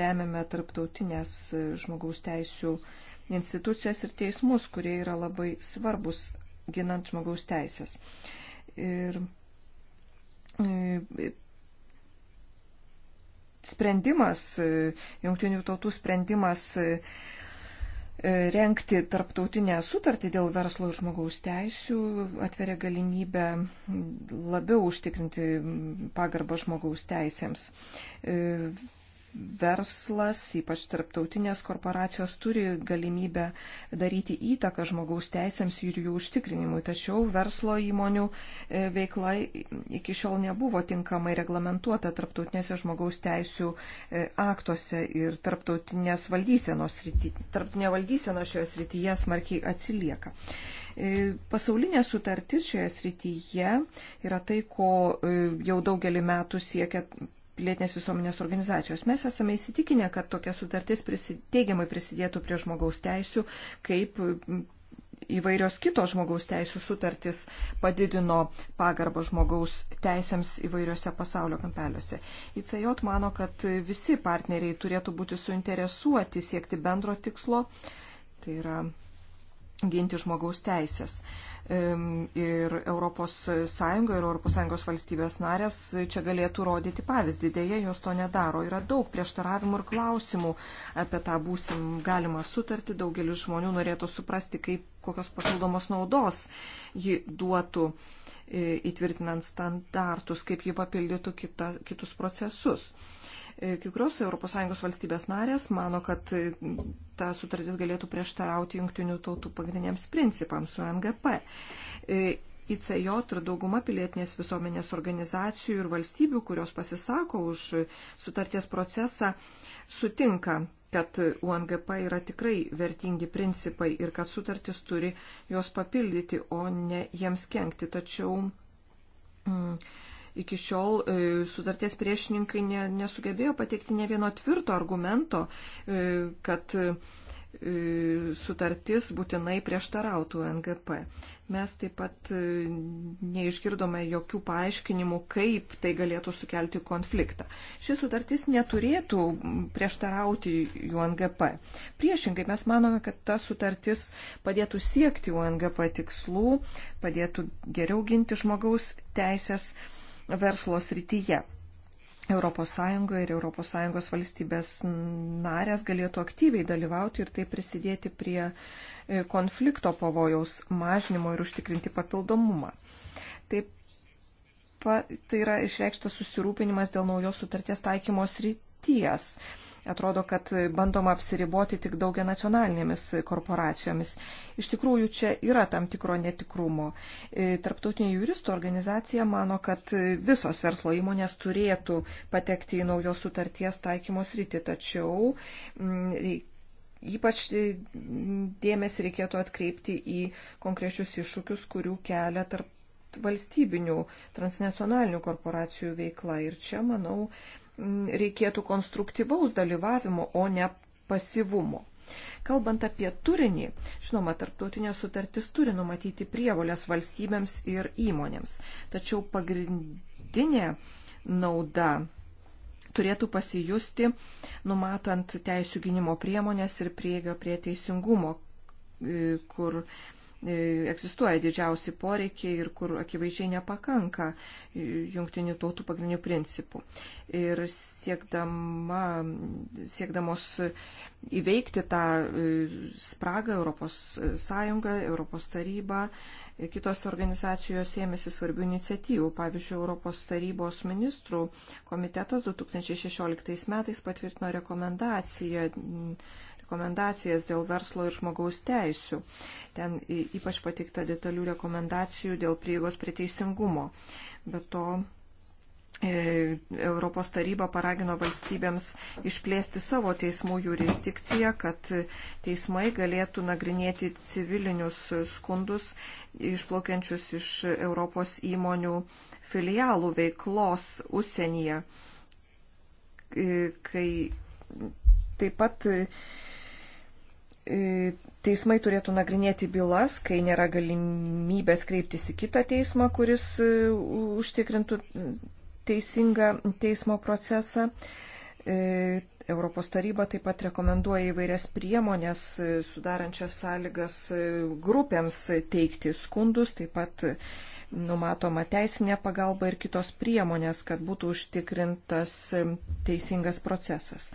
S2: remiame tarptautinės e, žmogaus teisių institucijas ir teismus, kurie yra labai svarbus ginant žmogaus teisės. Ir e, sprendimas, e, jungtinių tautų sprendimas e, e, renkti tarptautinę sutartį dėl verslo ir žmogaus teisių atveria galimybę labiau užtikrinti pagarbą žmogaus teisėms verslas, ypač tarptautinės korporacijos, turi galimybę daryti įtaką žmogaus teisėms ir jų užtikrinimui, tačiau verslo įmonių e, veikla iki šiol nebuvo tinkamai reglamentuota tarptautinėse žmogaus teisų e, aktuose ir tarptautinės valdysenos srity, tarptautinė valdysena šioje srityje smarkiai atsilieka. E, pasaulinė sutartis šioje srityje yra tai, ko jau daugelį metų siekia pilietinės visuomenės organizacijos. Mes esame įsitikinę, kad tokia sutartis teigiamai prisidėtų prie žmogaus teisių, kaip įvairios kitos žmogaus teisų sutartis padidino pagarbą žmogaus teisėms įvairiose pasaulio kampeliuose. ICJ mano, kad visi partneriai turėtų būti suinteresuoti siekti bendro tikslo, tai yra ginti žmogaus teisės. Uh, ir ES ir ES valstybės narės čia galėtų rodyti pavyzdį. Dėja, jos to nedaro. Yra daug prieštaravimų ir klausimų apie tą būsim galimą sutartį. Daugelis žmonių norėtų suprasti, kaip, kokios papildomos naudos ji duotų e, įtvirtinant standartus, kaip ji papildytų kita, kitus procesus. Kai kurios ES valstybės narės mano, kad ta sutartis galėtų prieštarauti jungtinių tautų pagrindiniams principams su NGP. E, ICJ ir dauguma pilietinės visuomenės organizacijų ir valstybių, kurios pasisako už sutarties procesą, sutinka, kad UNGP yra tikrai vertingi principai ir kad sutartis turi juos papildyti, o ne jiems kenkti. Tačiau mm, iki šiol e, sutarties priešininkai nesugebėjo pateikti ne vieno tvirto argumento, e, kad e, sutartis būtinai prieštarautų NGP. Mes taip pat neišgirdome jokių paaiškinimų, kaip tai galėtų sukelti konfliktą. Ši sutartis neturėtų prieštarauti UNGP. Priešingai, mes manome, kad ta sutartis padėtų siekti UNGP tikslų, padėtų geriau ginti žmogaus teisės verslo srityje. ES ir ES valstybės narės galėtų aktyviai dalyvauti ir taip prisidėti prie e, konflikto pavojaus mažinimo ir užtikrinti papildomumą. Taip pat tai yra išreikštas susirūpinimas dėl naujos sutarties taikymos ryties atrodo, kad bandoma apsiriboti tik daugia nacionalinėmis korporacijomis. Iš tikrųjų, čia yra tam tikro netikrumo. E, Tarptautinė juristų organizacija mano, kad visos verslo įmonės turėtų patekti į naujos sutarties taikymos rytį, tačiau mm, ypač e, dėmesį reikėtų atkreipti į konkrečius iššūkius, kurių kelia tarp valstybinių transnacionalinių korporacijų veikla. Ir čia, manau, reikėtų konstruktyvaus dalyvavimo, o ne pasivumo. Kalbant apie turinį, žinoma, tarptautinė sutartis turi numatyti prievolės valstybėms ir įmonėms. Tačiau pagrindinė nauda turėtų pasijusti, numatant teisų gynimo priemonės ir prieigą prie teisingumo, e, kur E, egzistuoja didžiausi poreikiai ir kur akivaizdžiai nepakanka jungtinių tautų pagrindinių principų. Ir siekdama, siekdamos įveikti tą e, spragą Europos Sąjunga, Europos taryba, e, kitos organizacijos ėmėsi svarbių iniciatyvų. Pavyzdžiui, Europos tarybos ministrų komitetas 2016 metais patvirtino rekomendaciją rekomendacijas dėl verslo ir žmogaus teisų. Ten ypač patikta detalių rekomendacijų dėl prieigos prie teisingumo. Be to, e, Europos taryba paragino valstybėms išplėsti savo teismų jurisdikciją, kad teismai galėtų nagrinėti civilinius skundus išplaukiančius iš Europos įmonių filialų veiklos užsienyje. E, kai taip pat E, teismai turėtų nagrinėti bylas, kai nėra galimybės kreiptis į kitą teismą, kuris e, užtikrintų e, teisingą teismo procesą. Europos taryba taip pat rekomenduoja įvairias priemonės, sudarančias sąlygas grupėms teikti skundus, taip pat numatoma teisinė pagalba ir kitos priemonės, kad būtų užtikrintas teisingas procesas.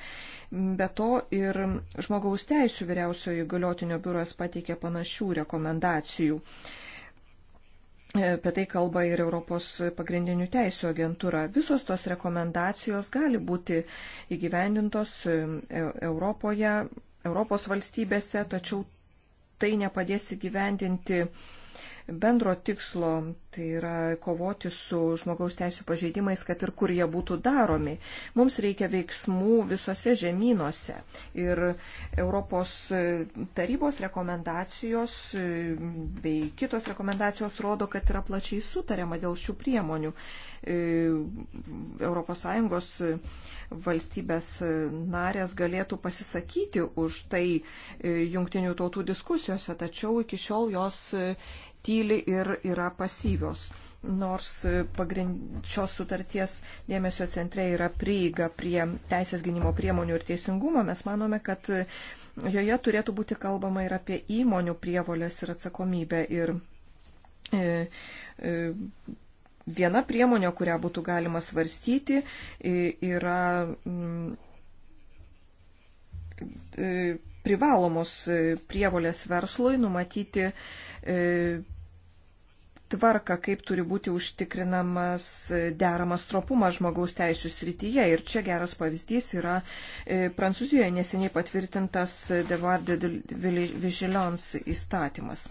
S2: Be to ir žmogaus teisų vyriausiojo įgaliotinio biuras pateikė panašių rekomendacijų. Apie tai kalba ir Europos pagrindinių teisų agentūra. Visos tos rekomendacijos gali būti įgyvendintos e, e, Europoje, Europos valstybėse, tačiau tai nepadės įgyvendinti bendro tikslo, tai yra kovoti su žmogaus teisų pažeidimais, kad ir kur jie būtų daromi. Mums reikia veiksmų visose žemynuose. Ir Europos tarybos rekomendacijos e, bei kitos rekomendacijos rodo, kad yra plačiai sutariama dėl šių priemonių. ES valstybės narės galėtų pasisakyti už tai e, jungtinių tautų diskusijose, tačiau iki šiol jos e, tyli ir yra pasyvios. Nors e, pagrind... šios sutarties dėmesio centre yra prieiga prie teisės gynimo priemonių ir teisingumo, mes manome, kad e, joje turėtų būti kalbama ir apie įmonių prievolės ir atsakomybę. Ir e, e, viena priemonė, kurią būtų galima svarstyti, e, yra mm, e, privalomos e, prievolės verslui numatyti e, E, tvarką, kaip turi būti užtikrinamas e, deramas tropumas žmogaus teisų srityje. Ir čia geras pavyzdys yra e, Prancūzijoje neseniai patvirtintas Devoir de Vigilance įstatymas.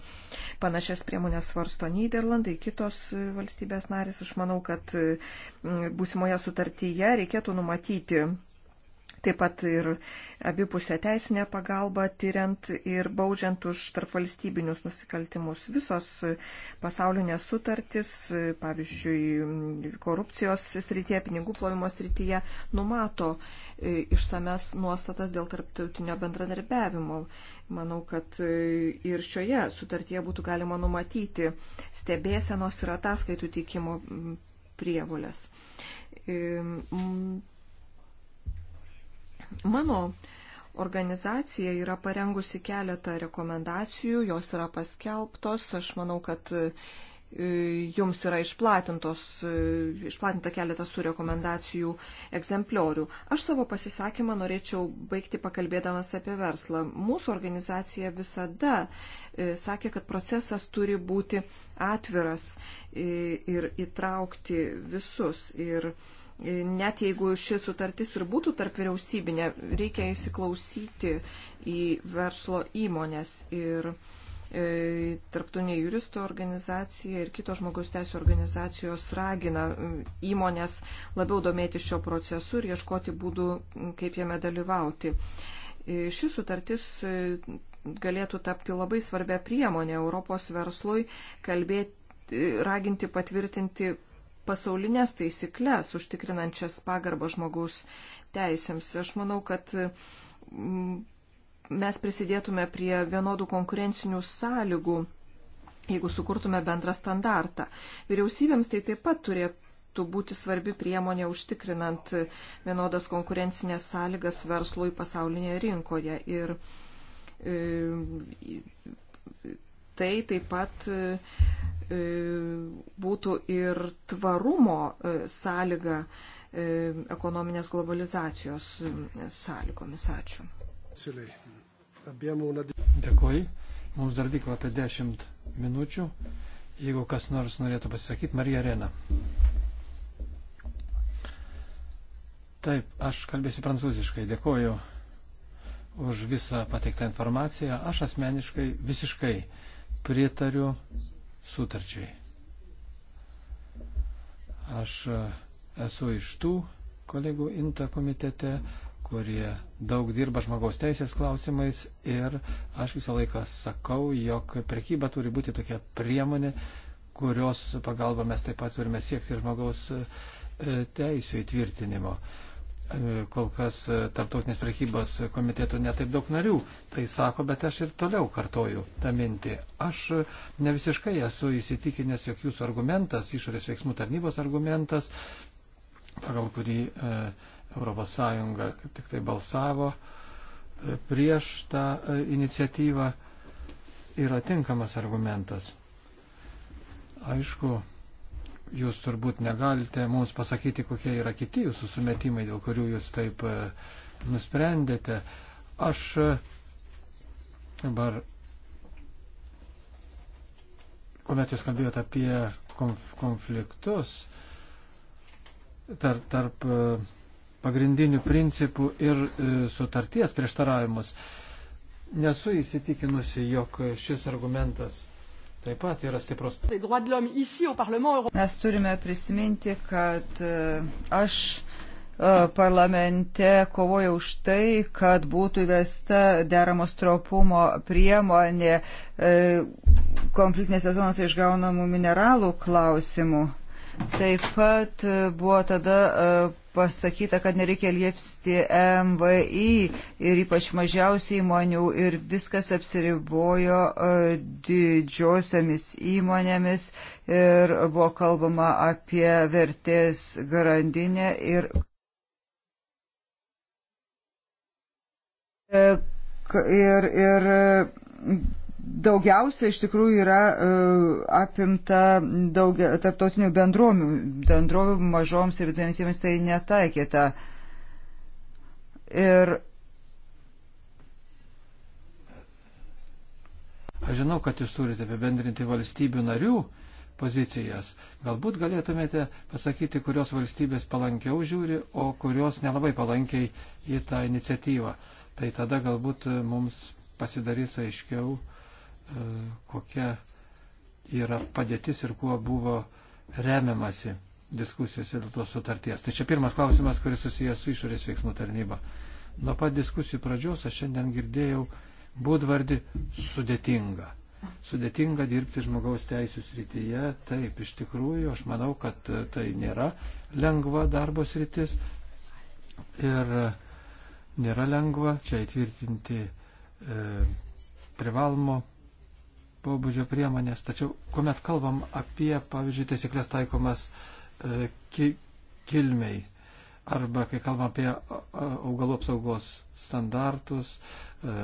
S2: Panašias priemonės svarsto Niderlandai, kitos valstybės narės. Aš manau, kad būsimoje sutartyje reikėtų numatyti taip pat ir abipusę teisinę pagalbą tyriant ir baudžiant už tarpvalstybinius nusikaltimus. Visos pasaulinės sutartys, pavyzdžiui, korupcijos srityje, pinigų plovimo srityje, numato e, išsames nuostatas dėl tarptautinio bendradarbiavimo. Manau, kad e, ir šioje sutartyje būtų galima numatyti stebėsenos ir ataskaitų teikimo prievolės e, Mano organizacija yra parengusi keletą rekomendacijų, jos yra paskelbtos. Aš manau, kad e, jums yra išplatintos, e, išplatinta keletas tų rekomendacijų egzempliorių. Aš savo pasisakymą norėčiau baigti pakalbėdamas apie verslą. Mūsų organizacija visada e, sakė, kad procesas turi būti atviras ir įtraukti visus. Ir net jeigu ši sutartis ir būtų tarp vyriausybinė, reikia įsiklausyti į verslo įmonės ir e, Tarptautinė juristų organizacija ir kitos žmogaus teisų organizacijos ragina įmonės labiau domėti šio procesu ir ieškoti būdų, kaip jame dalyvauti. E, ši sutartis e, galėtų tapti labai svarbia priemonė Europos verslui kalbėti raginti patvirtinti pasaulinės taisyklės užtikrinančias pagarbą žmogaus teisėms. Aš manau, kad mm, mes prisidėtume prie vienodų konkurencinių sąlygų, jeigu sukurtume bendrą standartą. Vyriausybėms tai taip pat turėtų būti svarbi priemonė užtikrinant vienodas konkurencinės sąlygas verslui pasaulinėje rinkoje. Ir, e, tai taip pat e, e, būtų ir tvarumo e, sąlyga ekonominės globalizacijos sąlygomis. Ačiū.
S1: Dėkui. Mums dar liko apie 10 minučių. Jeigu kas nors norėtų pasisakyti, Marija Rena. Taip, aš kalbėsiu prancūziškai. Dėkoju už visą pateiktą informaciją. Aš asmeniškai visiškai pritariu sutarčiai. Aš e, esu iš tų kolegų INTA komitete, kurie daug dirba žmogaus teisės klausimais ir aš visą laiką sakau, jog prekyba turi būti tokia priemonė, kurios pagalba mes taip pat turime siekti ir žmogaus e, teisų įtvirtinimo. Uh, kol kas e, Tartautinės prekybos komitetų netaip daug narių. Tai sako, bet aš ir toliau kartoju tą mintį. Aš e, ne visiškai esu įsitikinęs, jog jūsų argumentas, išorės veiksmų tarnybos argumentas, pagal kurį ES tik tai balsavo e, prieš tą iniciatyvą, yra tinkamas argumentas. Aišku, jūs turbūt negalite mums pasakyti, kokie yra kiti jūsų sumetimai, dėl kurių jūs taip e, nusprendėte. Aš e, dabar, kuomet jūs kalbėjote apie konfliktus tarp, tarp e, pagrindinių principų ir sutarties prieštaravimus, nesu įsitikinusi, jog šis argumentas taip pat yra stiprus.
S3: Mes turime prisiminti, kad e, aš e, parlamente kovoja už tai, kad būtų įvesta deramos tropumo priemonė e, konfliktinėse zonose išgaunamų mineralų klausimų. Taip pat e, buvo tada e, pasakyta, kad nereikia liepsti MVI ir ypač mažiausių įmonių ir viskas apsiribojo e, didžiosiomis įmonėmis ir buvo kalbama apie vertės grandinę ir ir, ir daugiausia iš tikrųjų yra e, apimta daug tarptautinių bendrovių, bendrovių mažoms ir vidutinėms įmonėms tai netaikyta.
S1: Ir Aš žinau, kad jūs turite apibendrinti valstybių narių pozicijas. Galbūt galėtumėte pasakyti, kurios valstybės palankiau žiūri, o kurios nelabai palankiai į tą iniciatyvą. Tai tada galbūt mums pasidarys aiškiau, uh, E, kokia yra padėtis ir kuo buvo remiamasi diskusijose dėl tos sutarties. Tai čia pirmas klausimas, kuris susijęs su išorės veiksmų tarnyba. Nuo pat diskusijų pradžios aš šiandien girdėjau būdvardį sudėtinga. Sudėtinga dirbti žmogaus teisų srityje. Taip, iš tikrųjų, aš manau, kad tai nėra lengva darbo sritis. Ir nėra lengva čia įtvirtinti e, privalomo pobūdžio priemonės. Tačiau, kuomet kalbam apie, pavyzdžiui, taisyklės taikomas e, ki, kilmiai, arba kai kalbam apie augalų apsaugos standartus, e,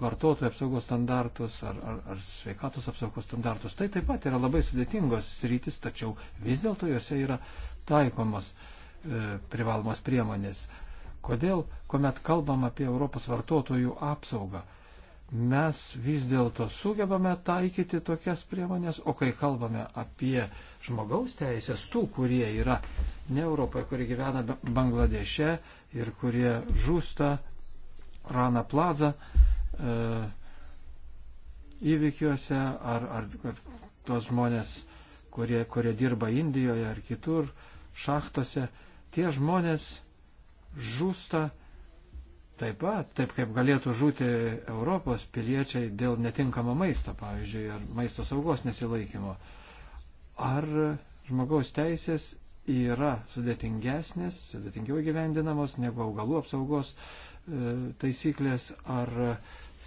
S1: vartotojų apsaugos standartus ar, ar, ar sveikatos apsaugos standartus, tai taip pat yra labai sudėtingos sritis, tačiau vis dėlto juose yra taikomos e, privalomos priemonės. Kodėl, kuomet kalbam apie Europos vartotojų apsaugą, mes vis dėlto sugebame taikyti tokias priemonės, o kai kalbame apie žmogaus teisės, tų, kurie yra ne Europoje, kurie gyvena Bangladeše ir kurie žūsta Rana Plaza e, įvykiuose, ar, ar, ar tos žmonės, kurie, kurie dirba Indijoje ar kitur, šachtose, tie žmonės žūsta Taip pat, taip kaip galėtų žūti Europos piliečiai dėl netinkamo maisto, pavyzdžiui, ar maisto saugos nesilaikymo. Ar žmogaus teisės yra sudėtingesnės, sudėtingiau gyvendinamos negu augalų apsaugos e, taisyklės ar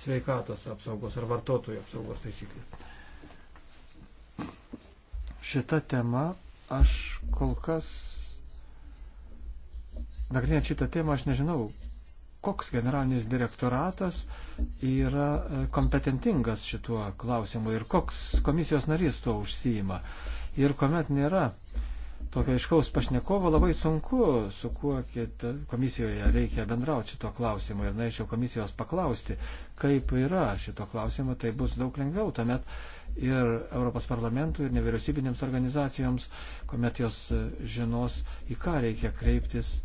S1: sveikatos apsaugos ar vartotojų apsaugos taisyklės. Šita tema aš kol kas, nagrinėjant šitą temą, aš nežinau, koks generalinis direktoratas yra e, kompetentingas šituo klausimu ir koks komisijos narys tuo užsijima. Ir kuomet nėra tokio aiškaus pašnekovo, labai sunku, su kuo komisijoje reikia bendrauti šito klausimu. Ir norėčiau komisijos paklausti, kaip yra šito klausimu, tai bus daug lengviau tuomet ir Europos parlamentui, ir nevyriausybinėms organizacijoms, kuomet jos e, žinos, į ką reikia kreiptis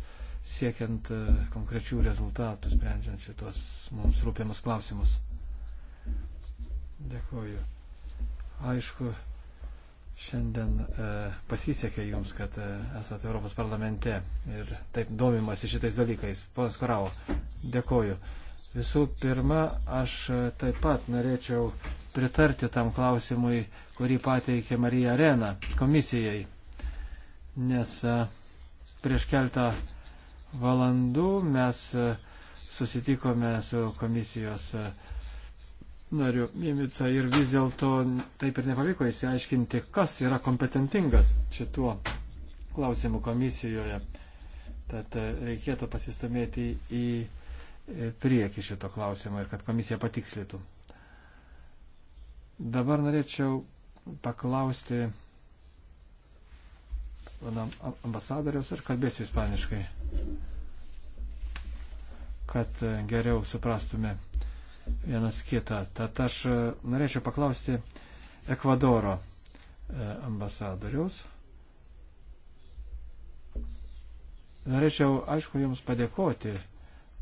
S1: siekiant e, konkrečių rezultatų, sprendžiant šitos mums rūpiamus klausimus. Dėkuoju. Aišku, šiandien e, pasisekė jums, kad e, esate Europos parlamente ir taip domimasi šitais dalykais. Ponas Koravo, dėkoju. Visų pirma, aš e, taip pat norėčiau pritarti tam klausimui, kurį pateikė Marija Arena komisijai, nes e, prieš keltą valandų mes e, susitikome su komisijos e, nariu Mimica ir vis dėlto taip ir nepavyko įsiaiškinti, kas yra kompetentingas šituo klausimu komisijoje. Tad e, reikėtų pasistumėti į priekį šito klausimo ir kad komisija patikslytų. Dabar norėčiau paklausti ambasadoriaus ir kalbėsiu ispaniškai kad geriau suprastume vienas kitą. Tad aš e, norėčiau paklausti Ekvadoro e, ambasadoriaus. Norėčiau, aišku, Jums padėkoti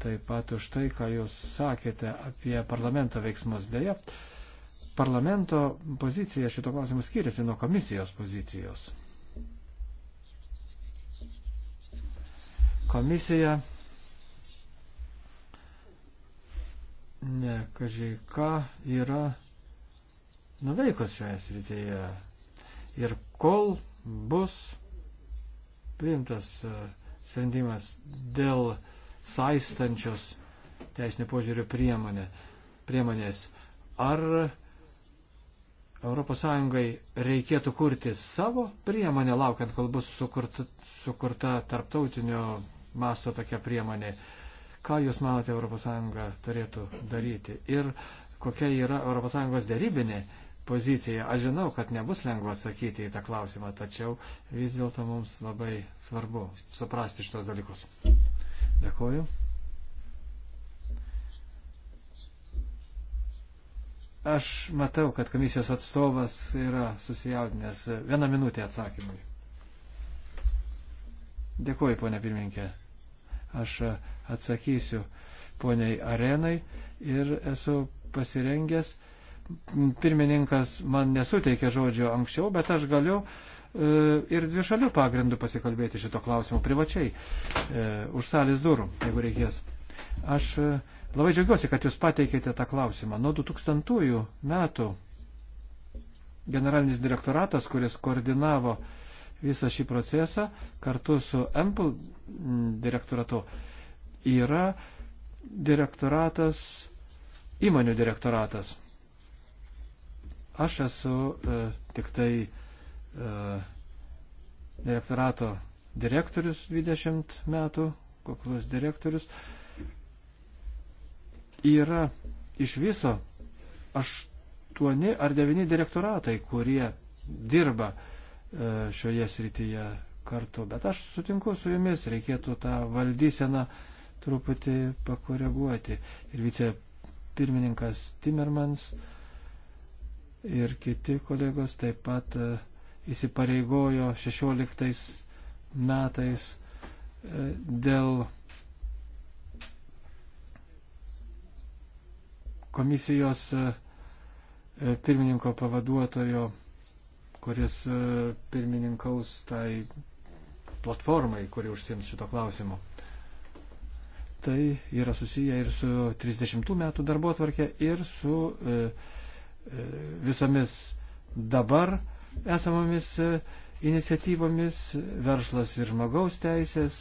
S1: taip pat už tai, ką Jūs sakėte apie parlamento veiksmus. Deja, parlamento pozicija šito klausimu skiriasi nuo komisijos pozicijos. komisija ne kažkai ką yra nuveikus šioje srityje. Ir kol bus priimtas e, sprendimas dėl saistančios teisinio požiūrio priemonė, priemonės, ar ES reikėtų kurti savo priemonę, laukiant, kol bus sukurta, sukurta tarptautinio masto tokia priemonė. Ką Jūs manote, ES turėtų daryti ir kokia yra ES dėrybinė pozicija? Aš žinau, kad nebus lengva atsakyti į tą klausimą, tačiau vis dėlto mums labai svarbu suprasti šitos dalykus. Dėkuoju. Aš matau, kad komisijos atstovas yra susijaudinęs. Vieną minutę atsakymui. Dėkuoju, ponė pirmininkė. Aš e, atsakysiu poniai arenai ir esu pasirengęs. Pirmininkas man nesuteikė žodžio anksčiau, bet aš galiu e, ir dvišalių pagrindų pasikalbėti šito klausimu privačiai e, už salės durų, jeigu reikės. Aš labai džiaugiuosi, kad jūs pateikėte tą klausimą. Nuo 2000 metų generalinis direktoratas, kuris koordinavo uh, visą šį procesą kartu su Ample direktoratu yra direktoratas, įmonių direktoratas. Aš esu e, tik tai e, direktorato direktorius 20 metų, kuklus direktorius. Yra iš viso aštuoni ar devyni direktoratai, kurie dirba e, E, šioje srityje kartu. Bet aš sutinku su jumis, reikėtų tą valdyseną truputį pakoreguoti. Ir vicepirmininkas Timmermans ir kiti kolegos taip pat e, įsipareigojo 16 metais e, dėl komisijos pirmininko pavaduotojo kuris e, pirmininkaus tai platformai, kuri užsims šito klausimu. Tai yra susiję ir su 30 metų darbo atvarkė, ir su e, e, visomis dabar esamomis e, iniciatyvomis, verslas ir žmogaus teisės,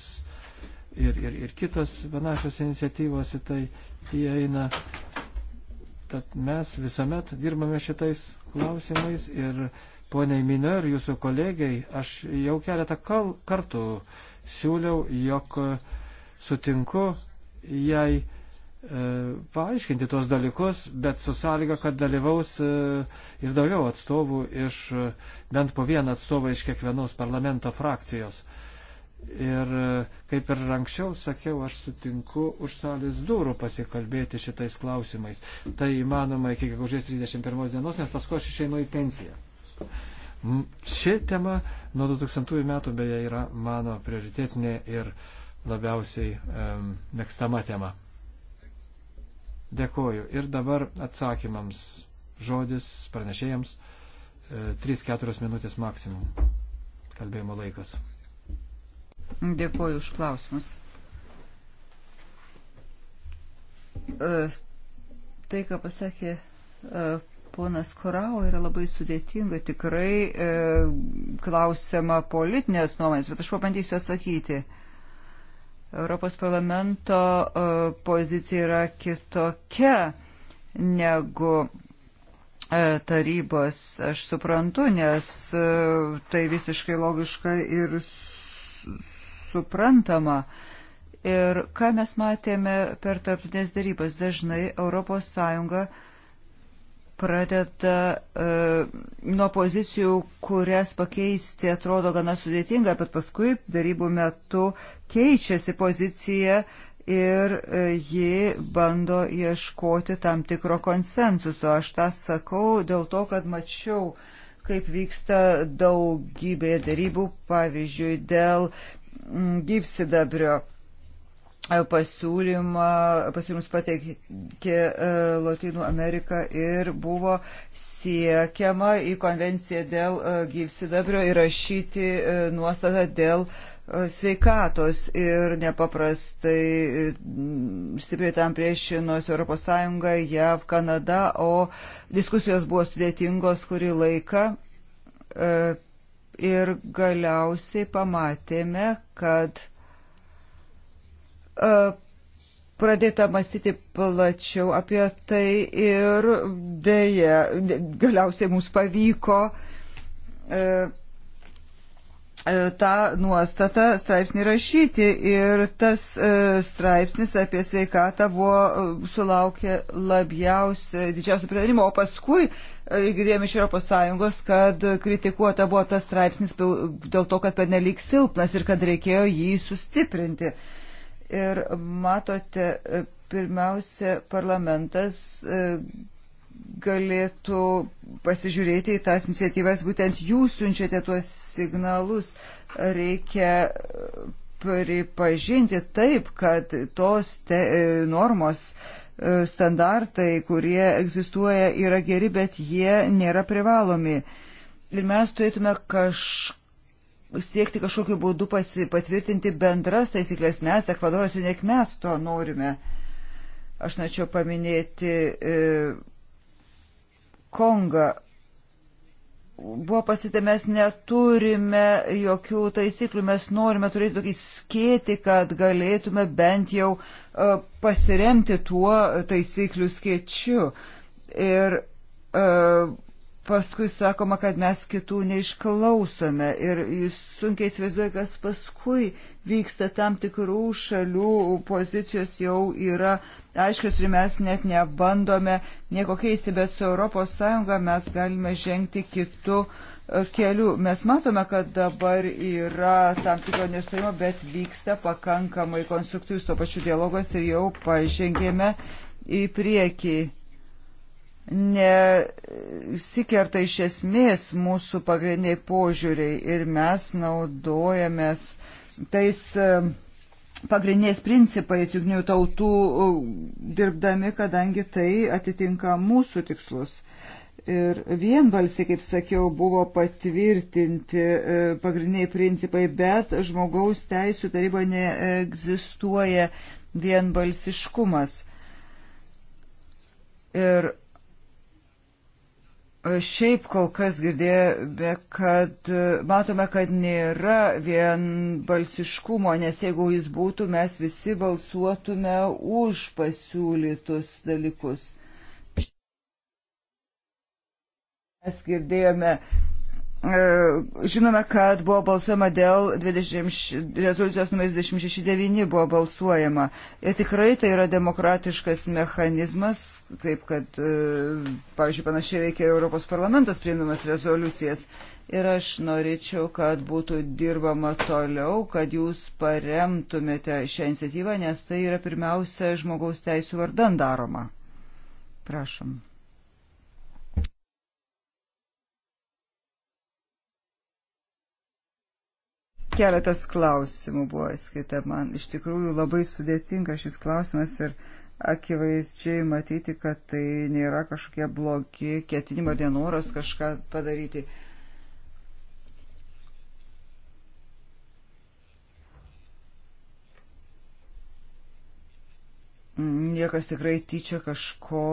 S1: ir, ir, ir kitos panašios iniciatyvos į tai įeina. Tad mes visuomet dirbame šitais klausimais ir poniai Miner, jūsų kolegiai, aš jau keletą kal, kartų siūliau, jog sutinku jai e, paaiškinti tuos dalykus, bet su sąlyga, kad dalyvaus e, ir daugiau atstovų iš, e, bent po vieną atstovą iš kiekvienos parlamento frakcijos. Ir e, kaip ir anksčiau sakiau, aš sutinku už salės durų pasikalbėti šitais klausimais. Tai įmanoma iki gegužės 31 dienos, nes paskui aš išeinu į pensiją. Ši tema nuo 2000 metų beje yra mano prioritetinė ir labiausiai um, mėgstama tema. Dėkoju. Ir dabar atsakymams žodis pranešėjams. E, 3-4 minutės maksimum kalbėjimo laikas. Dėkoju už klausimus.
S2: E, tai, ką pasakė
S3: e, ponas Korau yra labai sudėtinga, tikrai e, klausima politinės nuomonės, bet aš pabandysiu atsakyti. Europos parlamento e, pozicija yra kitokia negu e, tarybos, aš suprantu, nes e, tai visiškai logiška ir suprantama. E, Ir ką mes matėme per tarptautinės darybas, dažnai ES pradeda e, nuo pozicijų, kurias pakeisti atrodo gana sudėtinga, bet paskui darybų metu keičiasi pozicija ir e, ji bando ieškoti tam tikro konsensuso. Aš tą sakau dėl to, kad mačiau, kaip vyksta daugybė darybų, pavyzdžiui, dėl gyvsidabrio. Mm, pasiūlymus pateikė e, Latinų Amerika ir buvo siekiama į konvenciją dėl e, gyvsidabrio įrašyti e, nuostatą dėl sveikatos ir nepaprastai stipriai tam priešinos ES, JAV, Kanada, o diskusijos buvo sudėtingos kurį laiką ir galiausiai pamatėme, kad E, pradėta mąstyti plačiau apie tai ir dėja, galiausiai mums pavyko e, e, tą nuostatą straipsnį rašyti ir tas e, straipsnis apie sveikatą buvo e, sulaukė labiausiai didžiausio pritarimo, o paskui girdėjome iš Europos Sąjungos, kad kritikuota buvo tas straipsnis dėl to, kad pernelyg silpnas ir kad reikėjo jį sustiprinti. E, Ir matote, e, pirmiausia, parlamentas e, galėtų pasižiūrėti į tas iniciatyvas, būtent jūs siunčiate tuos signalus. Reikia e, pripažinti taip, kad tos te, normos standartai, kurie egzistuoja, yra geri, bet jie nėra privalomi. Ir mes turėtume kaž, siekti kažkokiu būdu pasi, patvirtinti bendras taisyklės mes, Ekvadoras ir nek mes to norime. Aš norėčiau paminėti e, Kongą. Buvo pasitė, mes neturime jokių taisyklių, mes norime turėti tokį skėti, kad galėtume bent jau e, pasiremti tuo taisyklių skėčiu. Ir e, paskui sakoma, kad mes kitų neišklausome ir jūs sunkiai įsivaizduoja, kas paskui vyksta tam tikrų šalių pozicijos jau yra aiškios ir mes net nebandome nieko keisti, bet su ES mes galime žengti kitų e, kelių. Mes matome, kad dabar yra tam tikro nestojimo, bet vyksta pakankamai konstruktyvus to pačiu dialogas ir jau pažengėme į priekį nesikerta iš esmės mūsų pagrindiniai požiūriai ir mes naudojamės tais e, pagrindiniais principais jungtinių tautų e, dirbdami, kadangi tai atitinka mūsų tikslus. Ir vienbalsiai, kaip sakiau, buvo patvirtinti e, pagrindiniai principai, bet žmogaus teisų taryboje neegzistuoja vienbalsiškumas. Ir Šiaip kol kas girdėjome, kad matome, kad nėra vienbalsiškumo, nes jeigu jis būtų, mes visi balsuotume už pasiūlytus dalykus. Mes girdėjome Žinome, kad buvo balsuojama dėl 20, rezoliucijos numeris 269 buvo balsuojama. Ir tikrai tai yra demokratiškas mechanizmas, kaip kad, e, pavyzdžiui, panašiai veikia Europos parlamentas priimimas rezoliucijas. Ir aš norėčiau, kad būtų dirbama toliau, kad jūs paremtumėte šią iniciatyvą, nes tai yra pirmiausia žmogaus teisų vardan daroma. Prašom. Keletas klausimų buvo skirta man. Iš tikrųjų labai sudėtinga šis klausimas ir akivaizdžiai matyti, kad tai nėra kažkokie blogi ketinimo dienoras kažką padaryti. Niekas tikrai tyčia kažko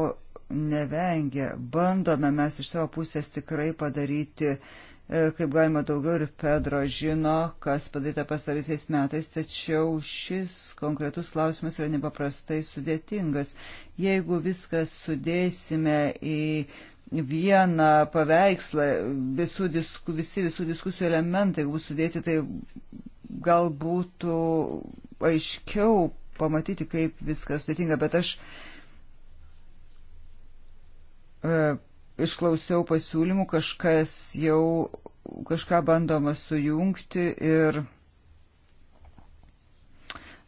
S3: nevengia. Bandome mes iš savo pusės tikrai padaryti uh, E, kaip galima daugiau ir Pedro žino, kas padaryta pastarysiais metais, tačiau šis konkretus klausimas yra nepaprastai sudėtingas. Jeigu viskas sudėsime į vieną paveikslą, visų disku, visi visų diskusijų elementai bus sudėti, tai gal būtų aiškiau pamatyti, kaip viskas sudėtinga, bet aš e, išklausiau pasiūlymų, kažkas jau kažką bandoma sujungti ir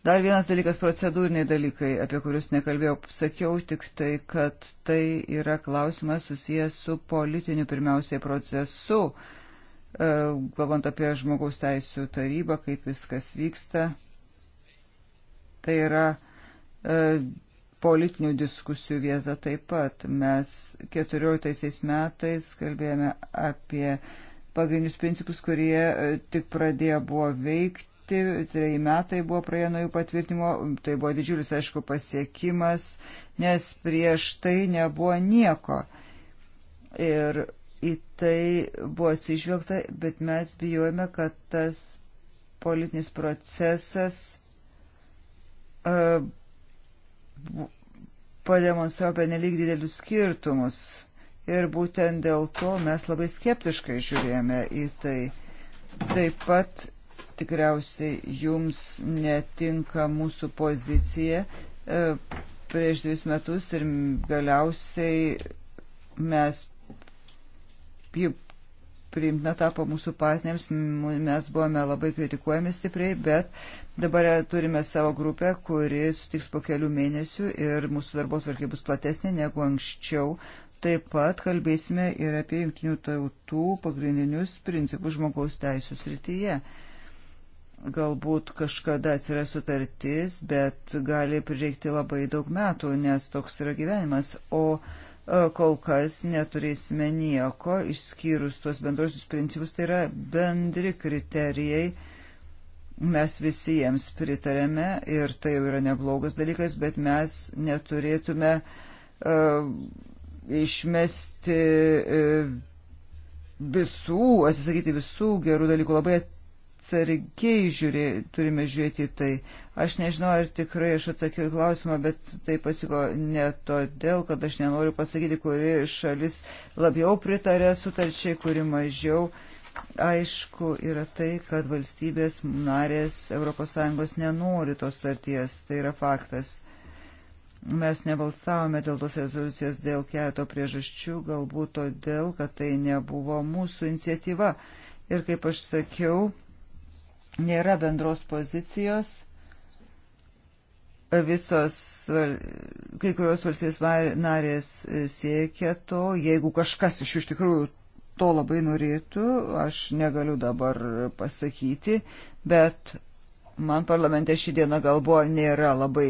S3: dar vienas dalykas procedūriniai dalykai, apie kurius nekalbėjau. Sakiau tik tai, kad tai yra klausimas susijęs su politiniu pirmiausiai procesu, e, galvant apie žmogaus teisų tarybą, kaip viskas vyksta. Tai yra e, politinių diskusijų vieta taip pat. Mes 14 metais kalbėjome apie pagrindinius principus, kurie e, tik pradėjo buvo veikti, treji metai buvo praėję nuo jų patvirtimo, tai buvo didžiulis, aišku, pasiekimas, nes prieš tai nebuvo nieko. Ir į tai buvo atsižvelgta, bet mes bijojame, kad tas politinis procesas uh, pademonstravo benelik didelius skirtumus. Ir būtent dėl to mes labai skeptiškai žiūrėjome į tai. Taip pat tikriausiai jums netinka mūsų pozicija e, prieš dvius metus ir galiausiai mes jį priimtina tapo mūsų partneriams, mes buvome labai kritikuojami stipriai, bet dabar e, turime savo grupę, kuri sutiks po kelių mėnesių ir mūsų darbo tvarkė bus platesnė negu anksčiau. Taip pat kalbėsime ir apie jungtinių tautų pagrindinius principus žmogaus teisų srityje. Galbūt kažkada atsiras sutartis, bet gali prireikti labai daug metų, nes toks yra gyvenimas. O E, kol kas neturėsime nieko išskyrus tuos bendrosius principus, tai yra bendri kriterijai. Mes visi jiems pritarėme ir tai jau yra neblogas dalykas, bet mes neturėtume uh, išmesti uh, visų, atsisakyti visų gerų dalykų. Labai atsargiai žiūrė, turime žiūrėti į tai. Aš nežinau, ar tikrai aš atsakiau į klausimą, bet tai pasiko ne todėl, kad aš nenoriu pasakyti, kuri šalis labiau pritarė sutarčiai, kuri mažiau. Aišku yra tai, kad valstybės narės ES nenori tos starties. Tai yra faktas. Mes nebalsavome dėl tos rezoliucijos dėl keleto priežasčių, galbūt todėl, kad tai nebuvo mūsų iniciatyva. Ir kaip aš sakiau, nėra bendros pozicijos. Visos, kai kurios valstybės narės siekia to, jeigu kažkas iš jų iš tikrųjų to labai norėtų, aš negaliu dabar pasakyti, bet man parlamente šį dieną galboa nėra labai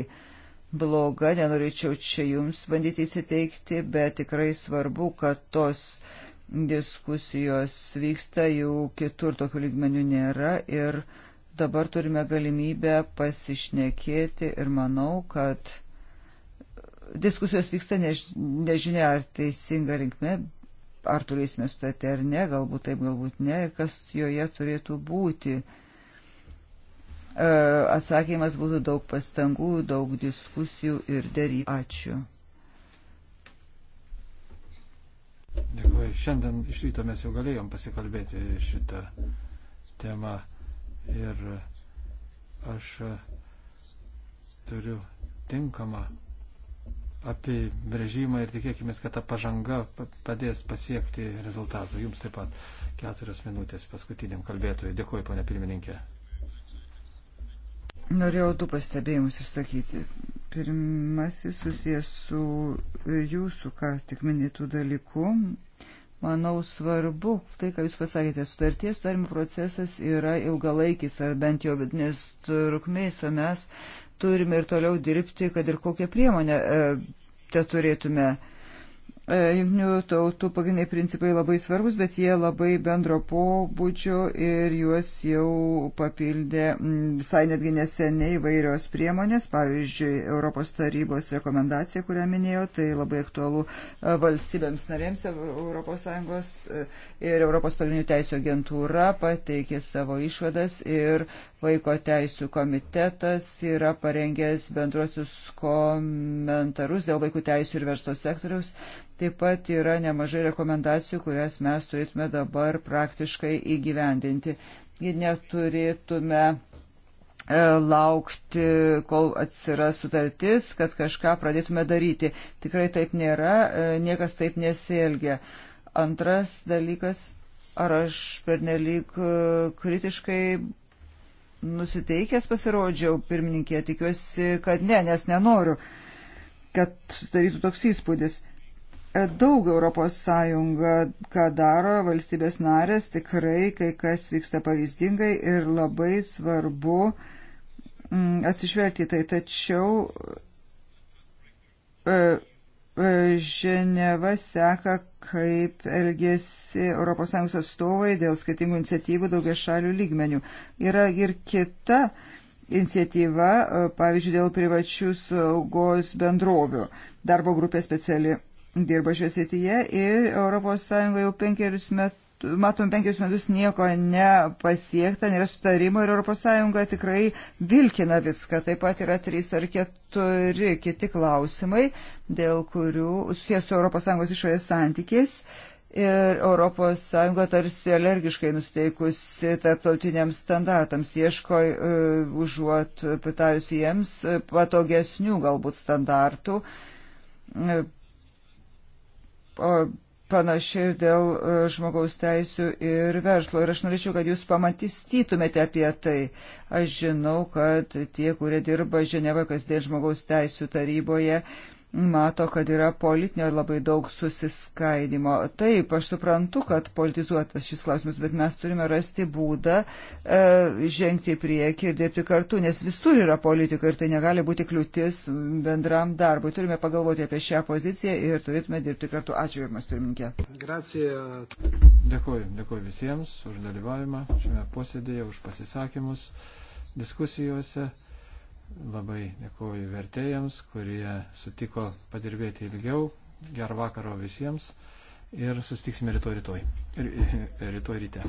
S3: bloga, nenorėčiau čia jums bandyti įsiteikti, bet tikrai svarbu, kad tos uh, diskusijos vyksta, jau kitur tokių lygmenių nėra ir dabar turime galimybę pasišnekėti ir manau, kad diskusijos vyksta než, nežinia ar teisinga linkme, ar turėsime sutartį ar ne, galbūt taip, galbūt ne, ir kas joje turėtų būti. E, atsakymas būtų daug pastangų, daug diskusijų ir dėry. Ačiū.
S1: Dėkuoju. Šiandien iš ryto mes jau galėjom pasikalbėti šitą temą ir aš turiu tinkamą apibrėžimą ir tikėkime, kad ta pažanga padės pasiekti rezultatų. Jums taip pat keturios minutės paskutiniam kalbėtojui. Dėkuoju, ponė pirmininkė.
S3: Norėjau du pastebėjimus išsakyti. Pirmasis susijęs su jūsų, ką tik minėtų dalykų. Manau svarbu, tai, ką Jūs pasakėte, sutarties sudarimo procesas yra ilgalaikis ar bent jau vidinės trukmės, o mes turime ir toliau dirbti, kad ir kokią priemonę e, te turėtume e, E, Junktinių tautų pagrindiniai principai labai svarbus, bet jie labai bendro pobūdžio ir juos jau papildė visai netgi neseniai įvairios priemonės, pavyzdžiui, Europos tarybos rekomendacija, kurią minėjau, tai labai aktualu e, valstybėms narėms ES e, ir Europos pagrindinių teisų agentūra pateikė savo išvadas ir Vaiko teisų komitetas yra parengęs bendruosius komentarus dėl vaikų teisų ir verslo sektoriaus. Taip pat yra nemažai rekomendacijų, kurias mes turėtume dabar praktiškai įgyvendinti. Ir neturėtume e, laukti, kol atsiras sutartis, kad kažką pradėtume daryti. Tikrai taip nėra, e, niekas taip nesielgia. Antras dalykas, ar aš pernelyg e, kritiškai nusiteikęs pasirodžiau pirmininkė, tikiuosi, kad ne, nes nenoriu, kad sudarytų toks įspūdis. Daug Europos Sąjunga, ką daro valstybės narės, tikrai kai kas vyksta pavyzdingai ir labai svarbu mm, atsižvelgti tai. Tačiau e, Ženeva seka, kaip elgėsi ES atstovai dėl skirtingų iniciatyvų daugia šalių lygmenių. Yra ir kita iniciatyva, pavyzdžiui, dėl privačių saugos bendrovių. Darbo grupė speciali dirba šioje srityje ir ES jau penkerius metus matom, penkius metus nieko nepasiekta, nėra sutarimo ir ES tikrai vilkina viską. Taip pat yra trys ar keturi kiti klausimai, dėl kurių susijęs su ES išorės santykiais. Ir ES tarsi alergiškai nusteikusi tarptautiniams standartams, ieško uh, užuot pritariusi jiems patogesnių galbūt standartų. Uh, uh, panašiai ir dėl e, žmogaus teisų ir verslo. Ir aš norėčiau, kad jūs pamatystytumėte apie tai. Aš žinau, kad tie, kurie dirba Ženevoje kasdien žmogaus teisų taryboje, uh, mato, kad yra politinio labai daug susiskaidimo. Taip, aš suprantu, kad politizuotas šis klausimas, bet mes turime rasti būdą e, žengti į priekį ir dirbti kartu, nes visur yra politika ir tai negali būti kliūtis bendram darbui. Turime pagalvoti apie šią poziciją ir turėtume dirbti kartu. Ačiū Jums, pirmininkė.
S1: Gracija. Dėkuoju, dėkuoju visiems už dalyvavimą šiame posėdėje, už pasisakymus diskusijose. Labai dėkuoju vertėjams, kurie sutiko padirbėti ilgiau. Gerą vakaro visiems ir sustiksime rytoj rytoj. Rytoj ryte.